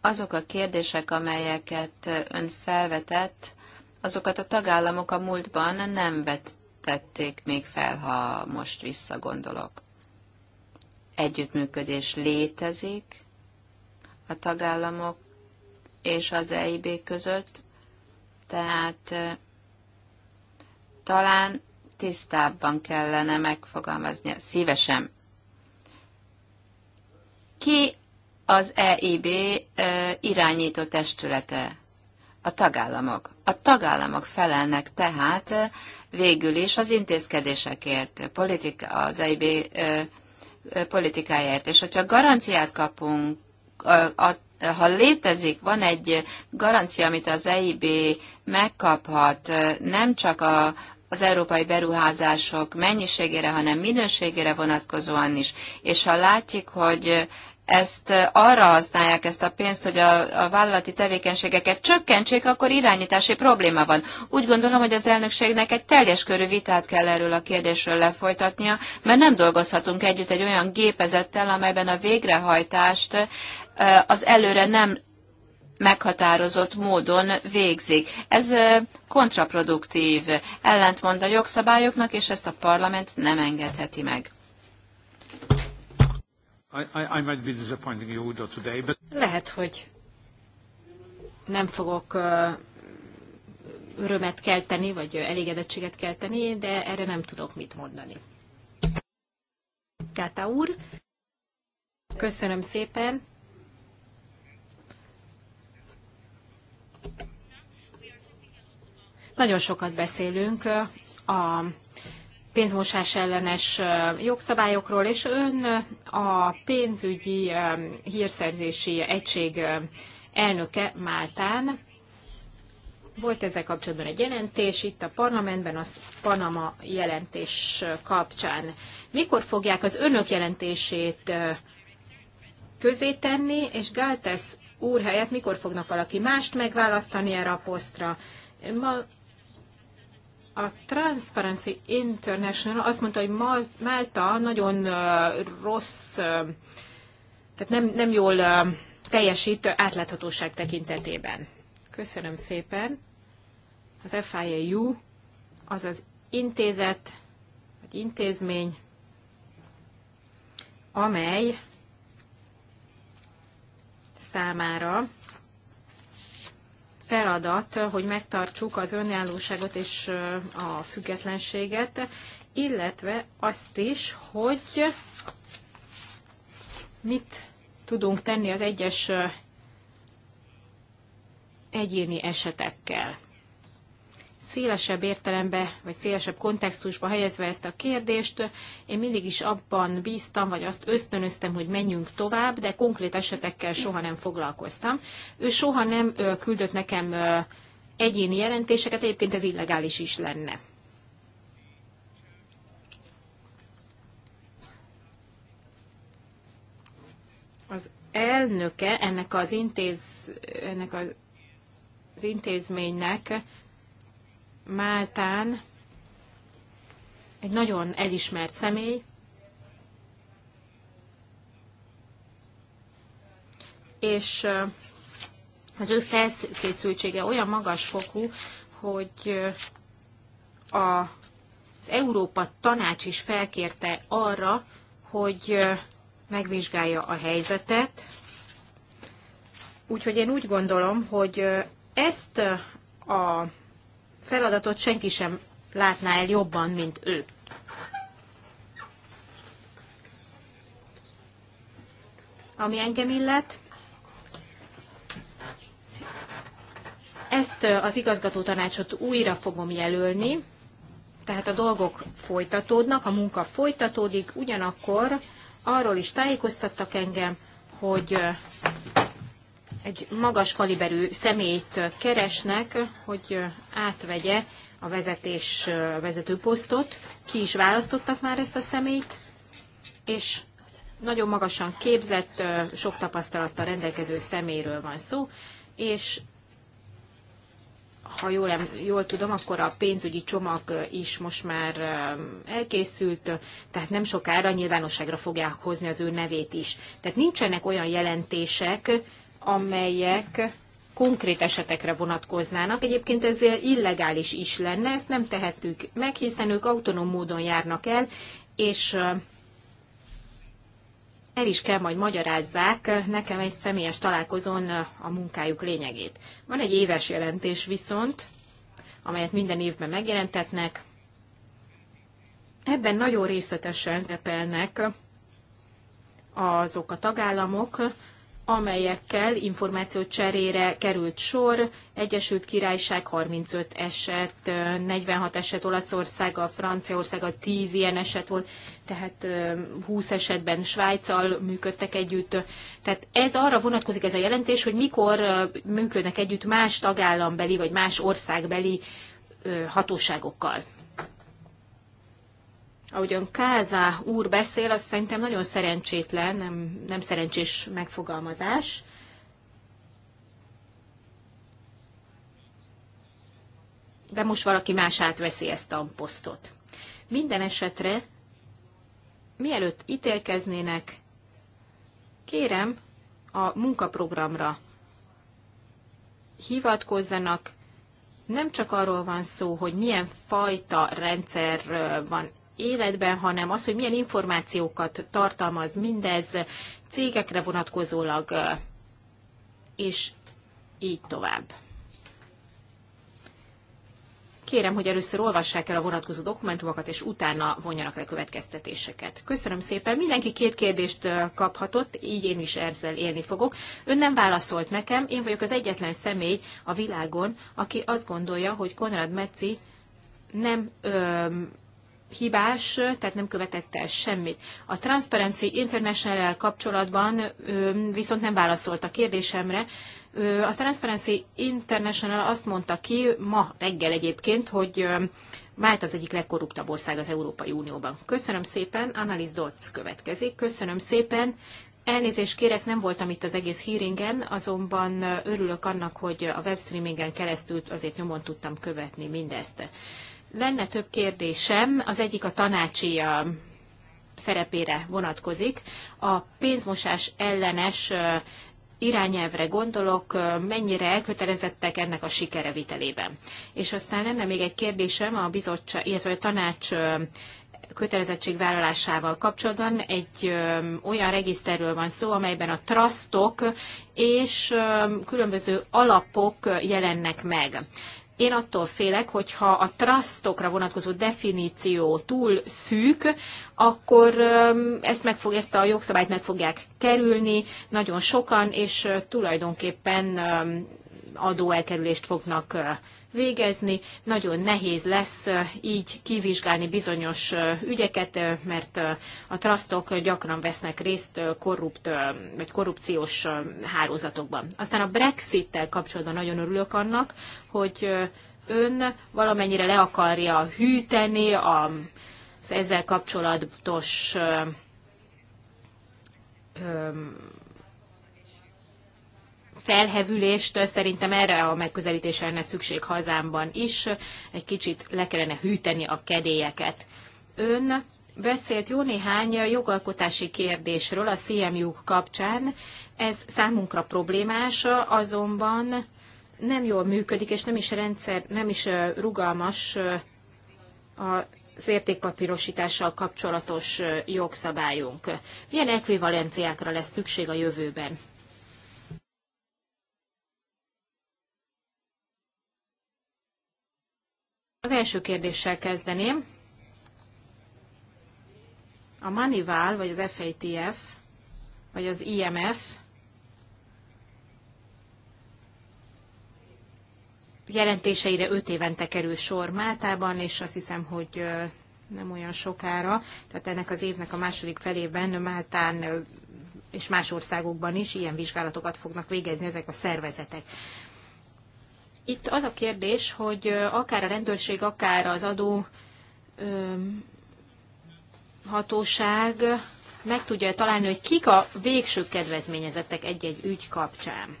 azok a kérdések, amelyeket ön felvetett, azokat a tagállamok a múltban nem vetették még fel, ha most visszagondolok együttműködés létezik a tagállamok és az EIB között, tehát talán tisztábban kellene megfogalmazni, szívesen. Ki az EIB irányító testülete? A tagállamok. A tagállamok felelnek tehát végül is az intézkedésekért. Politika, az EIB politikáját. És hogyha garanciát kapunk, ha létezik, van egy garancia, amit az EIB megkaphat, nem csak a, az európai beruházások mennyiségére, hanem minőségére vonatkozóan is. És ha látjuk, hogy ezt eh, arra használják ezt a pénzt, hogy a, a vállalati tevékenységeket csökkentsék, akkor irányítási probléma van. Úgy gondolom, hogy az elnökségnek egy teljes körű vitát kell erről a kérdésről lefolytatnia, mert nem dolgozhatunk együtt egy olyan gépezettel, amelyben a végrehajtást eh, az előre nem meghatározott módon végzik. Ez eh, kontraproduktív, ellentmond a jogszabályoknak, és ezt a parlament nem engedheti meg. I, I might be disappointing you Udo today, but... Lehet, hogy nem fogok örömet kelteni, vagy elégedettséget kelteni, de erre nem tudok mit mondani. Káta úr, köszönöm szépen. Nagyon sokat beszélünk a pénzmosás ellenes jogszabályokról, és ön a pénzügyi hírszerzési egység elnöke Máltán. Volt ezzel kapcsolatban egy jelentés itt a parlamentben, az Panama jelentés kapcsán. Mikor fogják az önök jelentését közé tenni, és Gáltesz úr helyett mikor fognak valaki mást megválasztani erre a posztra? Ma a Transparency International azt mondta, hogy Málta nagyon rossz, tehát nem, nem jól teljesít átláthatóság tekintetében. Köszönöm szépen. Az FIAU, az az intézet, vagy intézmény, amely számára feladat, hogy megtartsuk az önállóságot és a függetlenséget, illetve azt is, hogy mit tudunk tenni az egyes egyéni esetekkel szélesebb értelembe, vagy szélesebb kontextusba helyezve ezt a kérdést, én mindig is abban bíztam, vagy azt ösztönöztem, hogy menjünk tovább, de konkrét esetekkel soha nem foglalkoztam. Ő soha nem küldött nekem egyéni jelentéseket, egyébként ez illegális is lenne. Az elnöke ennek az, intéz, ennek az az intézménynek Máltán egy nagyon elismert személy, és az ő felkészültsége olyan magas fokú, hogy az Európa Tanács is felkérte arra, hogy megvizsgálja a helyzetet. Úgyhogy én úgy gondolom, hogy ezt a feladatot senki sem látná el jobban, mint ő. Ami engem illet, ezt az igazgató tanácsot újra fogom jelölni, tehát a dolgok folytatódnak, a munka folytatódik, ugyanakkor arról is tájékoztattak engem, hogy egy magas kaliberű személyt keresnek, hogy átvegye a vezetés vezető posztot. Ki is választottak már ezt a személyt, és nagyon magasan képzett, sok tapasztalattal rendelkező szeméről van szó, és ha jól, jól tudom, akkor a pénzügyi csomag is most már elkészült, tehát nem sokára nyilvánosságra fogják hozni az ő nevét is. Tehát nincsenek olyan jelentések, amelyek konkrét esetekre vonatkoznának. Egyébként ez illegális is lenne, ezt nem tehetük meg, hiszen ők autonóm módon járnak el, és el is kell majd magyarázzák nekem egy személyes találkozón a munkájuk lényegét. Van egy éves jelentés viszont, amelyet minden évben megjelentetnek. Ebben nagyon részletesen szerepelnek azok a tagállamok, amelyekkel információ cserére került sor, Egyesült Királyság 35 eset, 46 eset olaszország, a Franciaország a 10 ilyen eset volt, tehát 20 esetben Svájccal működtek együtt. Tehát ez arra vonatkozik ez a jelentés, hogy mikor működnek együtt más tagállambeli vagy más országbeli hatóságokkal ön káza úr beszél, az szerintem nagyon szerencsétlen, nem, nem szerencsés megfogalmazás. De most valaki más átveszi ezt a posztot. Minden esetre, mielőtt ítélkeznének, kérem a munkaprogramra hivatkozzanak, nem csak arról van szó, hogy milyen fajta rendszer van életben, hanem az, hogy milyen információkat tartalmaz mindez cégekre vonatkozólag, és így tovább. Kérem, hogy először olvassák el a vonatkozó dokumentumokat, és utána vonjanak le következtetéseket. Köszönöm szépen. Mindenki két kérdést kaphatott, így én is ezzel élni fogok. Ön nem válaszolt nekem, én vagyok az egyetlen személy a világon, aki azt gondolja, hogy Konrad Metzi nem öm, hibás, tehát nem követett el semmit. A Transparency international kapcsolatban viszont nem válaszolt a kérdésemre. A Transparency International azt mondta ki ma reggel egyébként, hogy Mált az egyik legkorruptabb ország az Európai Unióban. Köszönöm szépen, Annalis Dotz következik. Köszönöm szépen, Elnézést kérek, nem voltam itt az egész hearingen, azonban örülök annak, hogy a webstreamingen keresztül azért nyomon tudtam követni mindezt. Lenne több kérdésem, az egyik a tanácsi a szerepére vonatkozik. A pénzmosás ellenes irányelvre gondolok, mennyire elkötelezettek ennek a vitelében. És aztán lenne még egy kérdésem a bizottság, illetve a tanács kötelezettségvállalásával kapcsolatban egy ö, olyan regiszterről van szó, amelyben a trustok és ö, különböző alapok jelennek meg. Én attól félek, hogyha a trustokra vonatkozó definíció túl szűk, akkor ezt, meg fog, ezt a jogszabályt meg fogják kerülni nagyon sokan, és tulajdonképpen adóelkerülést fognak végezni. Nagyon nehéz lesz így kivizsgálni bizonyos ügyeket, mert a trasztok gyakran vesznek részt korrupt, vagy korrupciós hálózatokban. Aztán a Brexit-tel kapcsolatban nagyon örülök annak, hogy ön valamennyire le akarja hűteni az ezzel kapcsolatos felhevülést, szerintem erre a megközelítésre lenne szükség hazámban is. Egy kicsit le kellene hűteni a kedélyeket. Ön beszélt jó néhány jogalkotási kérdésről a CMU kapcsán. Ez számunkra problémás, azonban nem jól működik, és nem is rendszer, nem is rugalmas az értékpapírosítással kapcsolatos jogszabályunk. Milyen ekvivalenciákra lesz szükség a jövőben? Az első kérdéssel kezdeném. A Manival, vagy az FATF, vagy az IMF jelentéseire öt évente kerül sor Máltában, és azt hiszem, hogy nem olyan sokára, tehát ennek az évnek a második felében Máltán és más országokban is ilyen vizsgálatokat fognak végezni ezek a szervezetek. Itt az a kérdés, hogy akár a rendőrség, akár az adó hatóság meg tudja találni, hogy kik a végső kedvezményezettek egy-egy ügy kapcsán.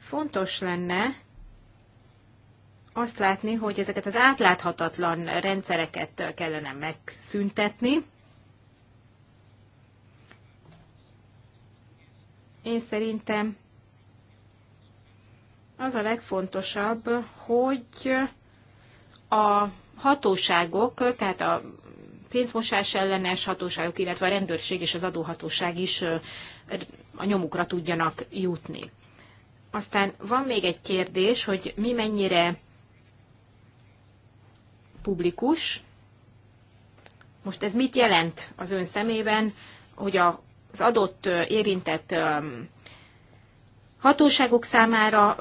Fontos lenne azt látni, hogy ezeket az átláthatatlan rendszereket kellene megszüntetni. Én szerintem az a legfontosabb, hogy a hatóságok, tehát a pénzmosás ellenes hatóságok, illetve a rendőrség és az adóhatóság is a nyomukra tudjanak jutni. Aztán van még egy kérdés, hogy mi mennyire publikus. Most ez mit jelent az ön szemében, hogy az adott érintett hatóságok számára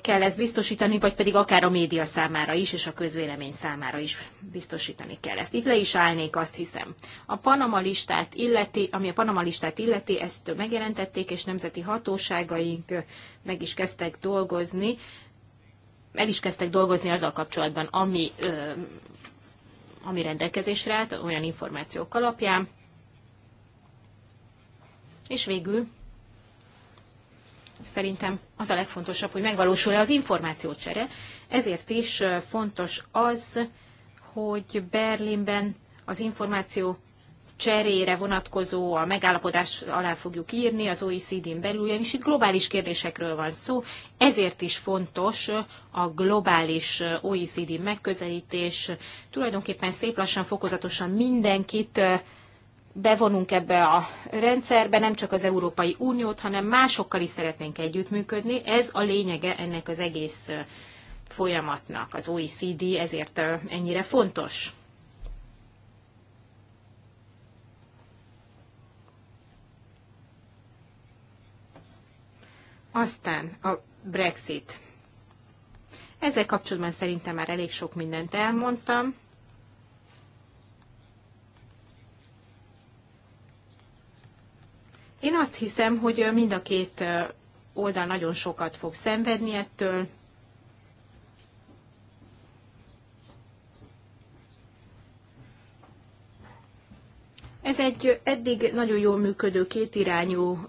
kell ezt biztosítani, vagy pedig akár a média számára is, és a közvélemény számára is biztosítani kell ezt. Itt le is állnék, azt hiszem. A Panama listát illeti, ami a Panama listát illeti, ezt megjelentették, és nemzeti hatóságaink meg is kezdtek dolgozni, el is kezdtek dolgozni azzal kapcsolatban, ami, ami rendelkezésre állt, olyan információk alapján. És végül szerintem az a legfontosabb, hogy megvalósul-e az információcsere. Ezért is fontos az, hogy Berlinben az információ cserére vonatkozó a megállapodás alá fogjuk írni az OECD-n belül, ugyanis itt globális kérdésekről van szó, ezért is fontos a globális OECD megközelítés. Tulajdonképpen szép lassan, fokozatosan mindenkit bevonunk ebbe a rendszerbe nem csak az Európai Uniót, hanem másokkal is szeretnénk együttműködni. Ez a lényege ennek az egész folyamatnak. Az OECD ezért ennyire fontos. Aztán a Brexit. Ezzel kapcsolatban szerintem már elég sok mindent elmondtam. Én azt hiszem, hogy mind a két oldal nagyon sokat fog szenvedni ettől. Ez egy eddig nagyon jól működő kétirányú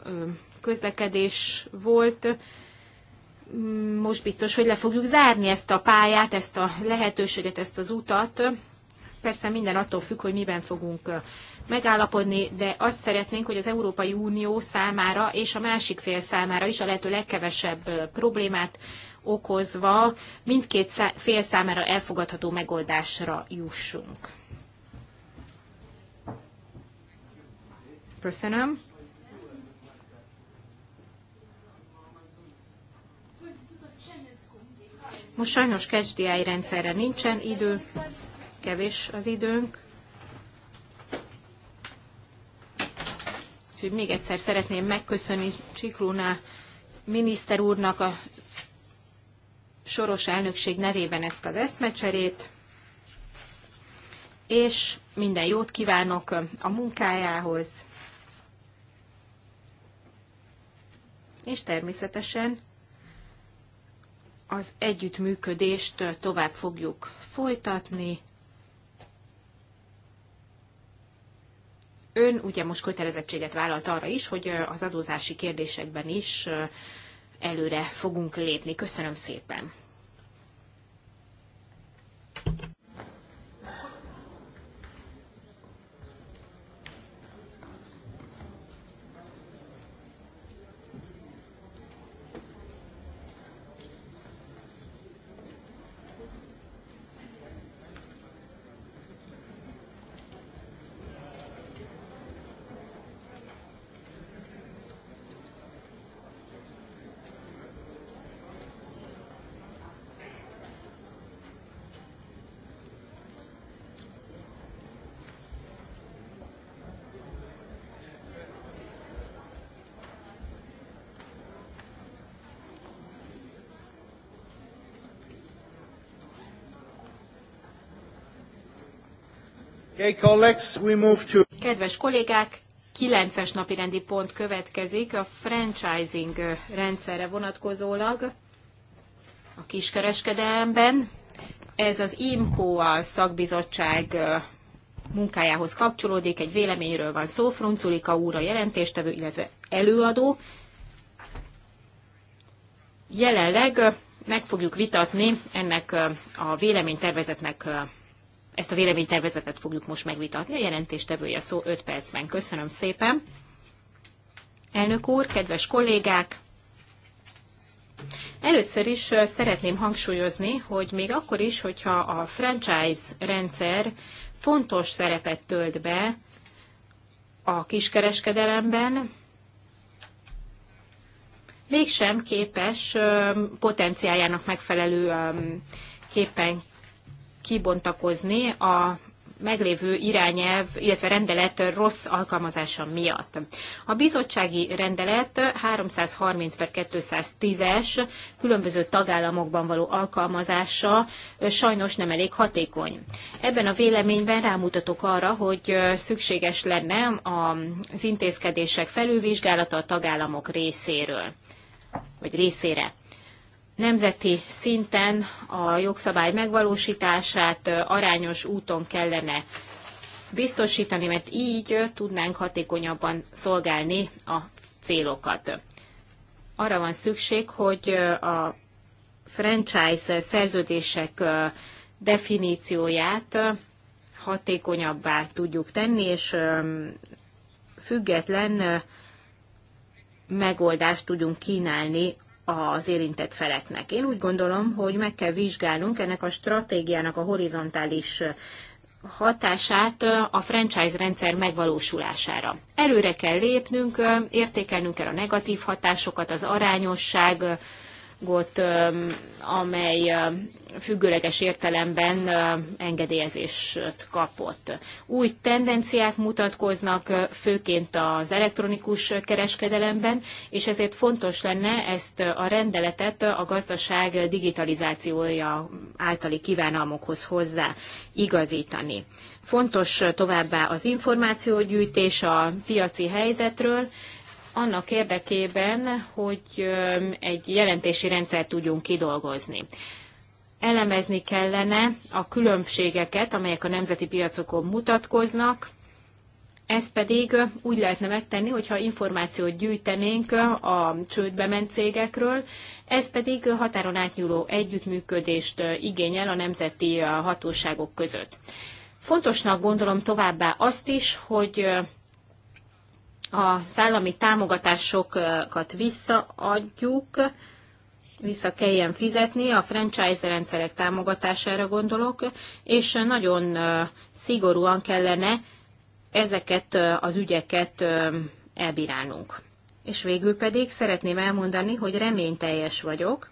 közlekedés volt. Most biztos, hogy le fogjuk zárni ezt a pályát, ezt a lehetőséget, ezt az utat. Persze minden attól függ, hogy miben fogunk megállapodni, de azt szeretnénk, hogy az Európai Unió számára és a másik fél számára is a lehető legkevesebb problémát okozva mindkét fél számára elfogadható megoldásra jussunk. Köszönöm. Most sajnos KSDI rendszerre nincsen idő, kevés az időnk. Úgyhogy még egyszer szeretném megköszönni Csiklóná miniszter úrnak a soros elnökség nevében ezt az eszmecserét, és minden jót kívánok a munkájához, és természetesen az együttműködést tovább fogjuk folytatni ön ugye most kötelezettséget vállalt arra is, hogy az adózási kérdésekben is előre fogunk lépni. Köszönöm szépen! Okay, colleagues, we move to... Kedves kollégák, kilences napi rendi pont következik a franchising rendszerre vonatkozólag a kiskereskedelemben. Ez az IMCO a szakbizottság munkájához kapcsolódik, egy véleményről van szó, Frunculika úr a jelentéstevő, illetve előadó. Jelenleg meg fogjuk vitatni ennek a véleménytervezetnek ezt a véleménytervezetet fogjuk most megvitatni. A jelentéstevője szó 5 percben. Köszönöm szépen. Elnök úr, kedves kollégák! Először is szeretném hangsúlyozni, hogy még akkor is, hogyha a franchise rendszer fontos szerepet tölt be a kiskereskedelemben, mégsem képes potenciáljának megfelelő képpen kibontakozni a meglévő irányelv, illetve rendelet rossz alkalmazása miatt. A bizottsági rendelet 330 210-es különböző tagállamokban való alkalmazása sajnos nem elég hatékony. Ebben a véleményben rámutatok arra, hogy szükséges lenne az intézkedések felülvizsgálata a tagállamok részéről vagy részére nemzeti szinten a jogszabály megvalósítását arányos úton kellene biztosítani, mert így tudnánk hatékonyabban szolgálni a célokat. Arra van szükség, hogy a franchise szerződések definícióját hatékonyabbá tudjuk tenni, és független megoldást tudjunk kínálni az érintett feleknek. Én úgy gondolom, hogy meg kell vizsgálnunk ennek a stratégiának a horizontális hatását a franchise rendszer megvalósulására. Előre kell lépnünk, értékelnünk kell a negatív hatásokat, az arányosság anyagot, amely függőleges értelemben engedélyezést kapott. Új tendenciák mutatkoznak főként az elektronikus kereskedelemben, és ezért fontos lenne ezt a rendeletet a gazdaság digitalizációja általi kívánalmokhoz hozzá igazítani. Fontos továbbá az információgyűjtés a piaci helyzetről, annak érdekében, hogy egy jelentési rendszert tudjunk kidolgozni. Elemezni kellene a különbségeket, amelyek a nemzeti piacokon mutatkoznak, ezt pedig úgy lehetne megtenni, hogyha információt gyűjtenénk a csődbe ment cégekről, ez pedig határon átnyúló együttműködést igényel a nemzeti hatóságok között. Fontosnak gondolom továbbá azt is, hogy a szállami támogatásokat visszaadjuk, vissza kelljen fizetni, a franchise rendszerek támogatására gondolok, és nagyon szigorúan kellene ezeket az ügyeket elbírálnunk. És végül pedig szeretném elmondani, hogy reményteljes vagyok,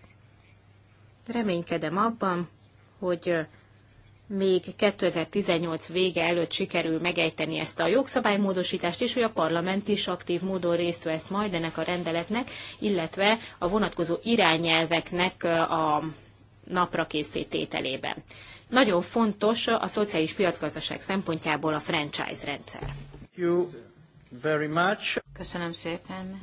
reménykedem abban, hogy még 2018 vége előtt sikerül megejteni ezt a jogszabálymódosítást, és hogy a parlament is aktív módon részt vesz majd ennek a rendeletnek, illetve a vonatkozó irányelveknek a napra készítételében. Nagyon fontos a szociális piacgazdaság szempontjából a franchise rendszer. Köszönöm szépen.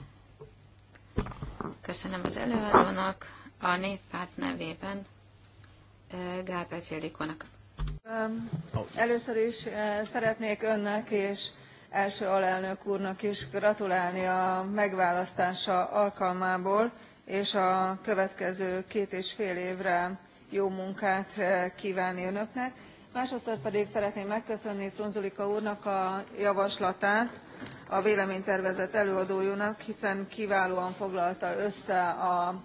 Köszönöm az előadónak a néppárt nevében eh, Gál Bezélikónak Először is szeretnék önnek és első alelnök úrnak is gratulálni a megválasztása alkalmából és a következő két és fél évre jó munkát kvánni önöknek másodszor pedig szeretném megköszönni Frunzulika úrnak a javaslatát a véleménytervezet előadójának hiszen kiválóan foglalta össze a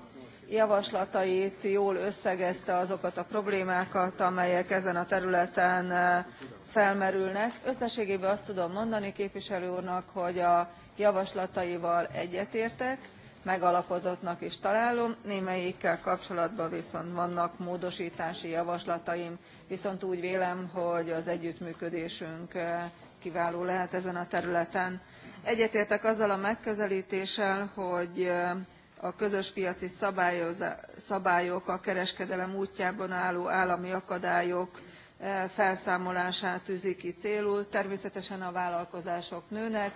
javaslatait jól összegezte azokat a problémákat amelyek ezen a területen eh, felmerülnek. összességében azt tudom mondani képviselő úrnak hogy a javaslataival egyetértek megalapozottnak is találom némelyikkel kapcsolatban viszont vannak módostási javaslataim viszont úgy vélem hogy az együttműködésünk eh, kiváló lehet ezen a területen. egyetértek azzal a megközeltéssel hogy eh, a közös piaci szabályok a kereskedelem útjában álló állami akadályok eh, felszámolását tűzi ki célul természetesen a vállalkozások nőnek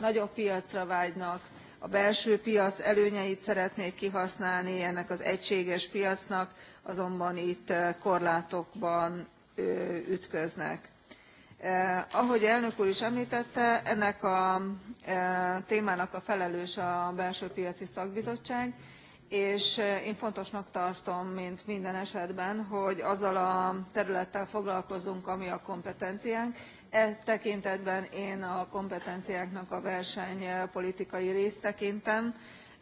nagyobb piacra vágynak a belső piac előnyeit szeretnék kihasználni ennek az egységes piacnak azonban itt eh, korlátokban ütköznek. Eh, ahogy elnök úr is emltette ennek a eh, témának a felelős a belső piaci szakbizottság és eh, én fontosnak tartom mint minden esetben hogy azzal a területtel foglalkozunk ami a kompetenciánk e tekintetben én a kompetenciáknak a versenypolitikai részt tekintem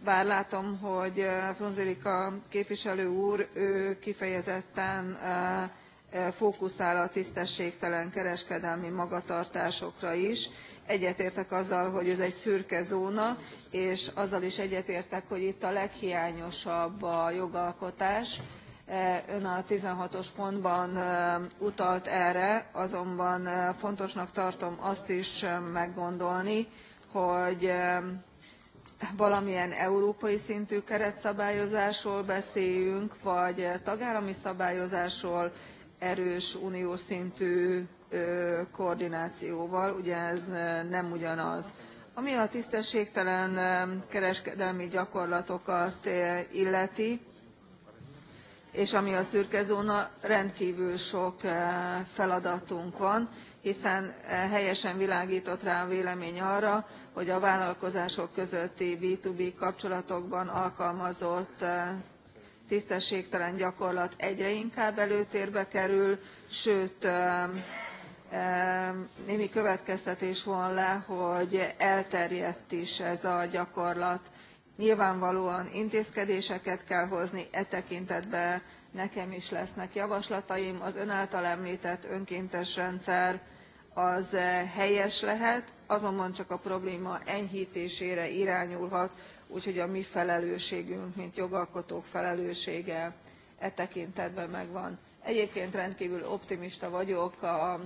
bár látom hogy frunzulic képviselő úr ő kifejezetten fókuszál a tisztességtelen kereskedelmi magatartásokra is. egyetértek azzal hogy ez egy szürke zóna és azzal is egyetértek hogy itt a leghiányosabb a jogalkotás ön a sixteen os pontban utalt erre azonban fontosnak tartom azt is meggondolni hogy valamilyen európai szintű keretszabályozásról beszéljünk vagy tagállami szabályozásról erős uniós szintű koordinációval ugye ez nem ugyanaz. ami a tisztességtelen kereskedelmi gyakorlatokat illeti és ami a szürke zóna rendkívül sok feladatunk van hiszen helyesen világított rá a vélemény arra hogy a vállalkozások közötti b 2 b kapcsolatokban alkalmazott tisztességtelen gyakorlat egyre inkább előtérbe kerül sőt némi következtetés von le hogy elterjedt is ez a gyakorlat. nyilvánvalóan intézkedéseket kell hozni e tekintetben nekem is lesznek javaslataim az ön által emltett önkéntes rendszer az eh, helyes lehet azonban csak a probléma enyhtésére irányulhat úgyhogy a mi felelősségünk mint jogalkotók felelőssége e tekintetben megvan. egyébként rendkívül optimista vagyok a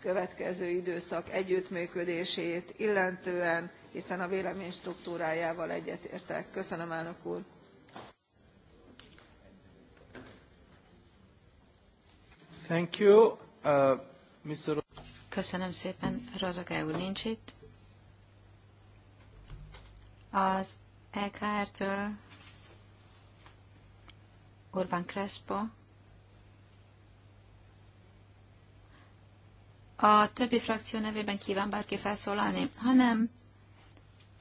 következő időszak együttműködését illetően hiszen a vélemény struktúrájával egyetértek. köszönöm elnök úr! Thank you. Uh, Mr. Köszönöm szépen. Rozagály úr nincs itt. Az EKR-től Urban Crespo. A többi frakció nevében kíván bárki felszólalni? Ha nem,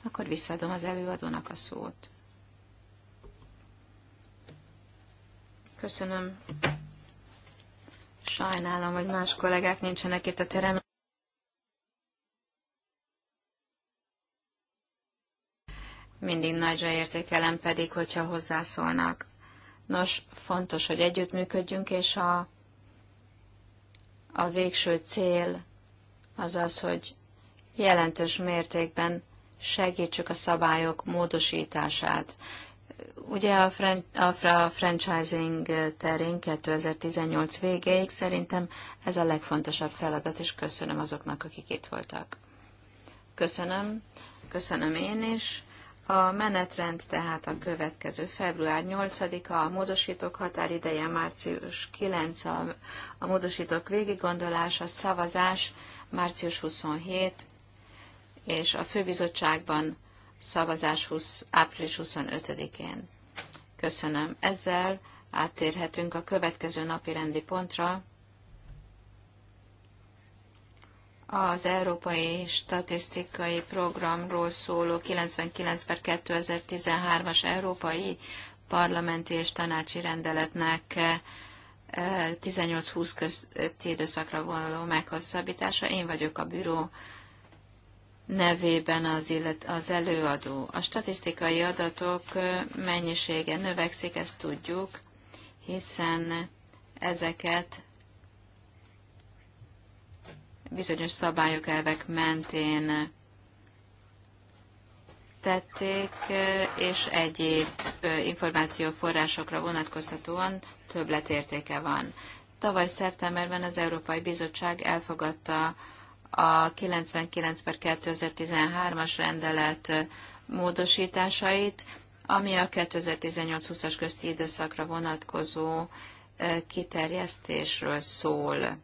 akkor visszadom az előadónak a szót. Köszönöm. Sajnálom, hogy más kollégák nincsenek itt a teremben. mindig nagyra értékelem pedig, hogyha hozzászólnak. Nos, fontos, hogy együttműködjünk, és a, a végső cél az az, hogy jelentős mértékben segítsük a szabályok módosítását. Ugye a, fran- a franchising terén 2018 végéig szerintem ez a legfontosabb feladat, és köszönöm azoknak, akik itt voltak. Köszönöm, köszönöm én is. A menetrend tehát a következő február 8-a, a módosítók határideje március 9, a, a módosítók végigondolása, szavazás március 27, és a főbizottságban szavazás 20, április 25-én. Köszönöm. Ezzel áttérhetünk a következő napi rendi pontra, az Európai Statisztikai Programról szóló 99 per 2013-as Európai Parlamenti és Tanácsi Rendeletnek 18-20 eh, közti időszakra vonuló meghosszabbítása. Én vagyok a büró nevében az, illet, az előadó. A statisztikai adatok eh, mennyisége növekszik, ezt tudjuk, hiszen ezeket bizonyos szabályok, elvek mentén tették, és egyéb információforrásokra vonatkoztatóan többletértéke van. Tavaly szeptemberben az Európai Bizottság elfogadta a 99 per 2013-as rendelet módosításait, ami a 2018-20-as közti időszakra vonatkozó kiterjesztésről szól.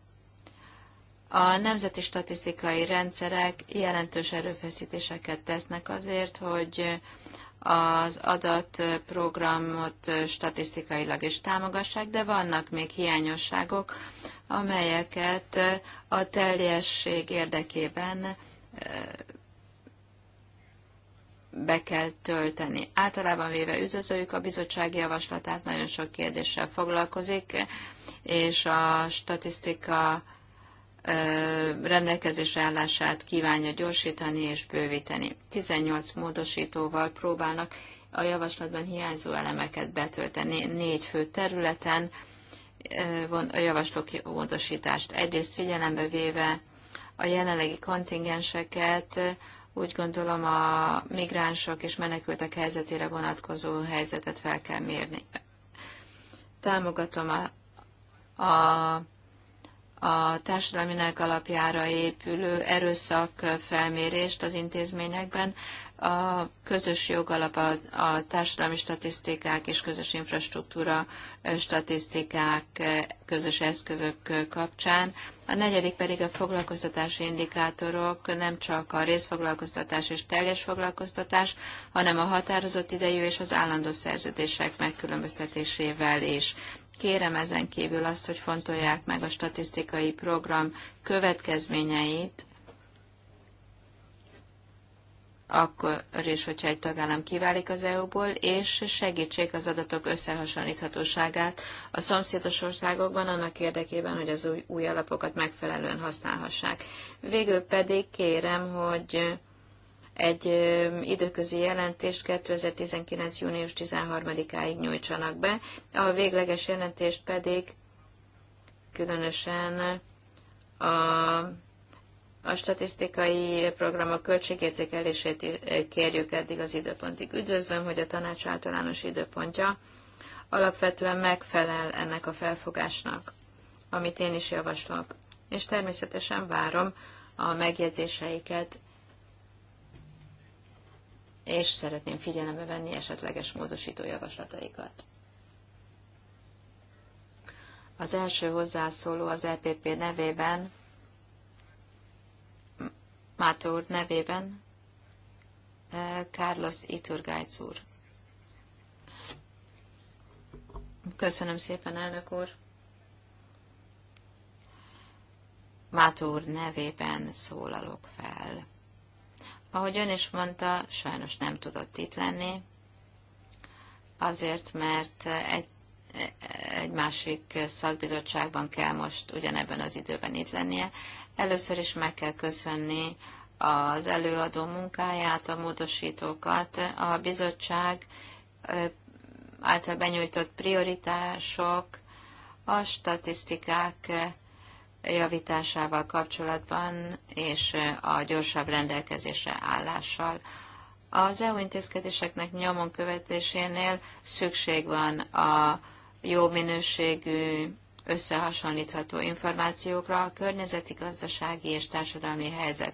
A nemzeti statisztikai rendszerek jelentős erőfeszítéseket tesznek azért, hogy az adatprogramot statisztikailag is támogassák, de vannak még hiányosságok, amelyeket a teljesség érdekében be kell tölteni. Általában véve üdvözöljük a bizottsági javaslatát, nagyon sok kérdéssel foglalkozik, és a statisztika rendelkezésre állását kívánja gyorsítani és bővíteni. 18 módosítóval próbálnak a javaslatban hiányzó elemeket betölteni négy fő területen javaslók módosítást. Egyrészt figyelembe véve a jelenlegi kontingenseket, úgy gondolom a migránsok és menekültek helyzetére vonatkozó helyzetet fel kell mérni. Támogatom a, a a társadalminek alapjára épülő erőszak felmérést az intézményekben, a közös jogalap a, a társadalmi statisztikák és közös infrastruktúra statisztikák közös eszközök kapcsán. A negyedik pedig a foglalkoztatási indikátorok, nem csak a részfoglalkoztatás és teljes foglalkoztatás, hanem a határozott idejű és az állandó szerződések megkülönböztetésével is. Kérem ezen kívül azt, hogy fontolják meg a statisztikai program következményeit, akkor is, hogyha egy tagállam kiválik az EU-ból, és segítsék az adatok összehasonlíthatóságát a szomszédos országokban annak érdekében, hogy az új, új alapokat megfelelően használhassák. Végül pedig kérem, hogy egy időközi jelentést 2019. június 13-áig nyújtsanak be, a végleges jelentést pedig különösen a, a statisztikai program a költségértékelését kérjük eddig az időpontig. Üdvözlöm, hogy a tanács általános időpontja alapvetően megfelel ennek a felfogásnak, amit én is javaslok. És természetesen várom a megjegyzéseiket és szeretném figyelembe venni esetleges módosító javaslataikat. Az első hozzászóló az EPP nevében, Máté úr nevében, Carlos Iturgájc úr. Köszönöm szépen, elnök úr. Mátó úr nevében szólalok fel. Ahogy ön is mondta, sajnos nem tudott itt lenni, azért, mert egy, egy másik szakbizottságban kell most ugyanebben az időben itt lennie. Először is meg kell köszönni az előadó munkáját, a módosítókat. A bizottság által benyújtott prioritások, a statisztikák javításával kapcsolatban és a gyorsabb rendelkezésre állással. Az EU intézkedéseknek nyomon követésénél szükség van a jó minőségű, összehasonlítható információkra a környezeti, gazdasági és társadalmi helyzet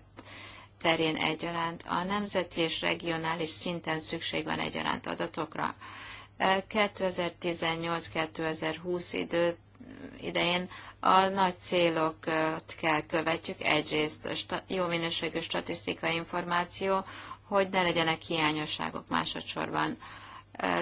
terén egyaránt. A nemzeti és regionális szinten szükség van egyaránt adatokra. 2018-2020 időt idején a nagy célokat kell követjük. Egyrészt jó minőségű statisztikai információ, hogy ne legyenek hiányosságok másodszorban.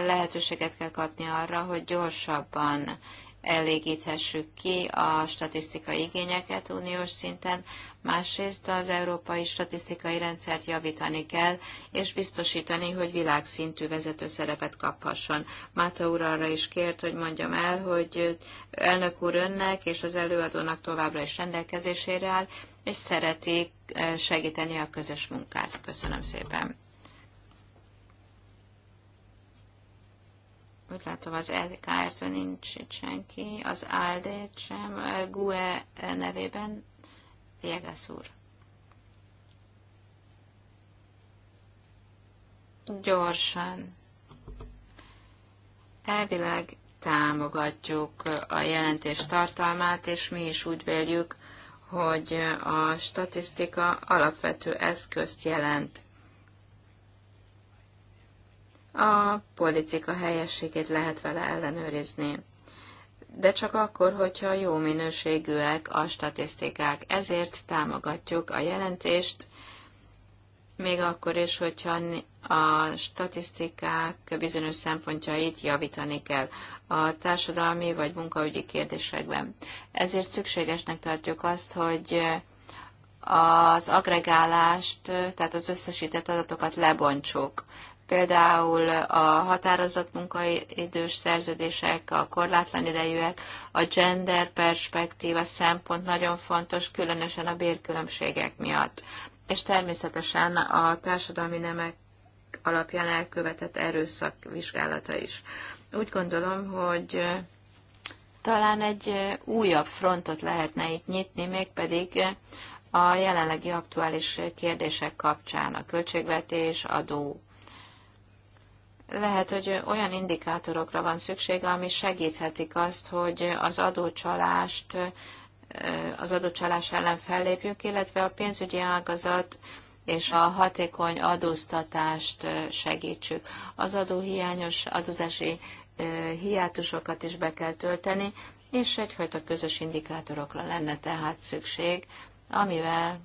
Lehetőséget kell kapni arra, hogy gyorsabban elégíthessük ki a statisztikai igényeket uniós szinten, másrészt az európai statisztikai rendszert javítani kell, és biztosítani, hogy világszintű vezető szerepet kaphasson. Máta úr arra is kért, hogy mondjam el, hogy elnök úr önnek és az előadónak továbbra is rendelkezésére áll, és szeretik eh, segíteni a közös munkát. Köszönöm szépen. hogy látom, az LKR-től nincs itt senki, az ALD sem, GUE nevében, Jegesz úr. Gyorsan. Elvileg támogatjuk a jelentés tartalmát, és mi is úgy véljük, hogy a statisztika alapvető eszközt jelent a politika helyességét lehet vele ellenőrizni. De csak akkor, hogyha jó minőségűek a statisztikák. Ezért támogatjuk a jelentést, még akkor is, hogyha a statisztikák bizonyos szempontjait javítani kell a társadalmi vagy munkaügyi kérdésekben. Ezért szükségesnek tartjuk azt, hogy az agregálást, tehát az összesített adatokat lebontsuk, például a határozott munkaidős szerződések, a korlátlan idejűek, a gender perspektíva szempont nagyon fontos, különösen a bérkülönbségek miatt. És természetesen a társadalmi nemek alapján elkövetett erőszak vizsgálata is. Úgy gondolom, hogy talán egy újabb frontot lehetne itt nyitni, mégpedig a jelenlegi aktuális kérdések kapcsán a költségvetés, adó, lehet, hogy olyan indikátorokra van szükség, ami segíthetik azt, hogy az adócsalást, az adócsalás ellen fellépjük, illetve a pénzügyi ágazat és a hatékony adóztatást segítsük. Az adóhiányos adózási hiátusokat is be kell tölteni, és egyfajta közös indikátorokra lenne tehát szükség, amivel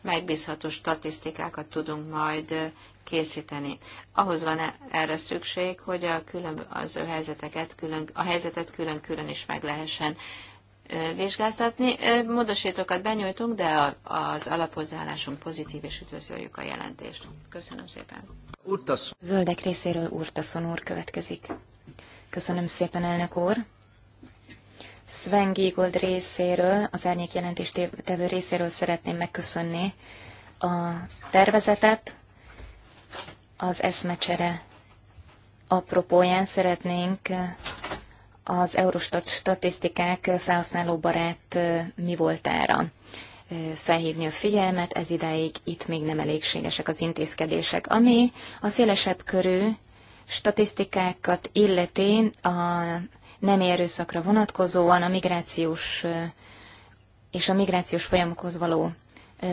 megbízható statisztikákat tudunk majd készíteni. Ahhoz van -e erre szükség, hogy a külön ő helyzeteket külön, a helyzetet külön-külön is meg lehessen vizsgáztatni. Módosítókat benyújtunk, de az alapozálásunk pozitív, és üdvözöljük a jelentést. Köszönöm szépen. Urtasz. Zöldek részéről Urtaszon úr következik. Köszönöm szépen, elnök úr. Sven Giegold részéről, az árnyék jelentéstevő részéről szeretném megköszönni a tervezetet, az eszmecsere apropóján szeretnénk az Eurostat statisztikák felhasználó barát mi voltára felhívni a figyelmet, ez idáig itt még nem elégségesek az intézkedések. Ami a szélesebb körű statisztikákat illeti a nem erőszakra vonatkozóan a migrációs és a migrációs folyamokhoz való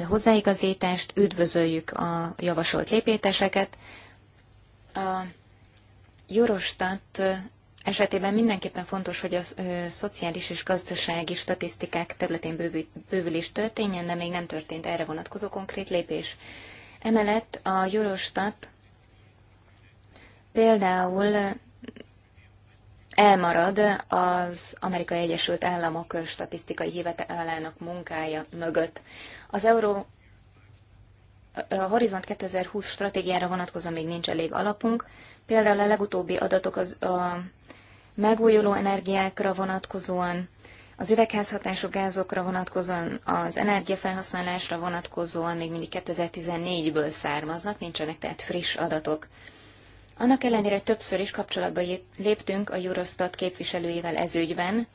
hozzáigazítást, üdvözöljük a javasolt lépéteseket. A Eurostat esetében mindenképpen fontos, hogy a szociális és gazdasági statisztikák területén bővülés történjen, de még nem történt erre vonatkozó konkrét lépés. Emellett a Eurostat például elmarad az Amerikai Egyesült Államok statisztikai hivatalának munkája mögött. Az Euró a Horizont 2020 stratégiára vonatkozóan még nincs elég alapunk. Például a legutóbbi adatok az a megújuló energiákra vonatkozóan, az üvegházhatású gázokra vonatkozóan, az energiafelhasználásra vonatkozóan még mindig 2014-ből származnak, nincsenek tehát friss adatok. Annak ellenére többször is kapcsolatba léptünk a Eurostat képviselőivel ezügyben.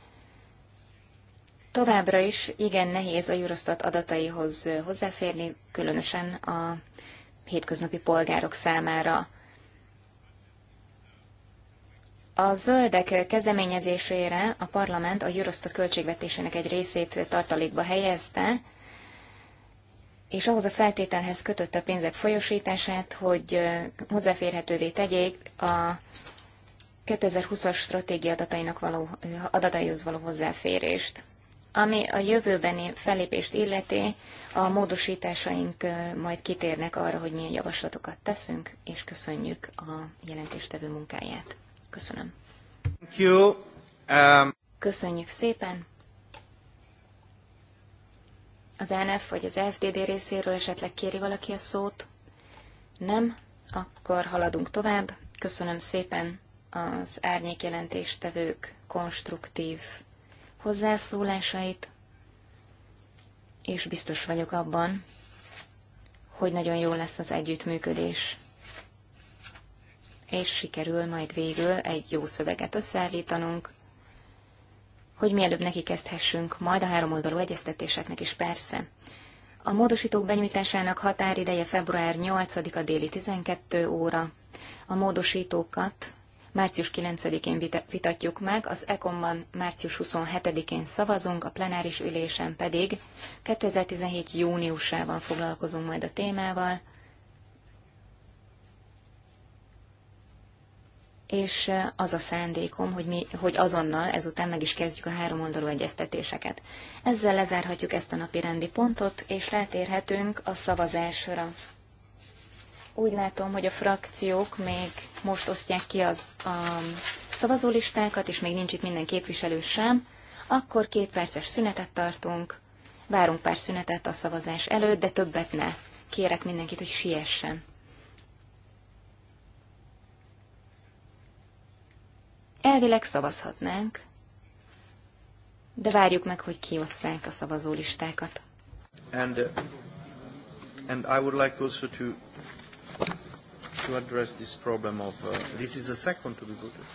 Továbbra is igen nehéz a Eurostat adataihoz hozzáférni, különösen a hétköznapi polgárok számára. A zöldek kezdeményezésére a parlament a Eurostat költségvetésének egy részét tartalékba helyezte, és ahhoz a feltételhez kötött a pénzek folyosítását, hogy hozzáférhetővé tegyék a 2020-as stratégia adatainak való, adataihoz való hozzáférést. Ami a jövőbeni felépést illeti, a módosításaink majd kitérnek arra, hogy milyen javaslatokat teszünk, és köszönjük a jelentéstevő munkáját. Köszönöm. Thank you. Um... Köszönjük szépen. Az NF vagy az FDD részéről esetleg kéri valaki a szót? Nem? Akkor haladunk tovább. Köszönöm szépen az árnyékjelentéstevők konstruktív hozzászólásait, és biztos vagyok abban, hogy nagyon jó lesz az együttműködés. És sikerül majd végül egy jó szöveget összeállítanunk, hogy mielőbb neki kezdhessünk, majd a háromoldalú egyeztetéseknek is persze. A módosítók benyújtásának határideje február 8-a déli 12 óra. A módosítókat március 9-én vitatjuk meg, az ECOM-ban március 27-én szavazunk, a plenáris ülésen pedig 2017 júniusában foglalkozunk majd a témával, és az a szándékom, hogy, mi, hogy azonnal ezután meg is kezdjük a három oldalú egyeztetéseket. Ezzel lezárhatjuk ezt a napi rendi pontot, és rátérhetünk a szavazásra. Úgy látom, hogy a frakciók még most osztják ki az a szavazólistákat, és még nincs itt minden képviselő sem. Akkor két perces szünetet tartunk, várunk pár szünetet a szavazás előtt, de többet ne. Kérek mindenkit, hogy siessen. Elvileg szavazhatnánk, de várjuk meg, hogy kiosszák a szavazólistákat. And, uh, and I would like also to, to address this problem of, uh, this is the second to be voted.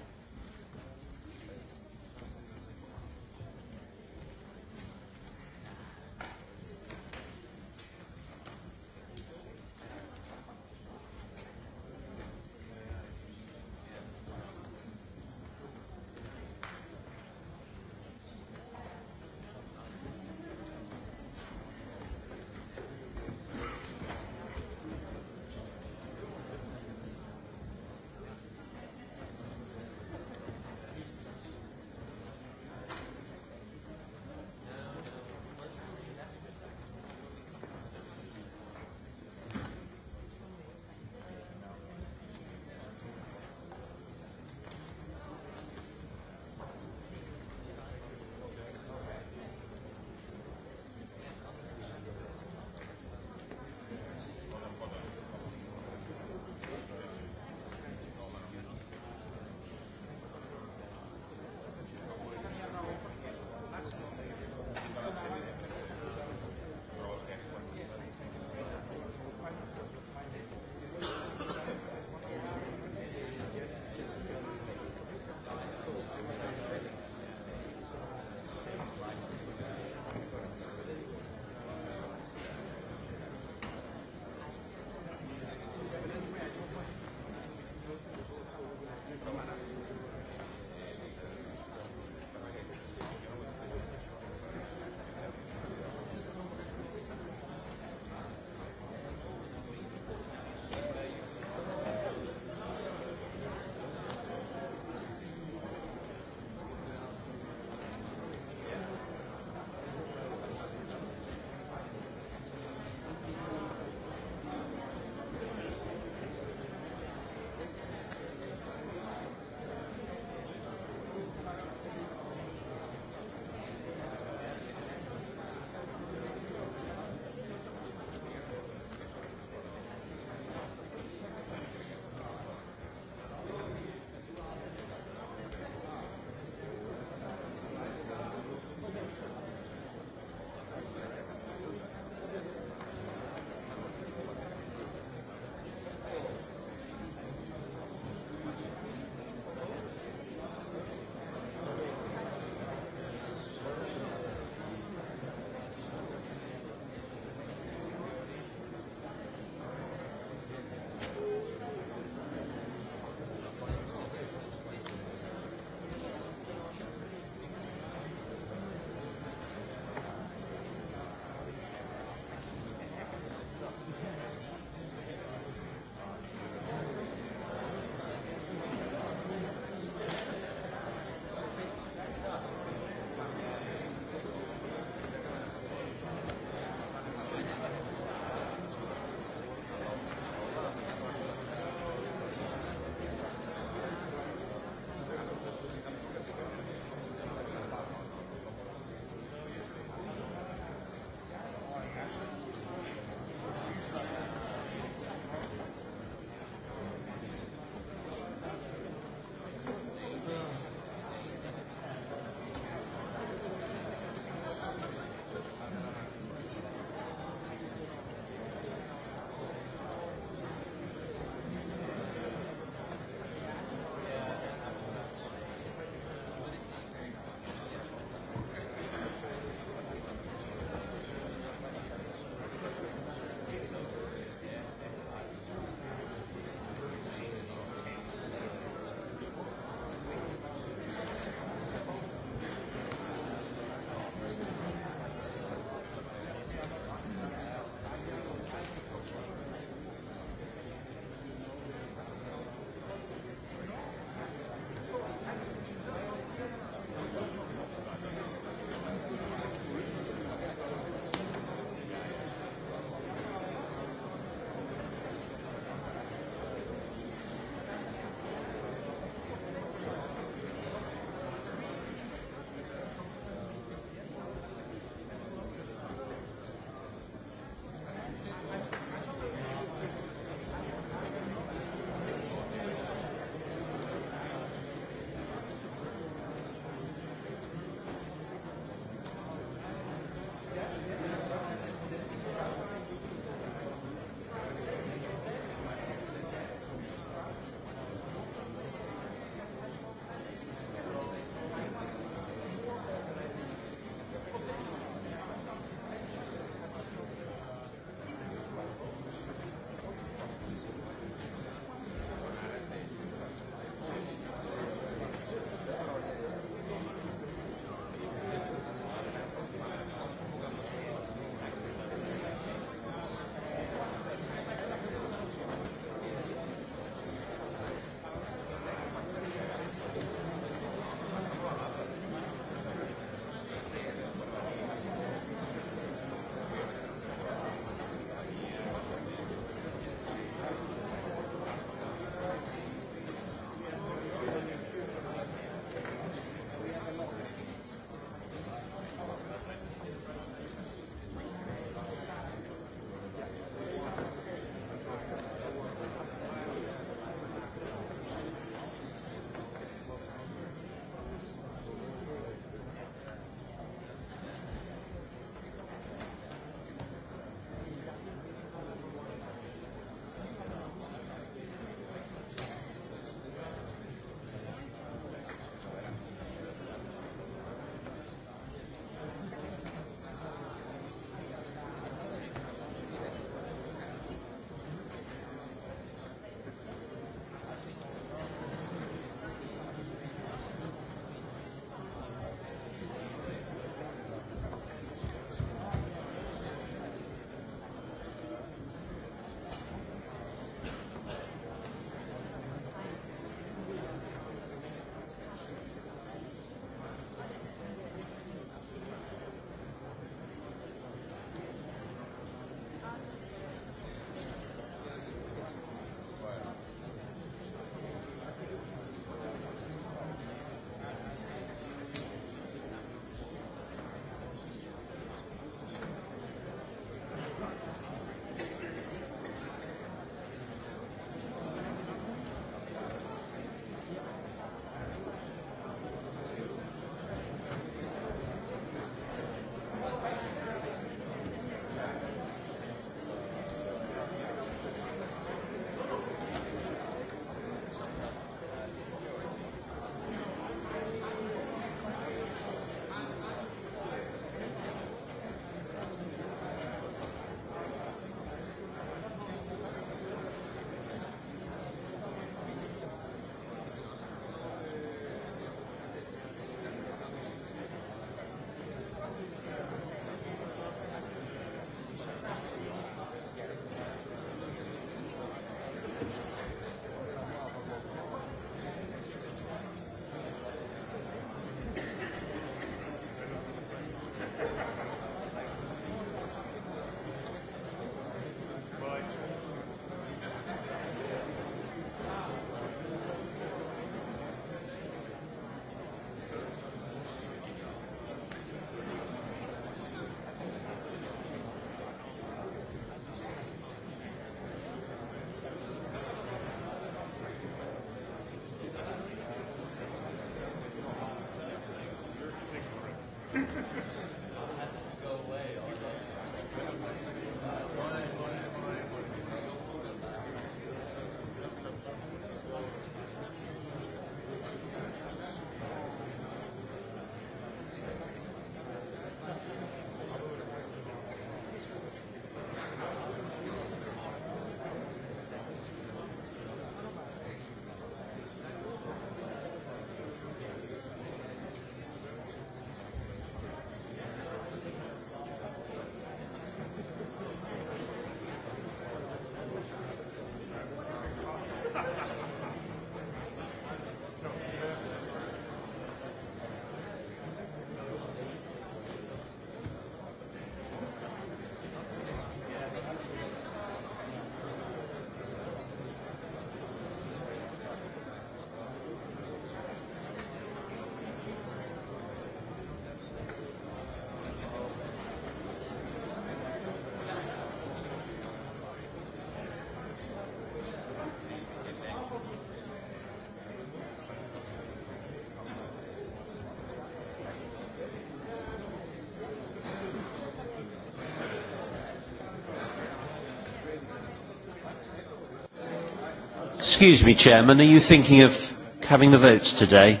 Excuse me, Chairman, are you thinking of having the votes today?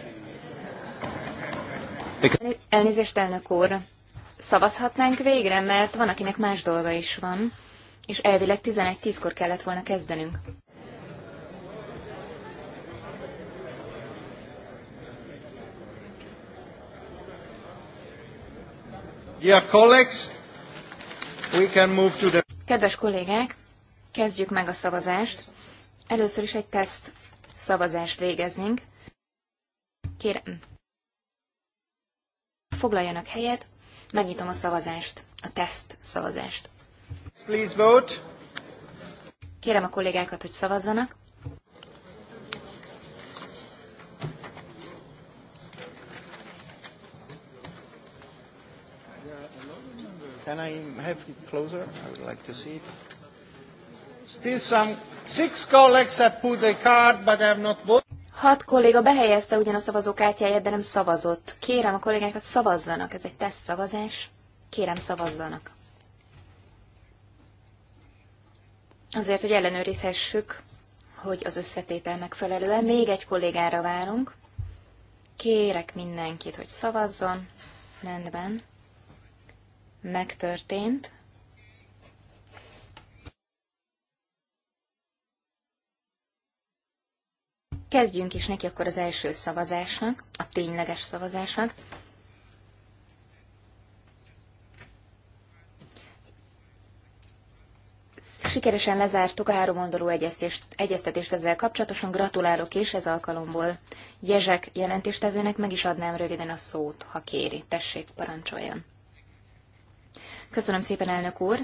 Because... Elnézést, elnök úr. Szavazhatnánk végre, mert van, akinek más dolga is van, és elvileg 11.10-kor kellett volna kezdenünk. Dear colleagues, we can move to the... Kedves kollégák, kezdjük meg a szavazást. Először is egy teszt szavazást végeznénk. Kérem, foglaljanak helyet, megnyitom a szavazást, a teszt szavazást. Please vote. Kérem a kollégákat, hogy szavazzanak. Can I have it closer? I would like to see it. Hat kolléga behelyezte ugyan a szavazókártyáját, de nem szavazott. Kérem a kollégákat szavazzanak, ez egy teszt szavazás. Kérem szavazzanak. Azért, hogy ellenőrizhessük, hogy az összetétel megfelelően. Még egy kollégára várunk. Kérek mindenkit, hogy szavazzon. Rendben. Megtörtént. Kezdjünk is neki akkor az első szavazásnak, a tényleges szavazásnak. Sikeresen lezártuk a három oldalú egyeztetést ezzel kapcsolatosan. Gratulálok és ez alkalomból Jezsek jelentéstevőnek meg is adnám röviden a szót, ha kéri. Tessék, parancsoljon. Köszönöm szépen, elnök úr!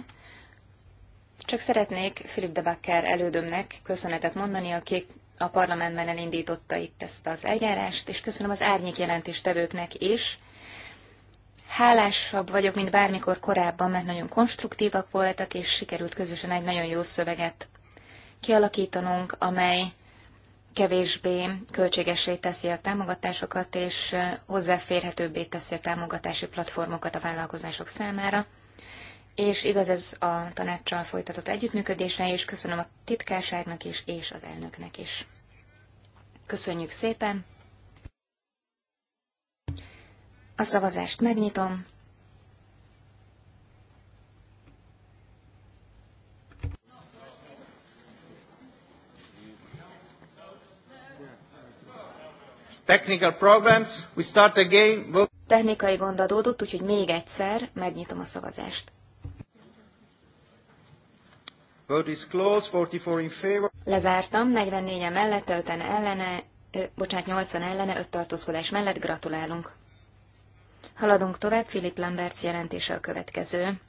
Csak szeretnék Philip de Bakker elődömnek köszönetet mondani, aki a parlamentben elindította itt ezt az eljárást, és köszönöm az árnyék jelentéstevőknek is. Hálásabb vagyok, mint bármikor korábban, mert nagyon konstruktívak voltak, és sikerült közösen egy nagyon jó szöveget kialakítanunk, amely kevésbé költségesé teszi a támogatásokat, és hozzáférhetőbbé teszi a támogatási platformokat a vállalkozások számára és igaz ez a tanácssal folytatott együttműködésre, és köszönöm a titkárságnak is, és az elnöknek is. Köszönjük szépen! A szavazást megnyitom. Technical problems, we start again. Technikai gond adódott, úgyhogy még egyszer megnyitom a szavazást. Vote is closed, 44 in favor. Lezártam, 44-en mellette, 5-en ellene, ö, bocsánat, 8-an ellene, 5 tartózkodás mellett gratulálunk. Haladunk tovább, Philip Lamberts jelentése a következő.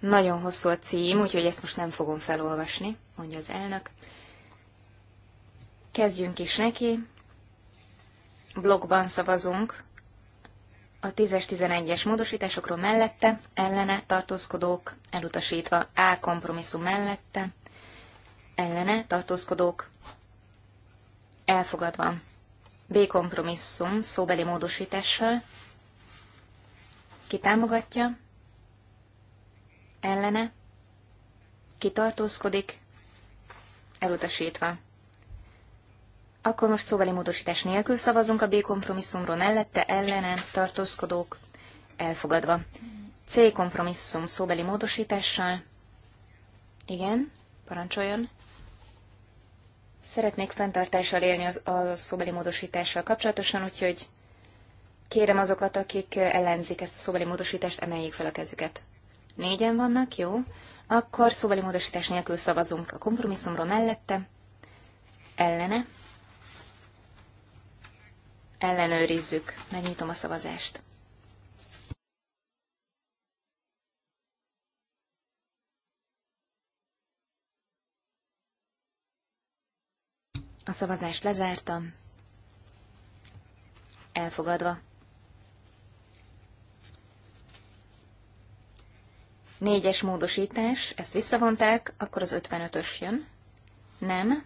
Nagyon hosszú a cím, úgyhogy ezt most nem fogom felolvasni, mondja az elnök. Kezdjünk is neki. Blogban szavazunk a 10-es, 11-es módosításokról mellette, ellene tartózkodók elutasítva, A kompromisszum mellette, ellene tartózkodók elfogadva, B kompromisszum szóbeli módosítással, kitámogatja, ellene, kitartózkodik, elutasítva. Akkor most szóbeli módosítás nélkül szavazunk a B kompromisszumról mellette, ellene, tartózkodók, elfogadva. C kompromisszum szóbeli módosítással. Igen, parancsoljon. Szeretnék fenntartással élni az, a szóbeli módosítással kapcsolatosan, úgyhogy kérem azokat, akik ellenzik ezt a szóbeli módosítást, emeljék fel a kezüket. Négyen vannak, jó? Akkor szóbeli módosítás nélkül szavazunk a kompromisszumról mellette, ellene, ellenőrizzük. Megnyitom a szavazást. A szavazást lezártam. Elfogadva. Négyes módosítás, ezt visszavonták, akkor az 55-ös jön. Nem.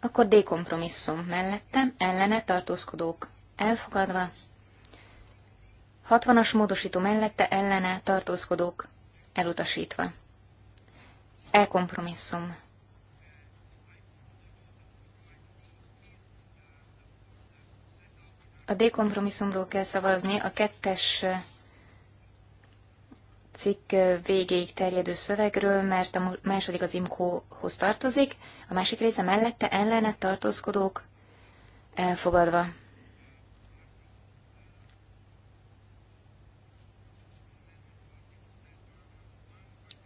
Akkor D kompromisszum mellette, ellene tartózkodók elfogadva. 60-as módosító mellette ellene tartózkodók elutasítva. Elkompromisszum. A dekompromisszumról kell szavazni, a kettes cikk végéig terjedő szövegről, mert a második az imkóhoz tartozik, a másik része mellette ellene tartózkodók elfogadva.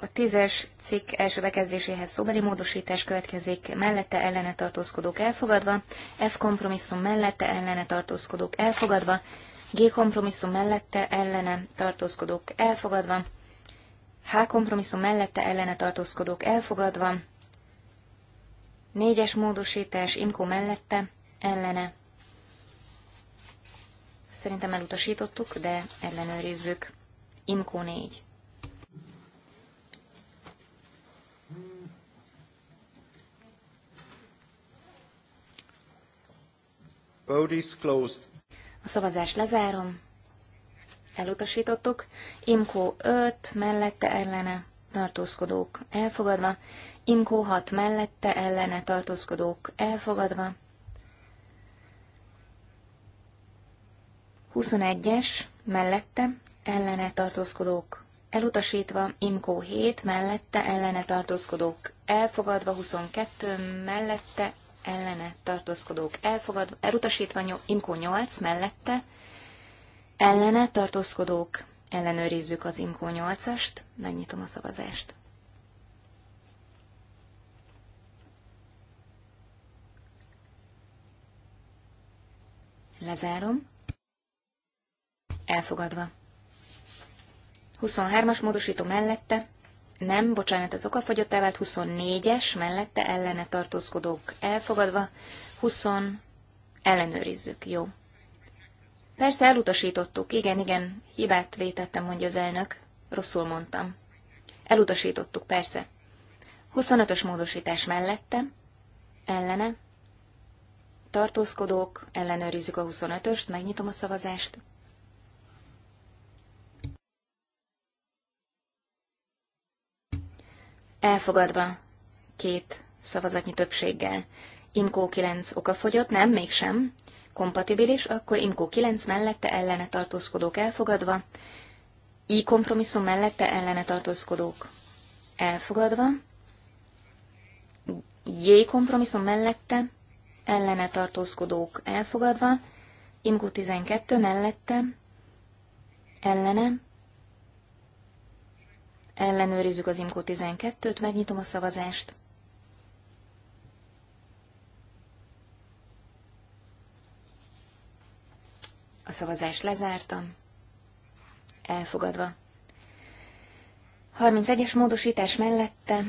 A tízes cikk első bekezdéséhez szóbeli módosítás következik, mellette ellene tartózkodók elfogadva, F kompromisszum mellette ellene tartózkodók elfogadva, G kompromisszum mellette ellene tartózkodók elfogadva, H kompromisszum mellette ellene tartózkodók elfogadva, négyes módosítás imkó mellette ellene. Szerintem elutasítottuk, de ellenőrizzük. Imkó 4. Vote is closed. A szavazást lezárom. Elutasítottuk. Imkó 5 mellette ellene tartózkodók elfogadva. Imkó 6 mellette ellene tartózkodók elfogadva. 21-es mellette ellene tartózkodók elutasítva, Imkó 7 mellette ellene tartózkodók elfogadva, 22 mellette ellene tartózkodók elfogadva, elutasítva, Imkó 8 mellette, ellene tartózkodók, ellenőrizzük az Imkó 8-ast, megnyitom a szavazást. Lezárom. Elfogadva. 23-as módosító mellette, nem, bocsánat, az okafogyottá vált 24-es, mellette ellene tartózkodók elfogadva, 20 ellenőrizzük, jó. Persze elutasítottuk, igen, igen, hibát vétettem, mondja az elnök, rosszul mondtam. Elutasítottuk, persze. 25-ös módosítás mellette, ellene, tartózkodók, ellenőrizzük a 25-öst, megnyitom a szavazást, elfogadva két szavazatnyi többséggel. Imkó 9 okafogyott, nem, mégsem. Kompatibilis, akkor Imkó 9 mellette ellene tartózkodók elfogadva, I kompromisszum mellette ellene tartózkodók elfogadva, J kompromisszum mellette ellene tartózkodók elfogadva, Imkó 12 mellette ellene Ellenőrizzük az IMCO 12-t, megnyitom a szavazást. A szavazást lezártam. Elfogadva. 31-es módosítás mellette,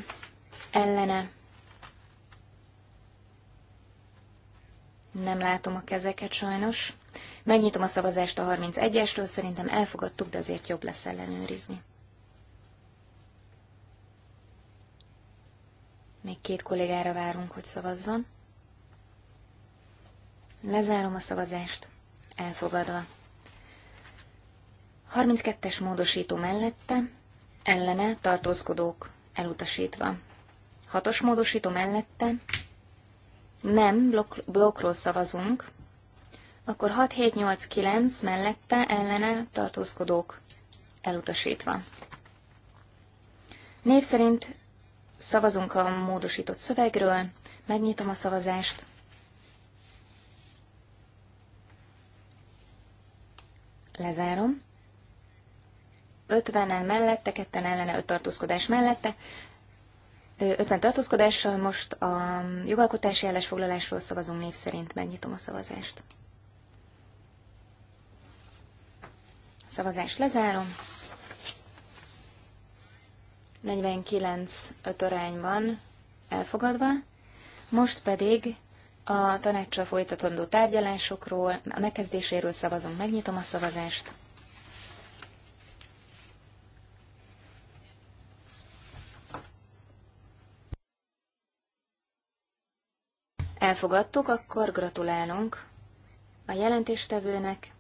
ellene. Nem látom a kezeket sajnos. Megnyitom a szavazást a 31-esről, szerintem elfogadtuk, de azért jobb lesz ellenőrizni. Még két kollégára várunk, hogy szavazzon. Lezárom a szavazást. Elfogadva. 32-es módosító mellette, ellene tartózkodók elutasítva. 6-os módosító mellette, nem, blokk, blokkról szavazunk, akkor 6, 7, 8, 9 mellette, ellene tartózkodók elutasítva. Név szerint Szavazunk a módosított szövegről, megnyitom a szavazást. Lezárom. 50-en mellette, ketten ellene, 5 tartózkodás mellette. 50 tartózkodással most a jogalkotási állásfoglalásról szavazunk név szerint. Megnyitom a szavazást. Szavazást lezárom. 49-5 arányban elfogadva, most pedig a tanácssal folytatandó tárgyalásokról, a megkezdéséről szavazunk, megnyitom a szavazást. Elfogadtuk, akkor gratulálunk a jelentéstevőnek,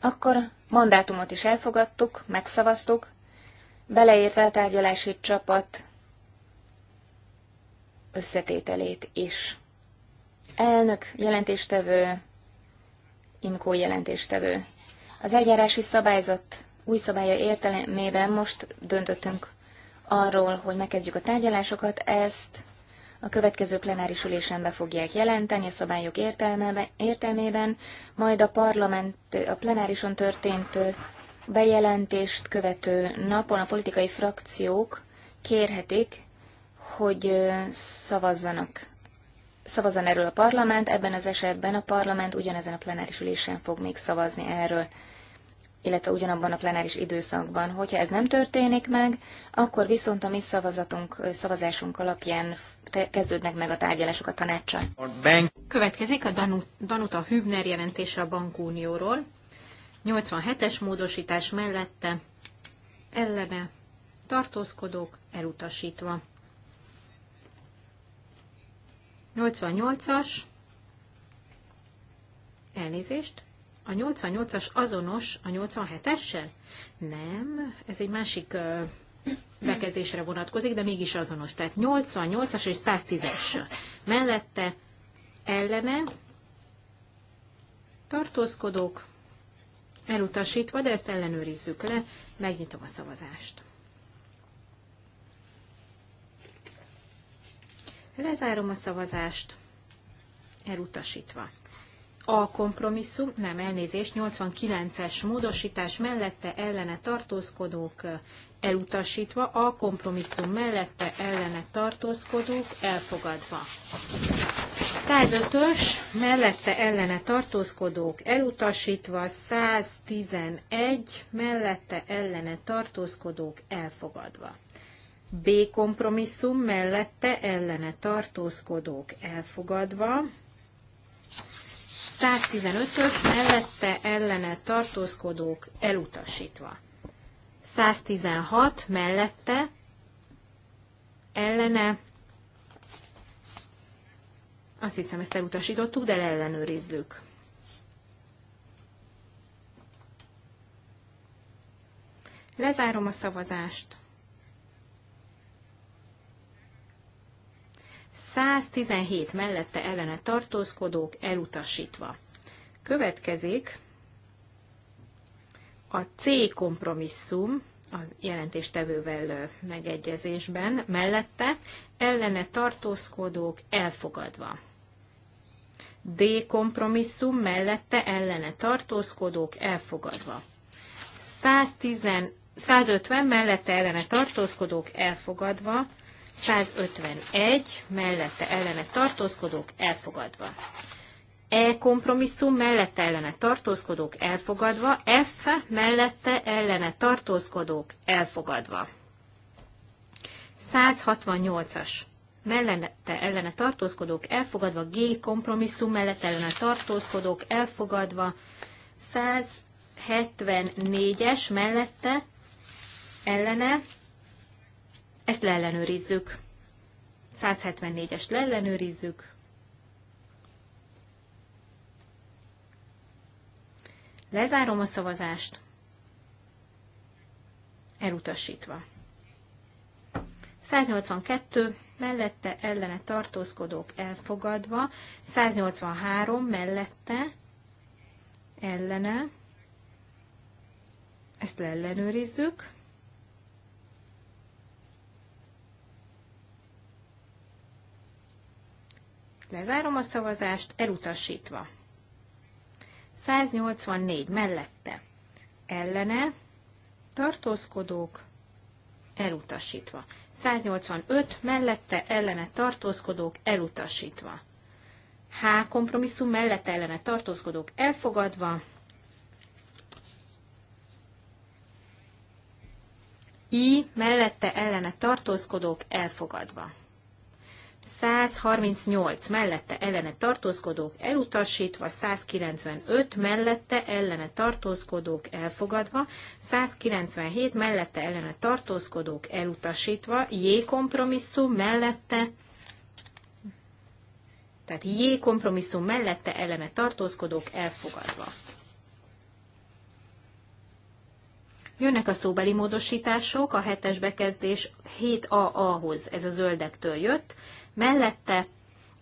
Akkor mandátumot is elfogadtuk, megszavaztuk, beleértve a tárgyalási csapat összetételét is. Elnök, jelentéstevő, Imkó jelentéstevő. Az eljárási szabályzat új szabálya értelmében most döntöttünk arról, hogy megkezdjük a tárgyalásokat, ezt a következő plenáris ülésen be fogják jelenteni a szabályok értelmében, majd a parlament a plenárison történt bejelentést követő napon a politikai frakciók kérhetik, hogy szavazzanak. Szavazzan erről a parlament, ebben az esetben a parlament ugyanezen a plenáris ülésen fog még szavazni erről illetve ugyanabban a plenáris időszakban. Hogyha ez nem történik meg, akkor viszont a mi szavazatunk, szavazásunk alapján kezdődnek meg a tárgyalások a tanácsa. Következik a Danuta Hübner jelentése a bankunióról. 87-es módosítás mellette ellene tartózkodók elutasítva. 88-as elnézést a 88-as azonos a 87-essel? Nem, ez egy másik bekezdésre vonatkozik, de mégis azonos. Tehát 88-as és 110-es mellette ellene tartózkodók elutasítva, de ezt ellenőrizzük le, megnyitom a szavazást. Lezárom a szavazást, elutasítva. A kompromisszum, nem elnézés 89-es módosítás mellette ellene tartózkodók elutasítva, a kompromisszum mellette ellene tartózkodók elfogadva. 105-ös mellette ellene tartózkodók elutasítva, 111 mellette ellene tartózkodók elfogadva. B kompromisszum mellette ellene tartózkodók elfogadva, 115-ös mellette ellene tartózkodók elutasítva. 116 mellette ellene azt hiszem, ezt elutasítottuk, de ellenőrizzük. Lezárom a szavazást. 117 mellette ellene tartózkodók elutasítva. Következik a C kompromisszum a jelentéstevővel megegyezésben, mellette ellene tartózkodók elfogadva. D kompromisszum mellette ellene tartózkodók elfogadva. 110, 150 mellette ellene tartózkodók elfogadva, 151 mellette ellene tartózkodók elfogadva. E kompromisszum mellette ellene tartózkodók elfogadva, F mellette ellene tartózkodók elfogadva. 168-as mellette ellene tartózkodók elfogadva, G kompromisszum mellette ellene tartózkodók elfogadva, 174-es mellette ellene ezt leellenőrizzük. 174-est leellenőrizzük. Lezárom a szavazást. Elutasítva. 182 mellette ellene tartózkodók elfogadva, 183 mellette ellene, ezt leellenőrizzük. Lezárom a szavazást, elutasítva. 184 mellette, ellene, tartózkodók, elutasítva. 185 mellette, ellene, tartózkodók, elutasítva. H. Kompromisszum mellette ellene tartózkodók elfogadva. I. Mellette ellene tartózkodók elfogadva. 138 mellette ellene tartózkodók elutasítva, 195 mellette ellene tartózkodók elfogadva, 197 mellette ellene tartózkodók elutasítva, J kompromisszum mellette tehát J kompromisszum mellette ellene tartózkodók elfogadva. Jönnek a szóbeli módosítások, a hetes bekezdés 7AA-hoz, ez a zöldektől jött, mellette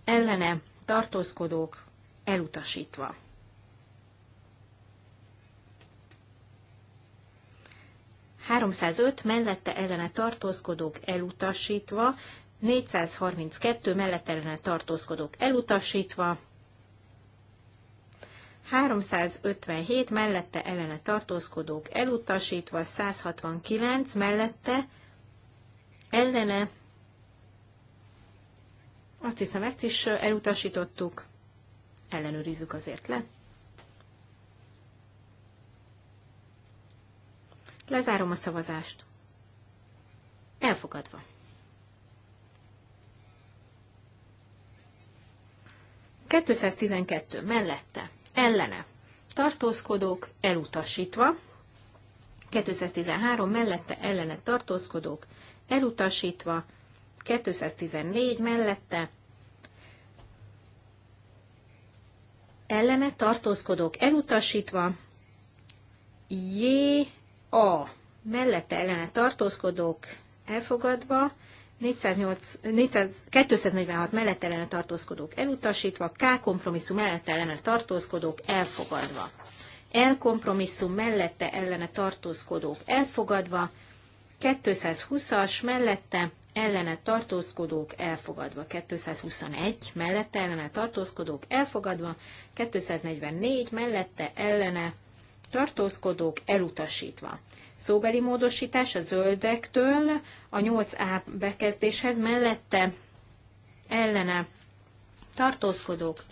ellene tartózkodók elutasítva. ...305 mellette ellene tartózkodók elutasítva, 432 mellette ellene tartózkodók elutasítva, 357 mellette ellene tartózkodók elutasítva, 169 mellette ellene azt hiszem, ezt is elutasítottuk. Ellenőrizzük azért le. Lezárom a szavazást. Elfogadva. Kettőszáztizenkettő mellette, ellene, tartózkodók, elutasítva. 213 mellette, ellene, tartózkodók, elutasítva. 214 mellette ellene tartózkodók elutasítva, J, A mellette ellene tartózkodók elfogadva, 408, 400, 246 mellett ellene tartózkodók elutasítva, K kompromisszum mellett ellene tartózkodók elfogadva. L kompromisszum mellette ellene tartózkodók elfogadva, 220-as mellette ellene tartózkodók elfogadva, 221 mellette ellene tartózkodók elfogadva, 244 mellette ellene tartózkodók elutasítva. Szóbeli módosítás a zöldektől a 8A bekezdéshez mellette ellene tartózkodók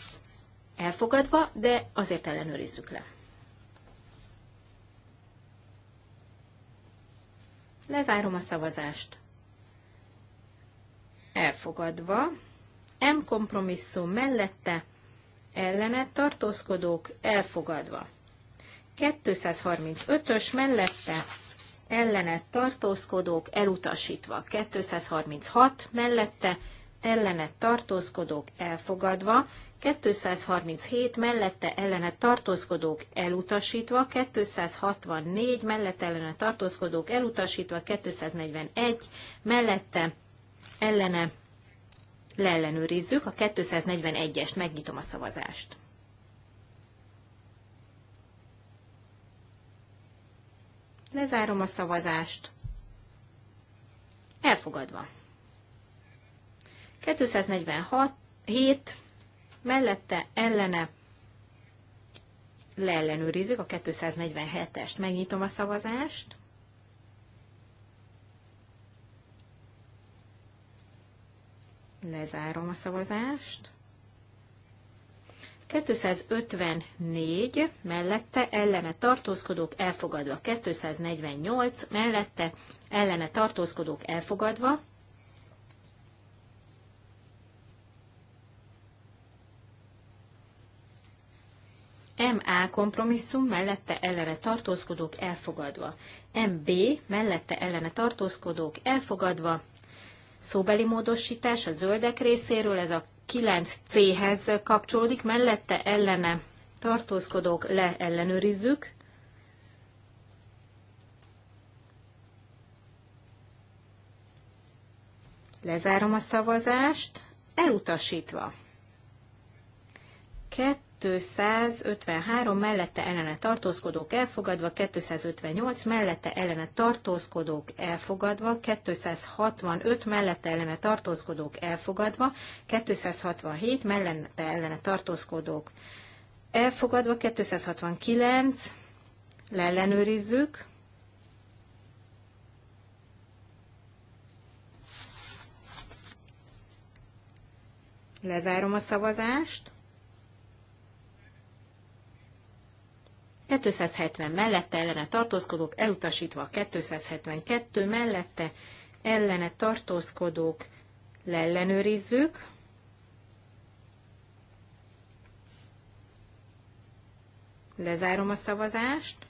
elfogadva, de azért ellenőrizzük le. Lezárom a szavazást elfogadva, M kompromisszum mellette ellene tartózkodók elfogadva. 235-ös mellette ellene tartózkodók elutasítva. 236 mellette ellene tartózkodók elfogadva. 237 mellette ellene tartózkodók elutasítva, 264 mellette ellene tartózkodók elutasítva, 241 mellette ellene leellenőrizzük. A 241-est megnyitom a szavazást. Lezárom a szavazást. Elfogadva. 246, mellette, ellene, leellenőrizzük a 247-est. Megnyitom a szavazást. Lezárom a szavazást. 254 mellette ellene tartózkodók elfogadva. 248 mellette ellene tartózkodók elfogadva. MA kompromisszum mellette ellene tartózkodók elfogadva. MB mellette ellene tartózkodók elfogadva szóbeli módosítás a zöldek részéről, ez a 9C-hez kapcsolódik, mellette ellene tartózkodók leellenőrizzük. Lezárom a szavazást, elutasítva. 253 mellette ellene tartózkodók elfogadva, 258 mellette ellene tartózkodók elfogadva, 265 mellette ellene tartózkodók elfogadva, 267 mellette ellene tartózkodók elfogadva, 269 leellenőrizzük. Lezárom a szavazást. 270 mellette ellene tartózkodók, elutasítva 272 mellette ellene tartózkodók, leellenőrizzük. Lezárom a szavazást.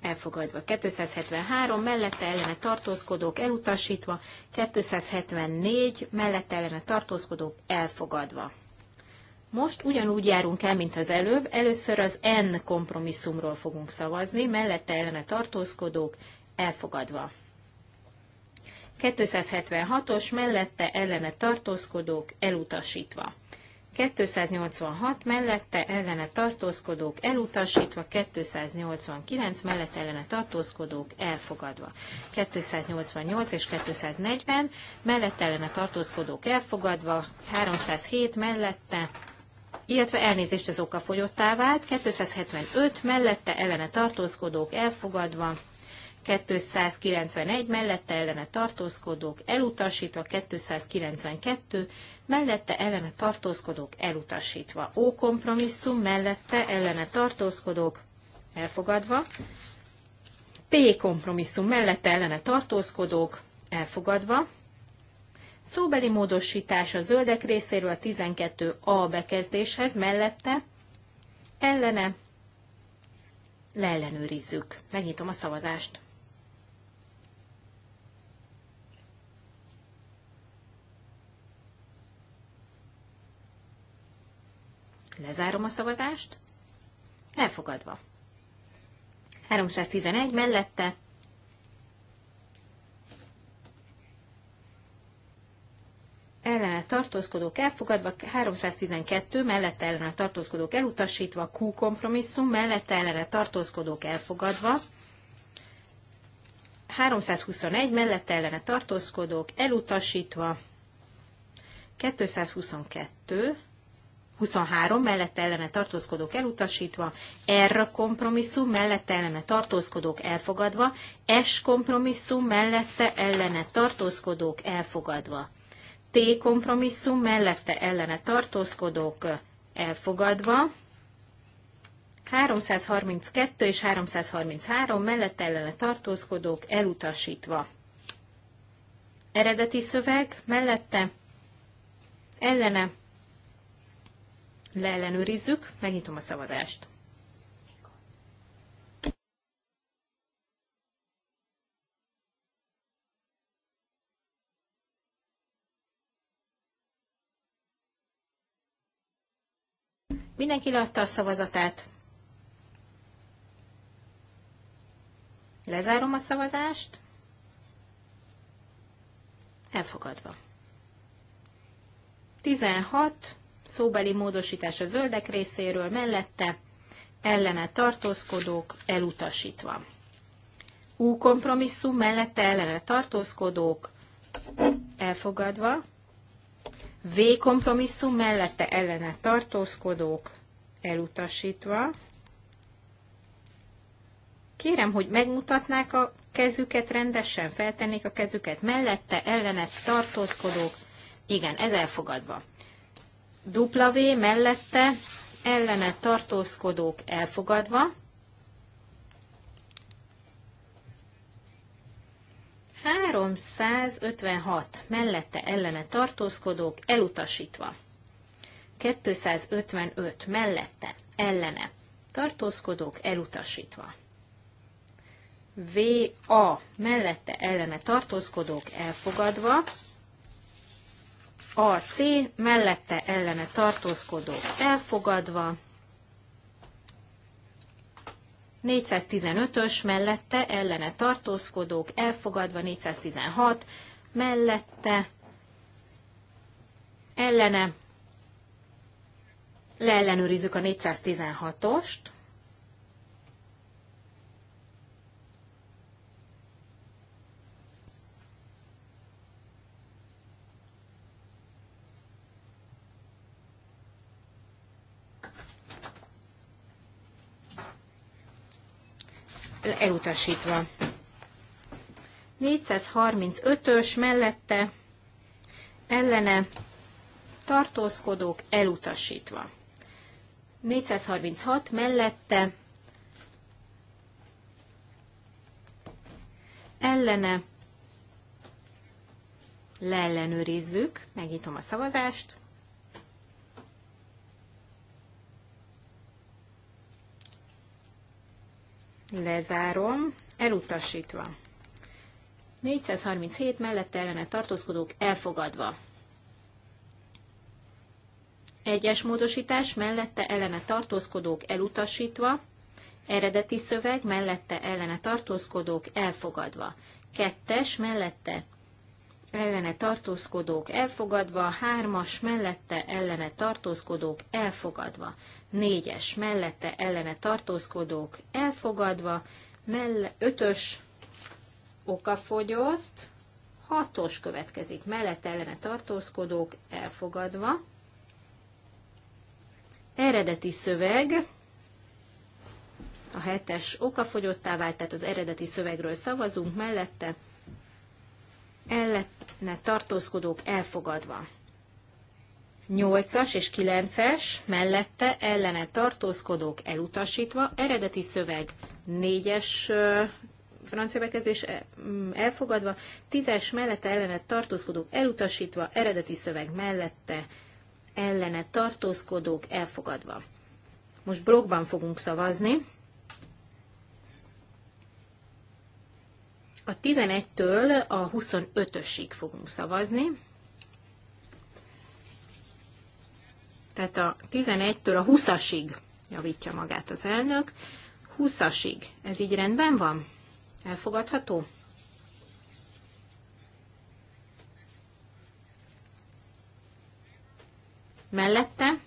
Elfogadva. 273 mellette ellene tartózkodók elutasítva, 274 mellette ellene tartózkodók elfogadva. Most ugyanúgy járunk el, mint az előbb. Először az N kompromisszumról fogunk szavazni, mellette ellene tartózkodók elfogadva. 276-os mellette ellene tartózkodók elutasítva. 286 mellette ellene tartózkodók elutasítva, 289 mellette ellene tartózkodók elfogadva, 288 és 240 mellette ellene tartózkodók elfogadva, 307 mellette illetve elnézést ez fogyottá vált, 275 mellette ellene tartózkodók elfogadva, 291 mellette ellene tartózkodók elutasítva, 292 mellette ellene tartózkodók elutasítva, ó kompromisszum mellette ellene tartózkodók elfogadva, P kompromisszum mellette ellene tartózkodók elfogadva, Szóbeli módosítás a zöldek részéről a 12a bekezdéshez mellette ellene leellenőrizzük. Megnyitom a szavazást. Lezárom a szavazást. Elfogadva. 311 mellette ellene tartózkodók elfogadva, 312 mellette ellene tartózkodók elutasítva, Q kompromisszum mellette ellene tartózkodók elfogadva, 321 mellette ellene tartózkodók elutasítva, 222, 23 mellette ellene tartózkodók elutasítva, R kompromisszum mellette ellene tartózkodók elfogadva, S kompromisszum mellette ellene tartózkodók elfogadva. T kompromisszum mellette ellene tartózkodók elfogadva, 332 és 333 mellette ellene tartózkodók elutasítva. Eredeti szöveg mellette ellene leellenőrizzük, megnyitom a szavazást. Mindenki leadta a szavazatát. Lezárom a szavazást. Elfogadva. 16. Szóbeli módosítás a zöldek részéről mellette, ellene tartózkodók elutasítva. Ú. kompromisszum mellette ellene tartózkodók elfogadva. V kompromisszum mellette ellene tartózkodók elutasítva. Kérem, hogy megmutatnák a kezüket rendesen, feltennék a kezüket mellette, ellene tartózkodók. Igen, ez elfogadva. W mellette ellene tartózkodók elfogadva. 356 mellette ellene tartózkodók elutasítva. 255 mellette ellene tartózkodók elutasítva. VA mellette ellene tartózkodók elfogadva. AC mellette ellene tartózkodók elfogadva. 415-ös mellette ellene tartózkodók elfogadva, 416 mellette ellene leellenőrizzük a 416-ost. elutasítva. 435-ös mellette ellene tartózkodók elutasítva. 436 mellette ellene leellenőrizzük, megnyitom a szavazást, lezárom, elutasítva. 437 mellette ellene tartózkodók elfogadva. Egyes módosítás mellette ellene tartózkodók elutasítva, eredeti szöveg mellette ellene tartózkodók elfogadva. Kettes mellette ellene tartózkodók elfogadva, hármas mellette ellene tartózkodók elfogadva négyes mellette ellene tartózkodók elfogadva, melle, ötös okafogyott, hatos következik mellette ellene tartózkodók elfogadva, eredeti szöveg, a hetes okafogyottá vált, tehát az eredeti szövegről szavazunk, mellette ellene tartózkodók elfogadva. 8-as és 9-es mellette ellene tartózkodók elutasítva, eredeti szöveg 4-es francia bekezdés e, mm, elfogadva, 10-es mellette ellene tartózkodók elutasítva, eredeti szöveg mellette ellene tartózkodók elfogadva. Most blogban fogunk szavazni. A 11-től a 25-ösig fogunk szavazni. Tehát a 11-től a 20-asig javítja magát az elnök. 20-asig. Ez így rendben van? Elfogadható? Mellette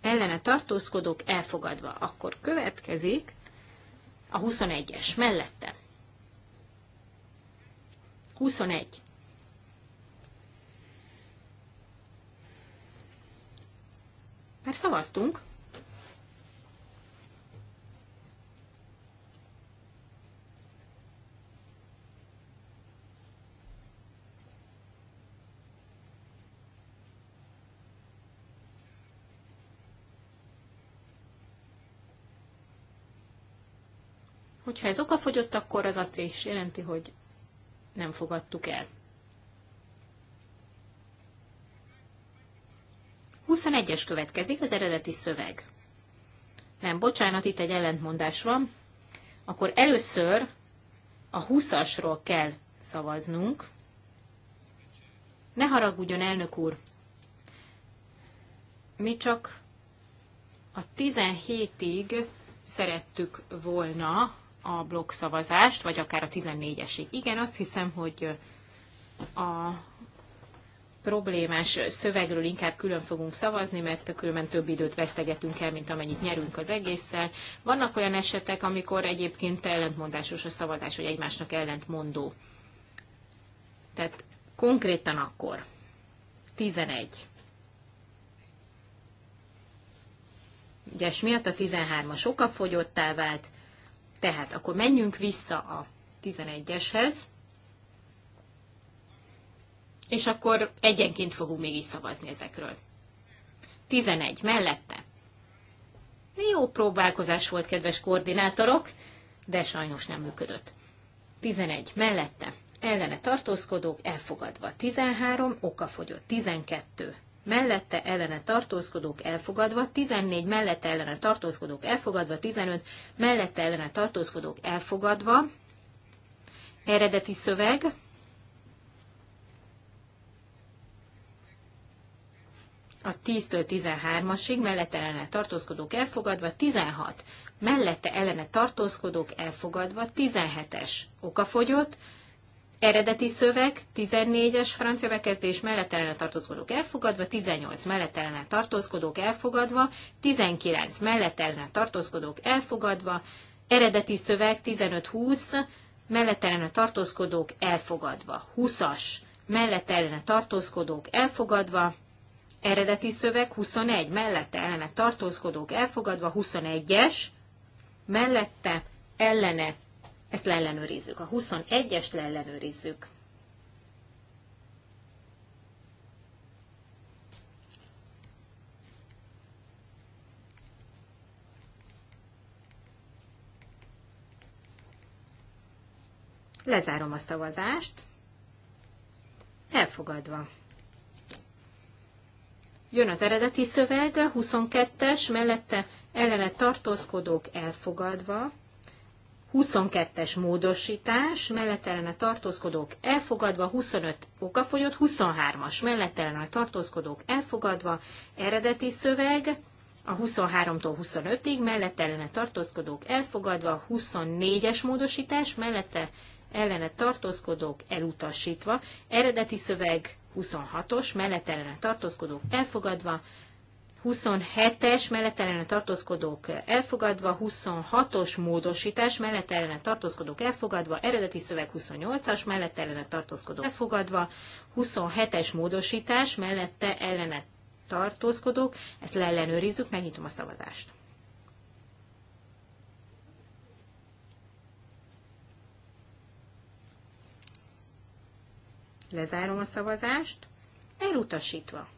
ellene tartózkodók elfogadva. Akkor következik a 21-es mellette. 21. Mert szavaztunk. Hogyha ez okafogyott, akkor az azt is jelenti, hogy nem fogadtuk el. 21-es következik, az eredeti szöveg. Nem, bocsánat, itt egy ellentmondás van. Akkor először a 20-asról kell szavaznunk. Ne haragudjon, elnök úr! Mi csak a 17-ig szerettük volna a blokkszavazást, vagy akár a 14-esig. Igen, azt hiszem, hogy a problémás szövegről inkább külön fogunk szavazni, mert különben több időt vesztegetünk el, mint amennyit nyerünk az egésszel. Vannak olyan esetek, amikor egyébként ellentmondásos a szavazás, vagy egymásnak ellentmondó. Tehát konkrétan akkor 11. Ugye miatt a 13-as fogyottá vált, tehát akkor menjünk vissza a 11-eshez, és akkor egyenként fogunk így szavazni ezekről. 11. Mellette. Jó próbálkozás volt, kedves koordinátorok, de sajnos nem működött. 11. Mellette. Ellene tartózkodók elfogadva. 13. Okafogyott. 12. Mellette ellene tartózkodók elfogadva. 14. Mellette ellene tartózkodók elfogadva. 15. Mellette ellene tartózkodók elfogadva. Eredeti szöveg a 10-től 13-asig, mellette ellene tartózkodók elfogadva, 16 mellette ellene tartózkodók elfogadva, 17-es okafogyott, eredeti szöveg, 14-es francia bekezdés mellett ellene tartózkodók elfogadva, 18 mellett ellene tartózkodók elfogadva, 19 mellett ellene tartózkodók elfogadva, eredeti szöveg 15-20 mellett ellene tartózkodók elfogadva, 20-as mellett ellene tartózkodók elfogadva, Eredeti szöveg 21, mellette ellene tartózkodók elfogadva, 21-es, mellette ellene, ezt leellenőrizzük, a 21-est leellenőrizzük. Lezárom a szavazást. Elfogadva. Jön az eredeti szöveg, 22-es, mellette ellene tartózkodók elfogadva, 22-es módosítás, ellene tartózkodók elfogadva, 25 okafogyott, 23-as ellene tartózkodók elfogadva, eredeti szöveg, a 23-tól 25-ig, ellene tartózkodók elfogadva, 24-es módosítás, mellette ellene tartózkodók elutasítva, eredeti szöveg 26-os menetellene tartózkodók elfogadva, 27-es mellettelene tartózkodók elfogadva, 26-os módosítás mellettelene tartózkodók elfogadva, eredeti szöveg 28-as mellettelene tartózkodók elfogadva, 27-es módosítás mellette ellene tartózkodók, ezt leellenőrizzük, megnyitom a szavazást. Lezárom a szavazást. Elutasítva.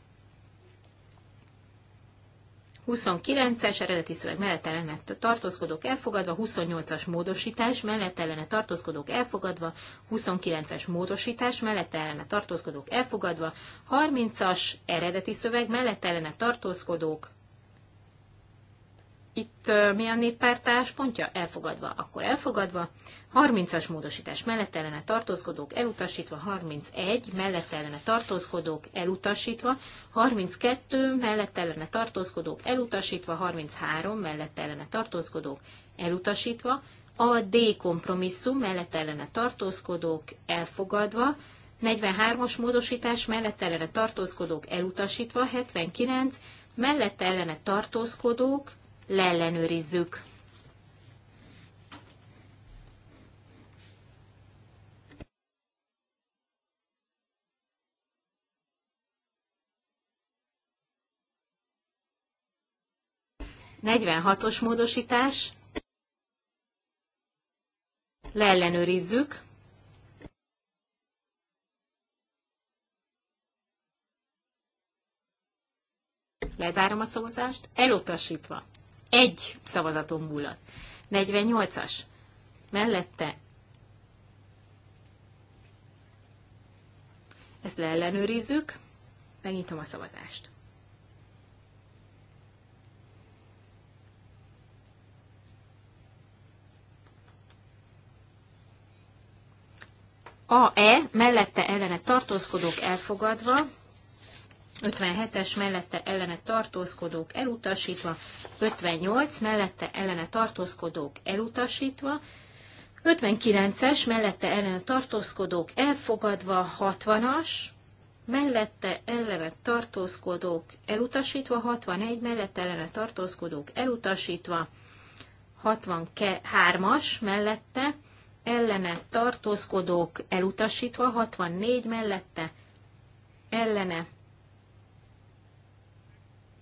29-es eredeti szöveg mellett ellene tartózkodók elfogadva, 28-as módosítás mellett ellene tartózkodók elfogadva, 29-es módosítás mellett ellene tartózkodók elfogadva, 30-as eredeti szöveg mellett ellene tartózkodók itt mi a néppárt álláspontja? Elfogadva, akkor elfogadva. 30-as módosítás mellett ellene tartózkodók elutasítva, 31 mellett ellene tartózkodók elutasítva, 32 mellett ellene tartózkodók elutasítva, 33 mellett ellene tartózkodók elutasítva, a D kompromisszum mellett ellene tartózkodók elfogadva, 43-as módosítás mellett ellene tartózkodók elutasítva, 79 mellett ellene tartózkodók leellenőrizzük. Negyvenhatos módosítás. Leellenőrizzük. Lezárom a szavazást, elutasítva egy szavazaton múlott. 48-as mellette ezt leellenőrizzük, megnyitom a szavazást. A E mellette ellene tartózkodók elfogadva, 57-es mellette ellene tartózkodók elutasítva, 58 mellette ellene tartózkodók elutasítva, 59-es mellette ellene tartózkodók elfogadva, 60-as, mellette ellene tartózkodók elutasítva, 61 mellette ellene tartózkodók elutasítva, 63-as mellette ellene tartózkodók elutasítva, 64 mellette ellene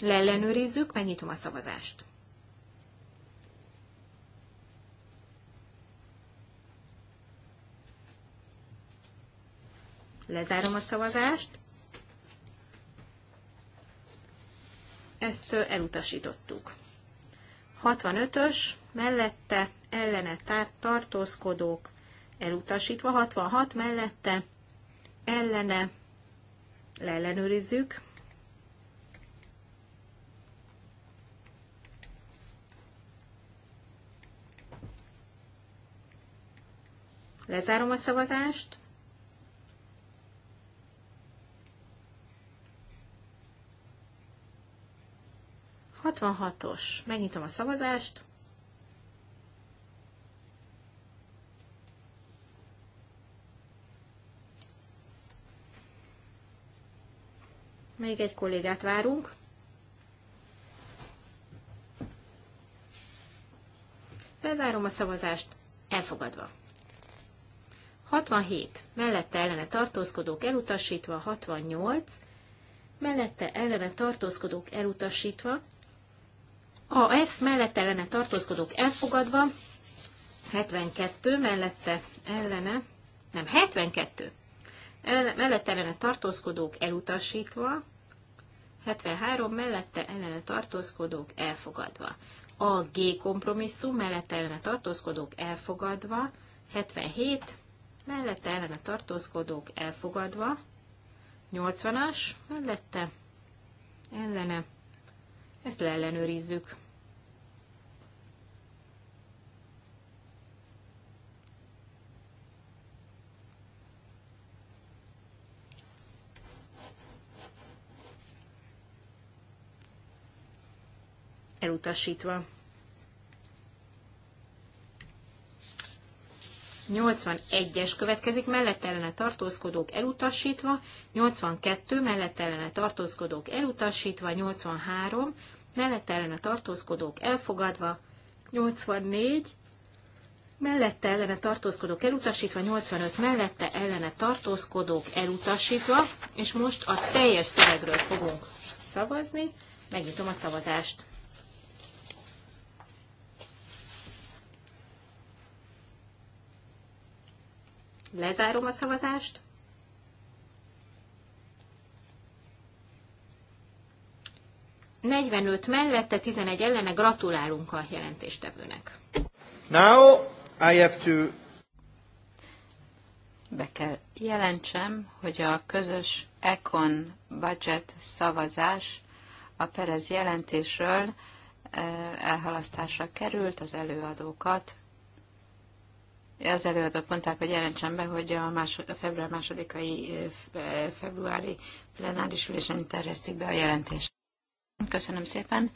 Leellenőrizzük, megnyitom a szavazást. Lezárom a szavazást. Ezt elutasítottuk. 65-ös, mellette ellene tartózkodók, elutasítva, 66 mellette ellene leellenőrizzük, Lezárom a szavazást. Hatvanhatos. Megnyitom a szavazást. Még egy kollégát várunk. Bezárom a szavazást. Elfogadva. 67 mellette ellene tartózkodók elutasítva, 68 mellette ellene tartózkodók elutasítva, a F mellette ellene tartózkodók elfogadva, 72 mellette ellene, nem, 72 ellene, mellette ellene tartózkodók elutasítva, 73 mellette ellene tartózkodók elfogadva. A G kompromisszum mellette ellene tartózkodók elfogadva, 77 mellette ellene tartózkodók elfogadva, 80-as mellette ellene, ezt leellenőrizzük. Elutasítva. 81-es következik, mellett ellene tartózkodók elutasítva, 82 mellett ellene tartózkodók elutasítva, 83 mellett ellene tartózkodók elfogadva, 84 mellette ellene tartózkodók elutasítva, 85 mellette ellene tartózkodók elutasítva, és most a teljes szövegről fogunk szavazni. Megnyitom a szavazást. Lezárom a szavazást. Negyvenöt mellette, 11 ellene gratulálunk a jelentéstevőnek. Now I have to... Be kell jelentsem, hogy a közös Econ budget szavazás a Perez jelentésről eh, elhalasztásra került, az előadókat az előadók mondták, hogy jelentsem be, hogy a, másod, a február másodikai februári plenáris ülésen terjesztik be a jelentést. Köszönöm szépen.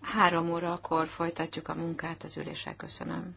Három óra akkor folytatjuk a munkát az ülésre. Köszönöm.